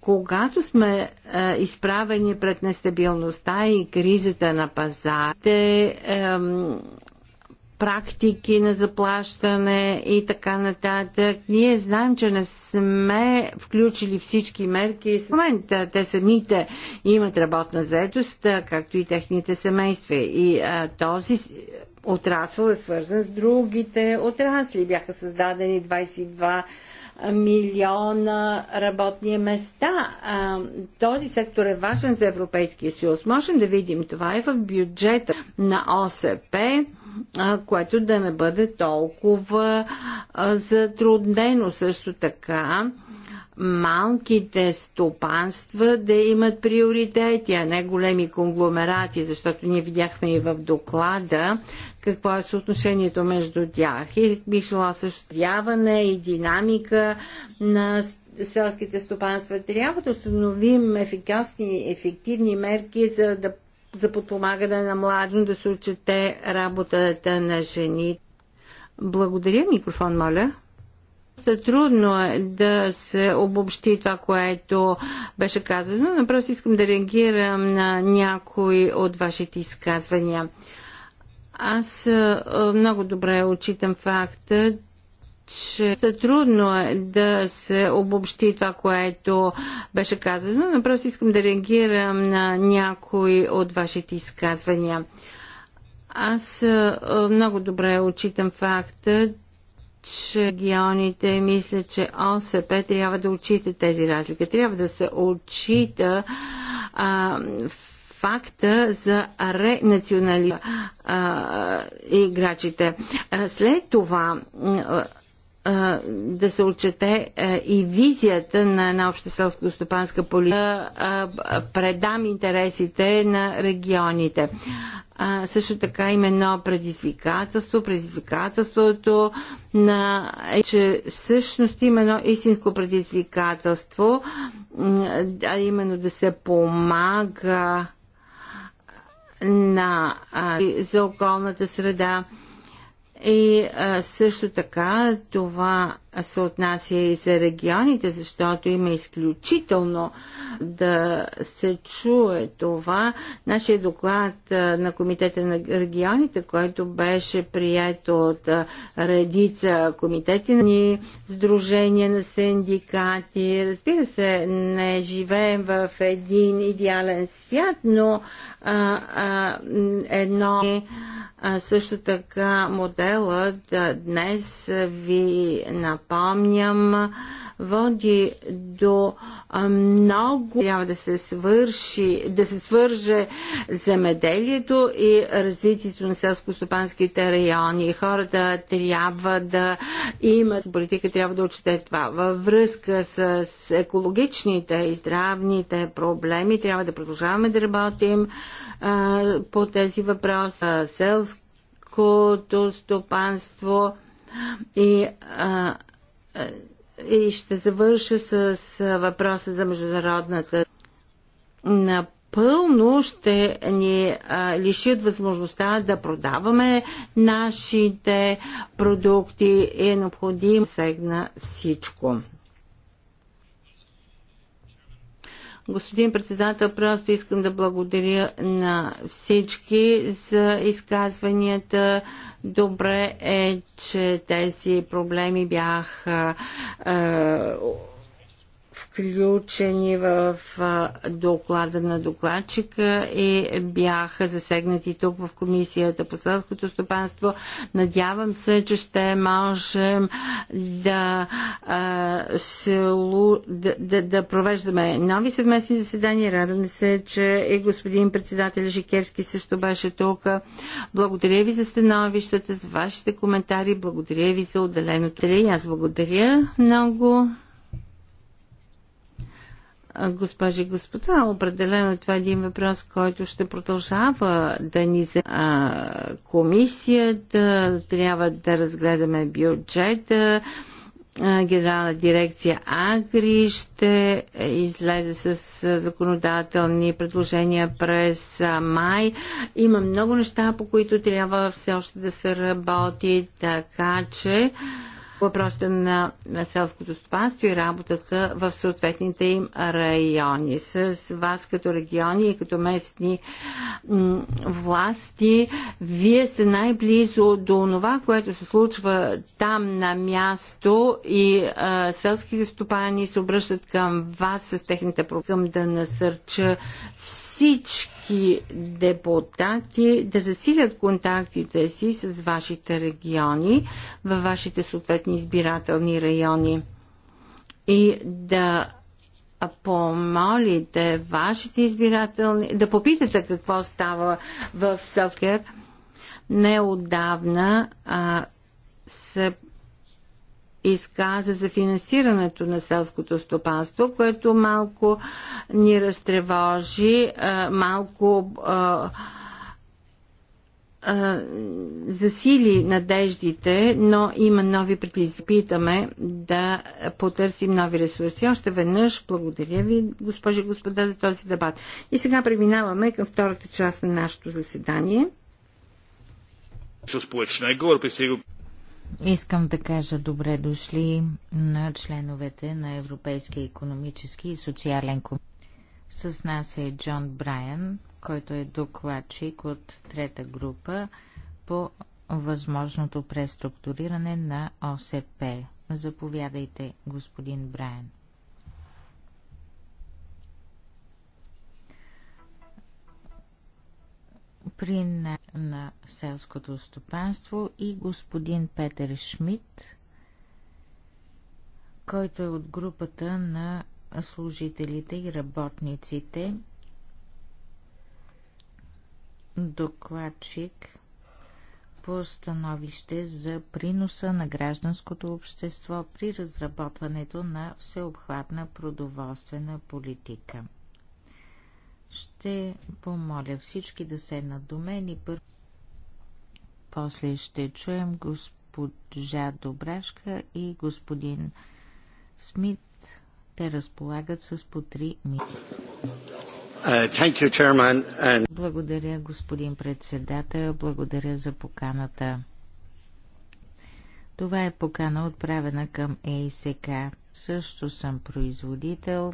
Когато сме е, изправени пред нестабилността и кризата на пазарите, е, практики на заплащане и така нататък. Ние знаем, че не сме включили всички мерки. В момента те самите имат работна заедост, както и техните семейства. И а, този отрасъл е свързан с другите отрасли. Бяха създадени 22 милиона работни места. Този сектор е важен за Европейския съюз. Можем да видим това и в бюджета на ОСП което да не бъде толкова затруднено. Също така, малките стопанства да имат приоритети, а не големи конгломерати, защото ние видяхме и в доклада какво е съотношението между тях. И бих жела съществяване и динамика на селските стопанства. Трябва да установим ефикасни, ефективни мерки, за да за подпомагане на младен да се отчете работата на жени. Благодаря. Микрофон, моля. Трудно е да се обобщи това, което беше казано, но просто искам да реагирам на някои от вашите изказвания. Аз е, много добре отчитам факта, че трудно е да се обобщи това, което беше казано, но просто искам да реагирам на някои от вашите изказвания. Аз е, много добре отчитам факта, че регионите мисля, че ОСП трябва да отчита тези разлики. Трябва да се отчита а, факта за ренационали а, След това а, да се отчете и визията на една обща селско-стопанска политика, предам интересите на регионите. А, също така има едно предизвикателство, предизвикателството на... Е, че всъщност има едно истинско предизвикателство, а именно да се помага на, а, за околната среда, и а, също така това се отнася и за регионите, защото има изключително да се чуе това. Нашия доклад на Комитета на регионите, който беше прият от редица комитети ни, сдружения на синдикати. Разбира се, не живеем в един идеален свят, но а, а, едно е, а също така моделът днес ви напомня напомням, води до много. Трябва да се свърши, да се свърже земеделието и развитието на селско-стопанските райони. Хората трябва да имат, политика трябва да отчете това. Във връзка с екологичните и здравните проблеми трябва да продължаваме да работим а, по тези въпроси. Селското стопанство и а, е, и ще завърша с въпроса за международната. Напълно ще ни лиши от възможността да продаваме нашите продукти. Е необходимо сегна всичко. Господин председател, просто искам да благодаря на всички за изказванията, Добре е, че тези проблеми бяха е, включени в доклада на докладчика и бяха засегнати тук в Комисията по селското стопанство. Надявам се, че ще можем да, се, да, да, да провеждаме нови съвместни заседания. Радвам се, че и господин председател Жикерски също беше тук. Благодаря ви за становищата, за вашите коментари. Благодаря ви за отделеното. Аз благодаря много. Госпожи и господа, определено това е един въпрос, който ще продължава да ни за комисията, трябва да разгледаме бюджета, генерална дирекция Агри ще излезе с законодателни предложения през май. Има много неща, по които трябва все още да се работи, така че въпросите на, на селското стопанство и работата в съответните им райони. С вас като региони и като местни власти, вие сте най-близо до това, което се случва там на място и а, селските стопани се обръщат към вас с техните проблеми да насърча всички европейски депутати да засилят контактите си с вашите региони, във вашите съответни избирателни райони и да помолите вашите избирателни, да попитате какво става в София. Неодавна а, се изказа за финансирането на селското стопанство, което малко ни разтревожи, малко засили надеждите, но има нови предизвици. Питаме да потърсим нови ресурси. Още веднъж благодаря ви, госпожи и господа, за този дебат. И сега преминаваме към втората част на нашето заседание. Споечнего, Европейския Искам да кажа добре дошли на членовете на Европейския економически и социален комитет. С нас е Джон Брайан, който е докладчик от трета група по възможното преструктуриране на ОСП. Заповядайте, господин Брайан. при на, на селското стопанство и господин Петър Шмидт, който е от групата на служителите и работниците, докладчик по становище за приноса на гражданското общество при разработването на всеобхватна продоволствена политика. Ще помоля всички да седнат до мен и първо. После ще чуем госпожа Добрашка и господин Смит. Те разполагат с по три минути. Uh, Благодаря, господин председател. Благодаря за поканата. Това е покана отправена към ЕСК. Също съм производител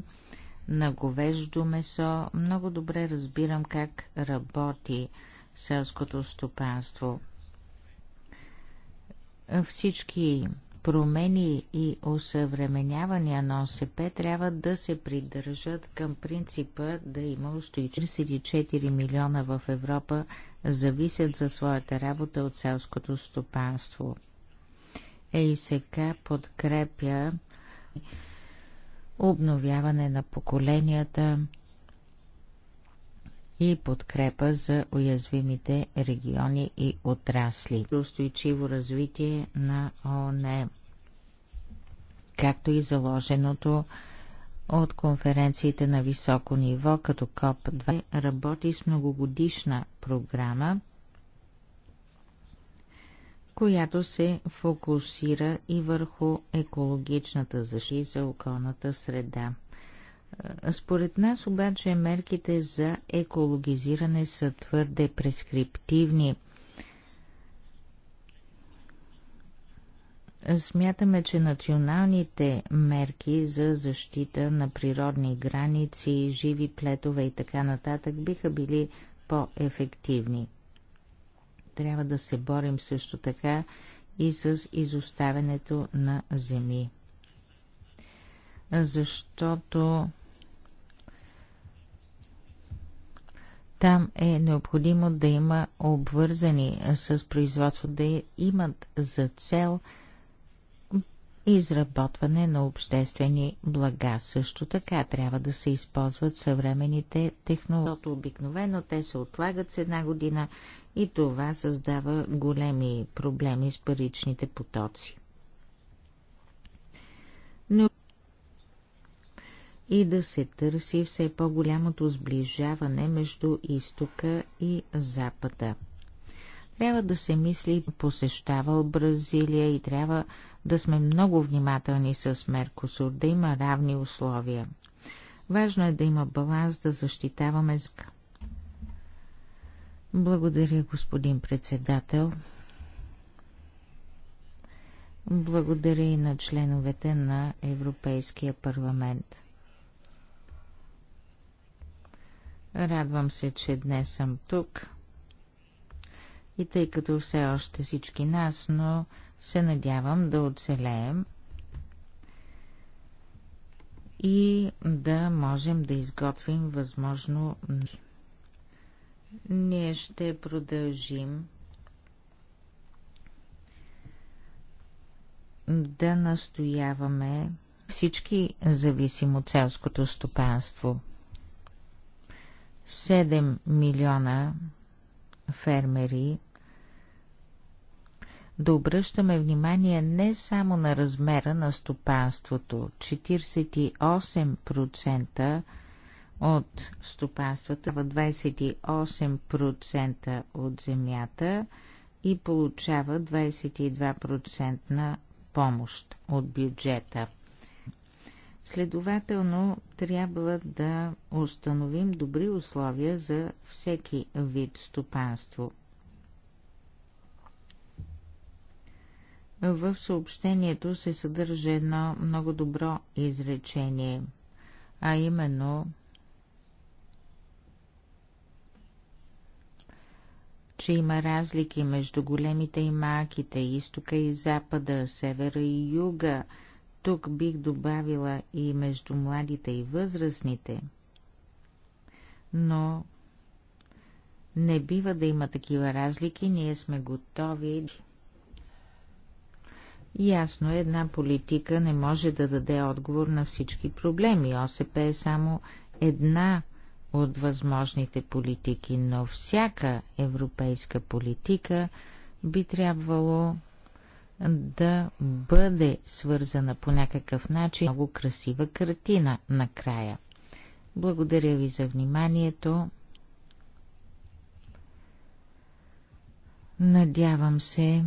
на говеждо месо. Много добре разбирам как работи селското стопанство. Всички промени и усъвременявания на ОСП трябва да се придържат към принципа да има устойчиво. 34 милиона в Европа зависят за своята работа от селското стопанство. сега подкрепя обновяване на поколенията и подкрепа за уязвимите региони и отрасли. Устойчиво развитие на ООН, както и заложеното от конференциите на високо ниво, като КОП-2 работи с многогодишна програма която се фокусира и върху екологичната защита за околната среда. Според нас обаче мерките за екологизиране са твърде прескриптивни. Смятаме, че националните мерки за защита на природни граници, живи плетове и така нататък биха били по-ефективни. Трябва да се борим също така и с изоставянето на земи. Защото там е необходимо да има обвързани с производство, да имат за цел – изработване на обществени блага. Също така трябва да се използват съвременните технологии, защото обикновено те се отлагат с една година и това създава големи проблеми с паричните потоци. Но и да се търси все по-голямото сближаване между изтока и запада. Трябва да се мисли посещавал Бразилия и трябва да сме много внимателни с Меркосур, да има равни условия. Важно е да има баланс, да защитаваме... Благодаря, господин председател. Благодаря и на членовете на Европейския парламент. Радвам се, че днес съм тук. И тъй като все още всички нас, но се надявам да оцелеем и да можем да изготвим възможно. Ние ще продължим да настояваме всички зависим от селското стопанство. 7 милиона фермери да обръщаме внимание не само на размера на стопанството. 48% от стопанствата, 28% от земята и получава 22% на помощ от бюджета. Следователно, трябва да установим добри условия за всеки вид стопанство. В съобщението се съдържа едно много добро изречение, а именно че има разлики между големите и малките, изтока и запада, севера и юга. Тук бих добавила и между младите и възрастните. Но не бива да има такива разлики, ние сме готови Ясно е, една политика не може да даде отговор на всички проблеми. ОСП е само една от възможните политики, но всяка европейска политика би трябвало да бъде свързана по някакъв начин много красива картина накрая. Благодаря ви за вниманието. Надявам се,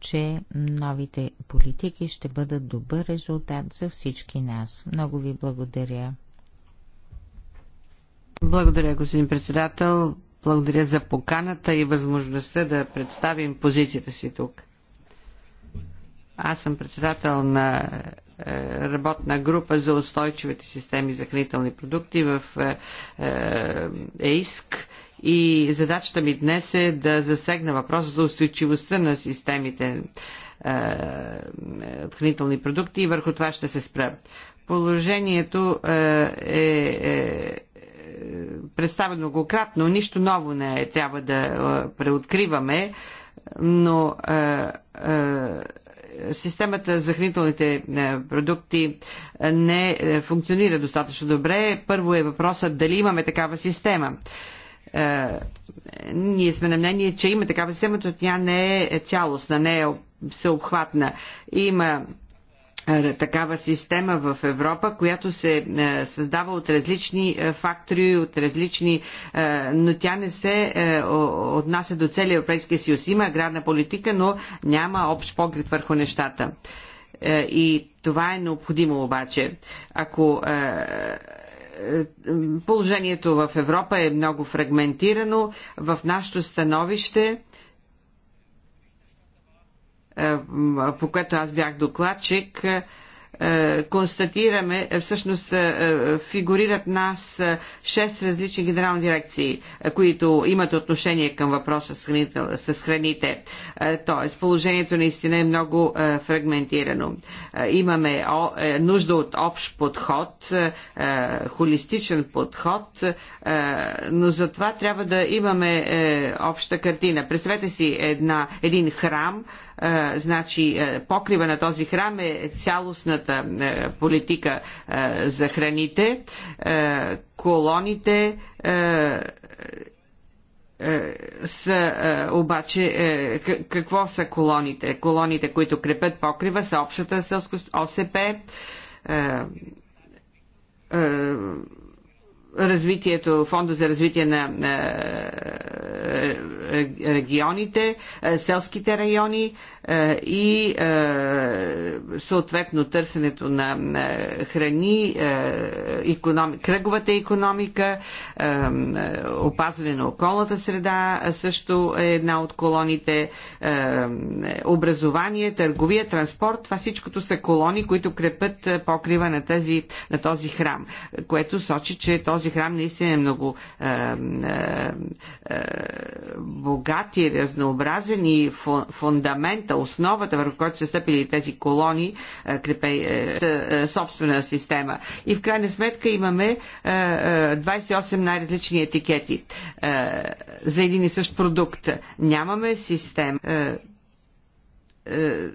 че новите политики ще бъдат добър резултат за всички нас. Много ви благодаря. Благодаря, господин председател. Благодаря за поканата и възможността да представим позицията си тук. Аз съм председател на е, работна група за устойчивите системи за хранителни продукти в е, е, ЕИСК и задачата ми днес е да засегна въпроса за устойчивостта на системите е, е, хранителни продукти и върху това ще се спра. Положението е, е представено многократно, нищо ново не е, трябва да преоткриваме, но системата за хранителните продукти не функционира достатъчно добре. Първо е въпросът дали имаме такава система. Е, ние сме на мнение, че има такава система, но тя не е цялостна, не е всеобхватна. Има е, такава система в Европа, която се е, създава от различни фактори, от различни, но тя не се отнася до целия Европейския съюз. Има аграрна политика, но няма общ поглед върху нещата. И това е необходимо обаче. Ако Положението в Европа е много фрагментирано. В нашето становище, е, по което аз бях докладчик, е, констатираме, е, всъщност е, фигурират нас шест различни генерални дирекции, които имат отношение към въпроса храните, с храните. Тоест, положението наистина е много фрагментирано. Имаме нужда от общ подход, холистичен подход, но за това трябва да имаме обща картина. Представете си една, един храм, Значи покрива на този храм е цялостната политика за храните, колоните са обаче какво са колоните? Колоните, които крепят покрива са общата селско ОСП развитието, фонда за развитие на е, регионите, е, селските райони е, и съответно търсенето на храни, економи, кръговата економика, опазване на околната среда също е една от колоните, образование, търговия, транспорт, това всичкото са колони, които крепят покрива на, тази, на този храм, което сочи, че този този храм наистина е много е, е, е, богат и разнообразен и фундамента, основата, върху която са стъпили тези колони, е, крепе, е, е, е, собствена система. И в крайна сметка имаме е, е, 28 най-различни етикети е, за един и същ продукт. Нямаме система. Е, е,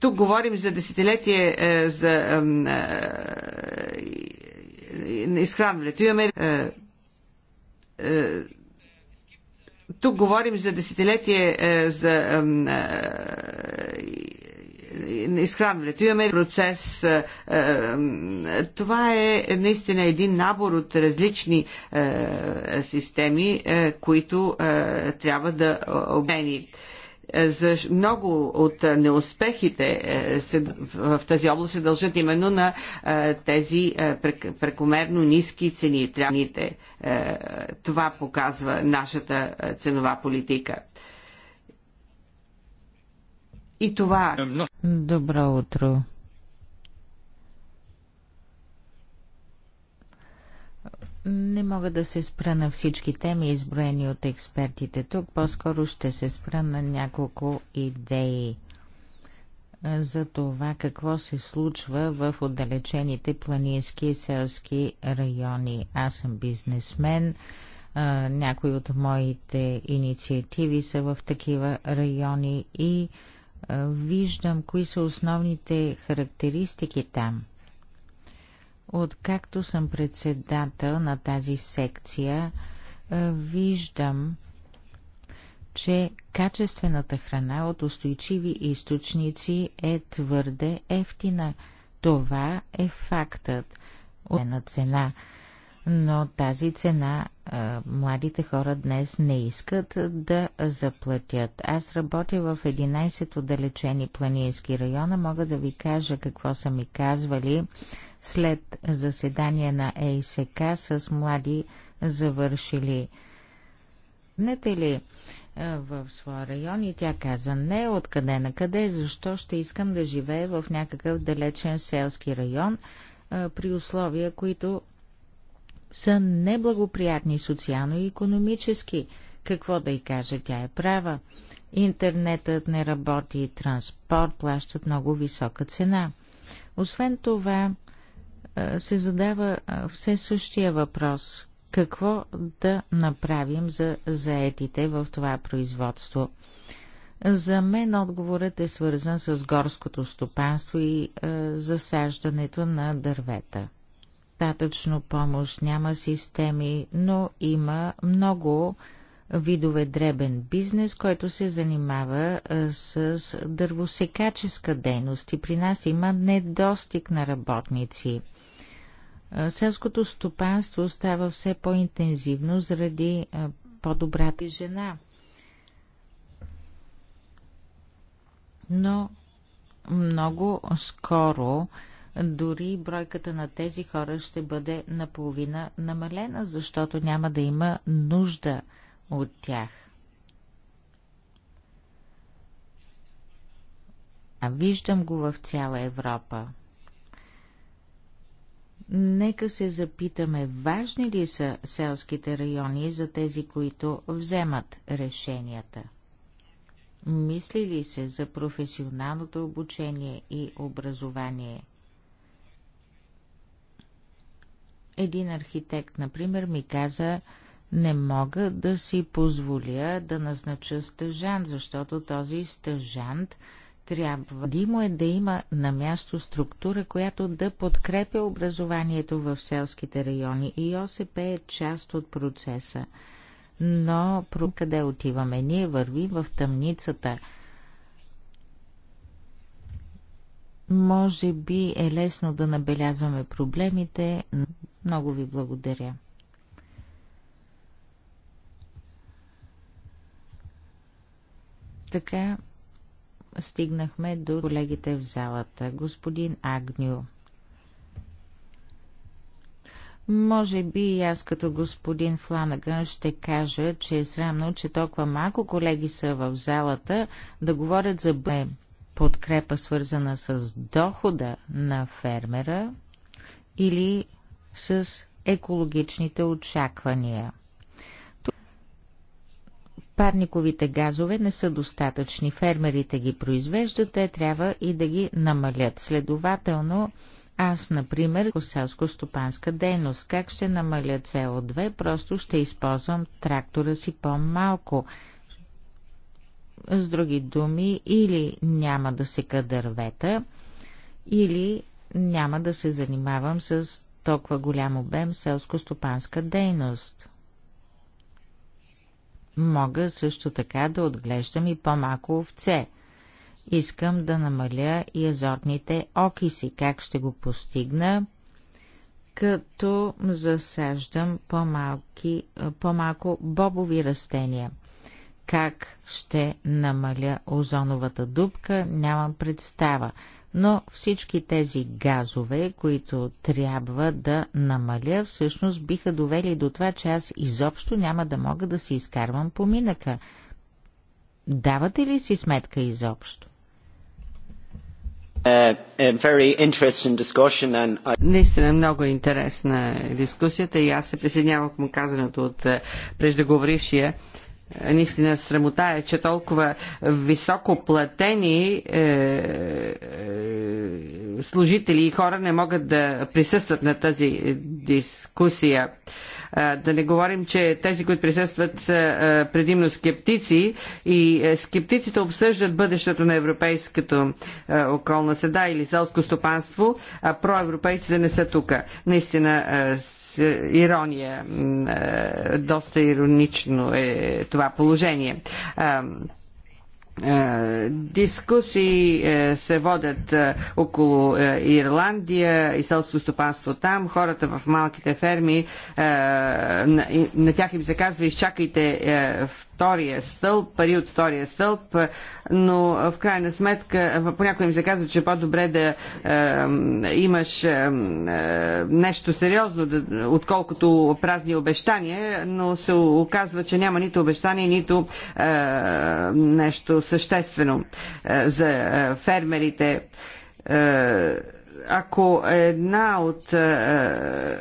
тук говорим за десетилетие е, за е, изхранването. Имаме е, е, тук говорим за десетилетие е, за е, е, изхранването. Имаме процес. Е, е, това е наистина един набор от различни е, системи, е, които е, трябва да обмени. Е, за много от неуспехите е, в тази област се дължат именно на е, тези е, прекомерно ниски цени. Трябните. Това показва нашата ценова политика. И това. Добро утро. Не мога да се спра на всички теми, изброени от експертите тук. По-скоро ще се спра на няколко идеи за това какво се случва в отдалечените планински и селски райони. Аз съм бизнесмен. Някои от моите инициативи са в такива райони и виждам кои са основните характеристики там – Откакто съм председател на тази секция, е, виждам, че качествената храна от устойчиви източници е твърде ефтина. Това е фактът. Една цена. Но тази цена а, е, младите хора днес не искат да заплатят. Аз работя в 11 отдалечени планински района. Мога да ви кажа какво са ми казвали след заседание на ЕСК с млади завършили Помнете ли в своя район и тя каза не, откъде на къде, защо ще искам да живее в някакъв далечен селски район при условия, които са неблагоприятни социално и економически. Какво да й кажа, тя е права. Интернетът не работи, транспорт плащат много висока цена. Освен това, е, се задава е, все същия въпрос. Какво да направим за заетите в това производство? За мен отговорът е свързан с горското стопанство и е, засаждането на дървета. Татъчно помощ няма системи, но има много видове дребен бизнес, който се занимава е, с дървосекаческа дейност и при нас има недостиг на работници. Селското стопанство става все по-интензивно заради по-добрата жена. Но много скоро дори бройката на тези хора ще бъде наполовина намалена, защото няма да има нужда от тях. А виждам го в цяла Европа. Нека се запитаме, важни ли са селските райони за тези, които вземат решенията? Мисли ли се за професионалното обучение и образование? Един архитект, например, ми каза, не мога да си позволя да назнача стъжант, защото този стъжант – трябва. Димо е да има на място структура, която да подкрепя образованието в селските райони и ОСП е част от процеса. Но про къде отиваме? Ние вървим в тъмницата. Може би е лесно да набелязваме проблемите. Много ви благодаря. Така, стигнахме до колегите в залата. Господин Агню. Може би и аз като господин Фланагън ще кажа, че е срамно, че толкова малко колеги са в залата да говорят за бъде подкрепа, свързана с дохода на фермера или с екологичните очаквания. Парниковите газове не са достатъчни. Фермерите ги произвеждат, те трябва и да ги намалят. Следователно, аз, например, селско-стопанска дейност, как ще намаля CO2, просто ще използвам трактора си по-малко. С други думи, или няма да сека дървета, или няма да се занимавам с толкова голям обем селско-стопанска дейност. Мога също така да отглеждам и по-малко овце. Искам да намаля и азотните окиси. Как ще го постигна? Като засаждам по-малки, по-малко бобови растения. Как ще намаля озоновата дупка, нямам представа но всички тези газове, които трябва да намаля, всъщност биха довели до това, че аз изобщо няма да мога да си изкарвам поминъка. Давате ли си сметка изобщо? Uh, Наистина много интересна дискусията и аз се присъединявам към казаното от е, преждеговорившия. Е, наистина срамота е, че толкова високо платени е, е, служители и хора не могат да присъстват на тази дискусия. Е, да не говорим, че тези, които присъстват, са е, предимно скептици и скептиците обсъждат бъдещето на европейското околна седа или селско стопанство, а проевропейците не са тук. Наистина ирония. Е, доста иронично е това положение. Е, дискусии е, се водят около Ирландия и селско стопанство там. Хората в малките ферми, на тях им се казва, изчакайте в втория стълб, пари от втория стълб, е, но е, в крайна сметка е, понякога им се казва, че е по-добре да е, имаш е, нещо сериозно, да, отколкото празни обещания, но се оказва, че няма нито обещание, нито е, нещо съществено е, за е, фермерите. Е, ако една от е,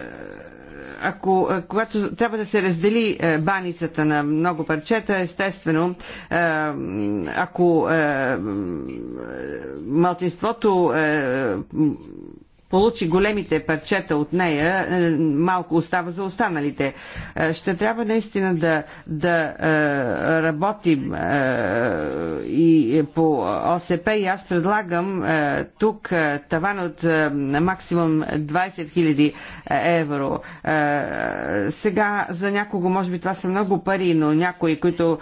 ако, когато трябва да се раздели баницата на много парчета, естествено, ако малцинството получи големите парчета от нея, е, малко остава за останалите. Е, ще трябва наистина да, да е, работим и по ОСП и аз предлагам тук таван от максимум 20 000 евро. Сега за някого може би това са много пари, но някои, които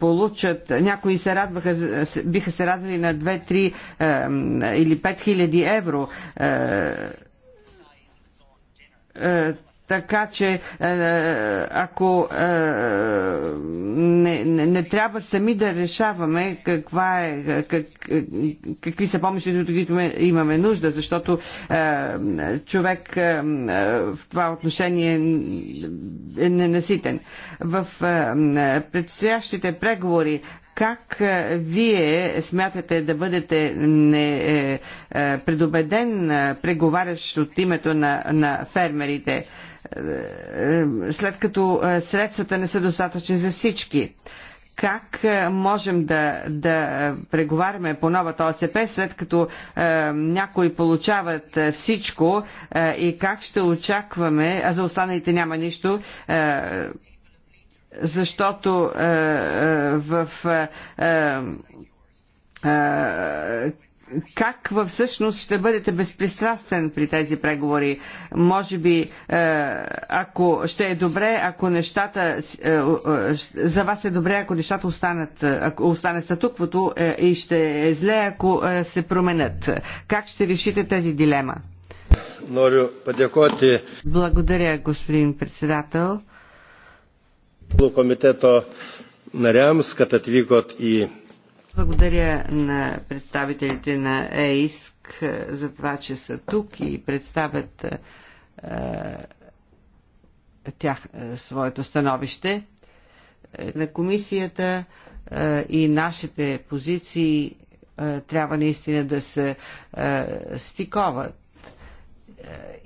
получат, някои се радваха, биха се радвали на 2-3 или 5 000 евро е, е, така че е, ако не, не, не трябва сами да решаваме каква е, как, какви са помощите, от които имаме нужда, защото човек в това отношение е ненаситен. В предстоящите преговори как вие смятате да бъдете не, е, е, предубеден преговарящ от името на, на фермерите, е, след като средствата не са достатъчни за всички? как можем да, да преговаряме по новата ОСП, след като е, някои получават всичко е, и как ще очакваме, а за останалите няма нищо, е, защото е, е, в е, е, е как всъщност ще бъдете безпристрастен при тези преговори? Може би, е, ако ще е добре, ако нещата за вас е добре, ако нещата останат, ако остане статуквото и ще е зле, ако се променят. Как ще решите тези дилема? Благодаря, господин председател. Благодаря на представителите на ЕИСК е, за това, че са тук и представят е, е тях е, своето становище. Е, на комисията е, и нашите позиции трябва наистина да се стиковат.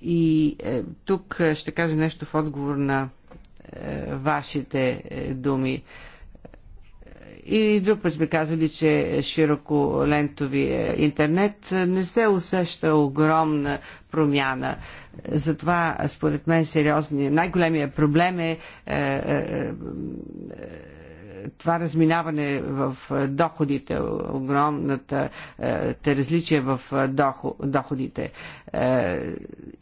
И тук ще кажа нещо в отговор на вашите е, думи. И друг път сме казали, че широко лентови е, интернет е, не се усеща огромна промяна. Затова, според мен, сериозни, най-големия проблем е, е, е това разминаване в доходите, огромната те различия в доходите. Е,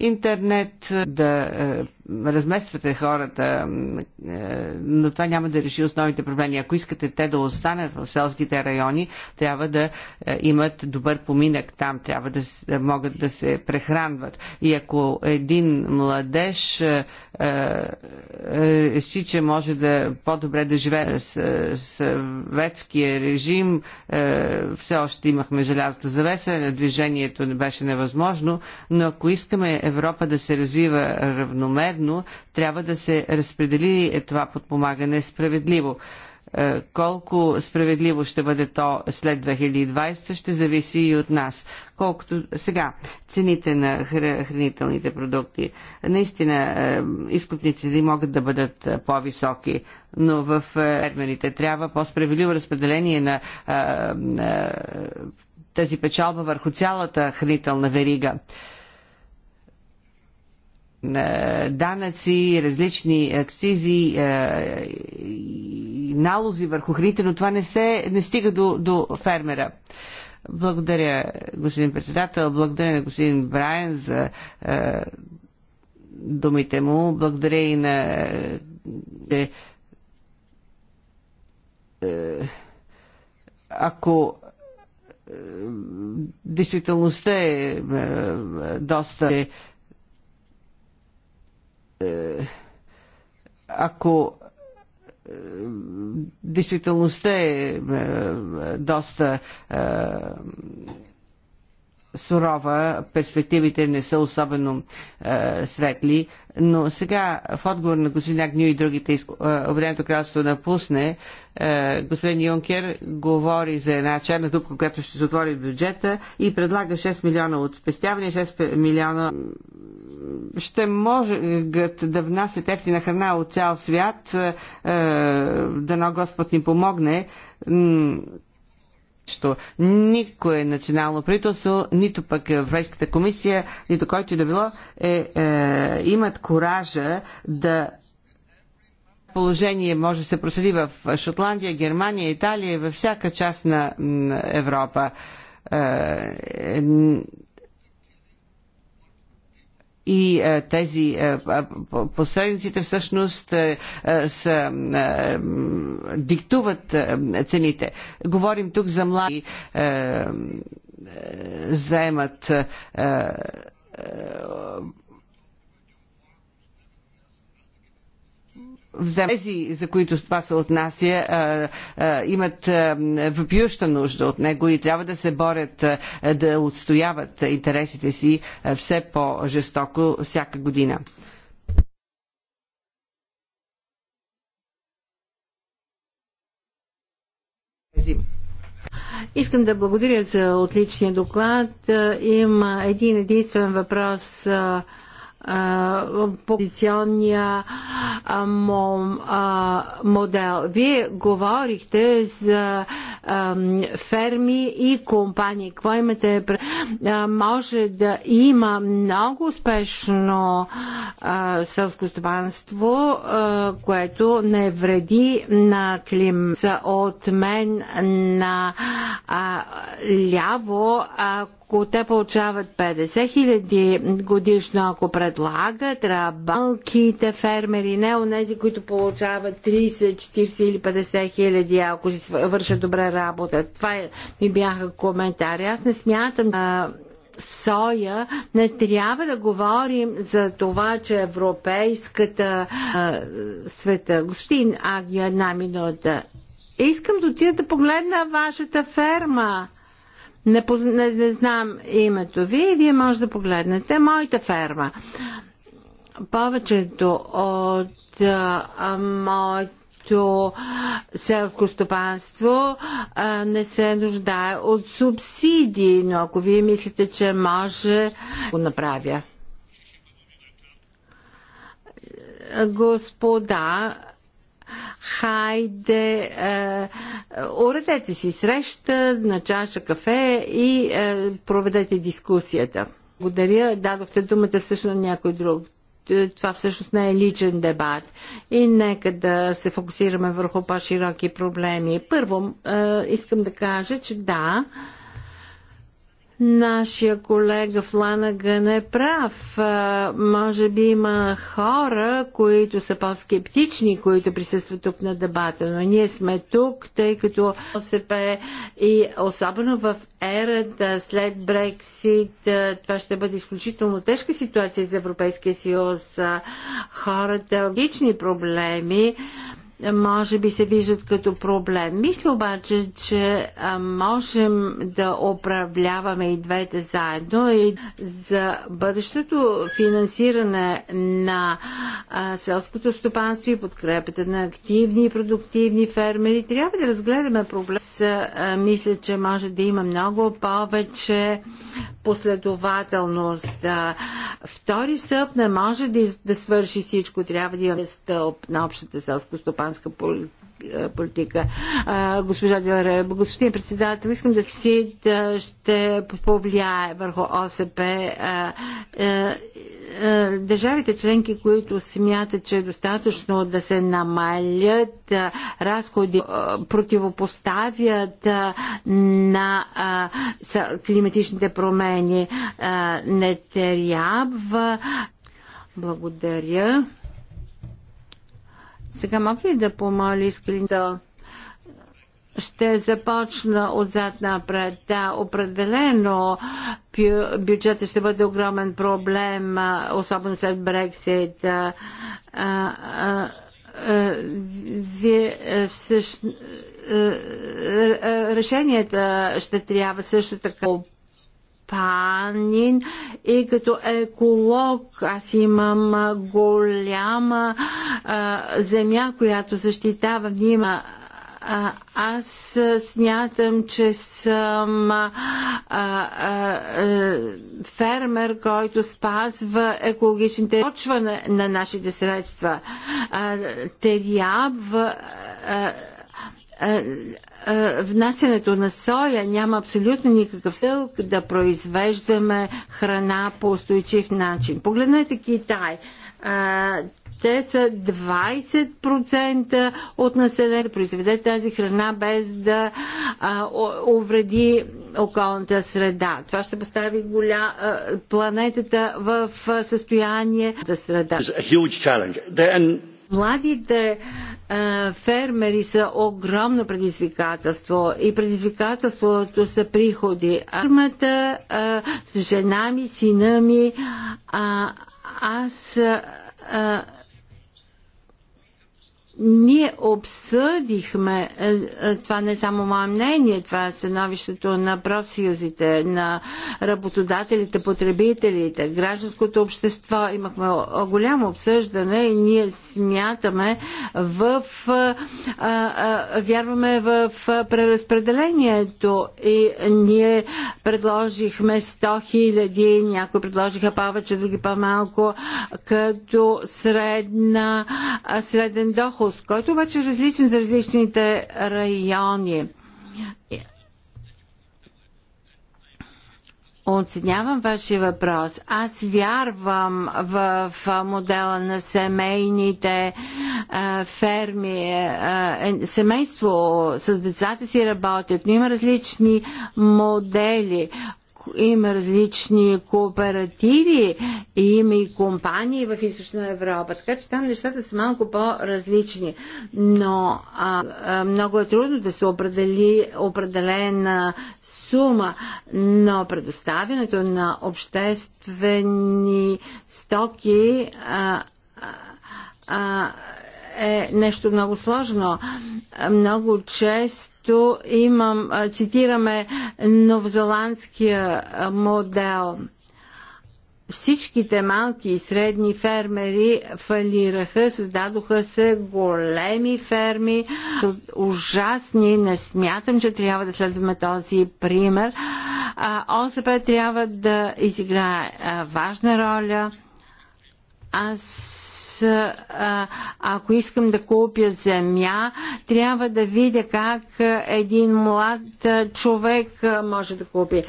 интернет, е, да е, размествате хората, но това няма да реши основните проблеми. Ако искате те да останат в селските райони, трябва да имат добър поминък там, трябва да, могат да се прехранват. И ако един младеж реши, че може да по-добре да живее с съветския режим, все още имахме желязната завеса, движението не беше невъзможно, но ако искаме Европа да се развива равномерно, трябва да се разпредели това подпомагане справедливо. Е, колко справедливо ще бъде то след 2020, ще зависи и от нас. Колкото сега, цените на хранителните продукти, наистина е, изкупниците могат да бъдат е, по-високи, но в фермерите трябва по-справедливо разпределение на, на тази печалба върху цялата хранителна верига. Е, данъци, различни акцизи, е, налози върху храните, но това не, се, не стига до, до фермера. Благодаря, господин председател, благодаря на господин Брайан за е, думите му, благодаря и на е, е, ако е, действителността е, е доста е, е, ако е, действителността е, е доста сурова, перспективите не са особено е, светли, но сега в отговор на господин Агнио и другите, е, Обединеното кралство напусне, е, господин Юнкер говори за една черна дупка, която ще се отвори бюджета и предлага 6 милиона от спестяване, 6 милиона ще могат да внасят ефтина храна от цял свят, е, е, дано Господ ни помогне що Никое национално правителство, нито пък Европейската комисия, нито който и да било, е, е, имат коража да положение може да се проследи в Шотландия, Германия, Италия и във всяка част на Европа. Е, е, и е, тези посредниците всъщност са, диктуват цените. Говорим тук за млади заемат Тези, за които това се отнася, имат въпиюща нужда от него и трябва да се борят да отстояват интересите си все по-жестоко всяка година. Искам да благодаря за отличния доклад. Има един единствен въпрос позиционния модел. Вие говорихте за ферми и компании. Какво имате? Може да има много успешно селско стопанство, което не вреди на клим. От мен на ляво, ако ако те получават 50 хиляди годишно, ако предлагат рабалките фермери, не онези, които получават 30, 40 или 50 хиляди, ако си вършат добре работа. Това е- ми бяха коментари. Аз не смятам, соя, не трябва да говорим за това, че европейската а, света. Господин Агио, една минута. Искам да отида да погледна вашата ферма. Не, поз... не, не знам името ви, вие може да погледнете моята ферма. Повечето от а, моите селско стопанство не се нуждае от субсидии, но ако вие мислите, че може, го направя. Господа, хайде, е, уредете си среща на чаша кафе и е, проведете дискусията. Благодаря, дадохте думата всъщност на някой друг е, това всъщност не е личен дебат. И нека да се фокусираме върху по-широки проблеми. Първо, е, искам да кажа, че да, Нашия колега Фланаган е прав. Може би има хора, които са по-скептични, които присъстват тук на дебата, но ние сме тук, тъй като ОСП и особено в ерата след Брексит, това ще бъде изключително тежка ситуация за Европейския съюз. Хората логични проблеми може би се виждат като проблем. Мисля обаче, че можем да управляваме и двете заедно и за бъдещото финансиране на селското стопанство и подкрепата на активни и продуктивни фермери. Трябва да разгледаме проблем. Мисля, че може да има много повече последователност. Втори съп не може да, да свърши всичко. Трябва да имаме стълб на общата селско стопанство селскостопанска политика. Госпожа Делре, господин председател, искам да си да ще повлияе върху ОСП. Държавите членки, които смятат, че е достатъчно да се намалят разходи, противопоставят на климатичните промени. Не трябва. Благодаря. Сега мога ли да помоля искрено? Ще започна отзад напред. Да, определено бюджета ще бъде огромен проблем, особено след Брексит. Вие всъщност решенията ще трябва също така стопанин и като еколог аз имам голяма а, земя, която защитавам. Има а, аз смятам, че съм а, а, а, фермер, който спазва екологичните почва на, на нашите средства. А, трябва а, внасянето на соя няма абсолютно никакъв сълк да произвеждаме храна по устойчив начин. Погледнете Китай. Те са 20% от населението. Произведе тази храна без да а, увреди околната среда. Това ще постави голя, а, планетата в състояние да среда. Младите фермери са огромно предизвикателство и предизвикателството са приходи. Армата, жена ми, сина ми, аз ние обсъдихме, е, е, това не е само мое мнение, това е становището на профсъюзите, на работодателите, потребителите, гражданското общество. Имахме голямо обсъждане и ние смятаме в, а, е, а, вярваме в преразпределението и ние предложихме 100 хиляди, някои предложиха повече, други по-малко, като средна, среден доход ресурс, който обаче е различен за различните райони. Оценявам вашия въпрос. Аз вярвам в модела на семейните е, ферми. Е, е, семейство с децата си работят, но има различни модели има различни кооперативи, и има и компании в Източна Европа, така че там нещата са малко по-различни. Но а, а, много е трудно да се определи определена сума, но предоставянето на обществени стоки а, а, е нещо много сложно. Много често имам, цитираме новозеландския модел. Всичките малки и средни фермери фалираха, създадоха се големи ферми, ужасни. Не смятам, че трябва да следваме този пример. ОСП трябва да изиграе важна роля. Аз а, ако искам да купя земя, трябва да видя как един млад човек може да купи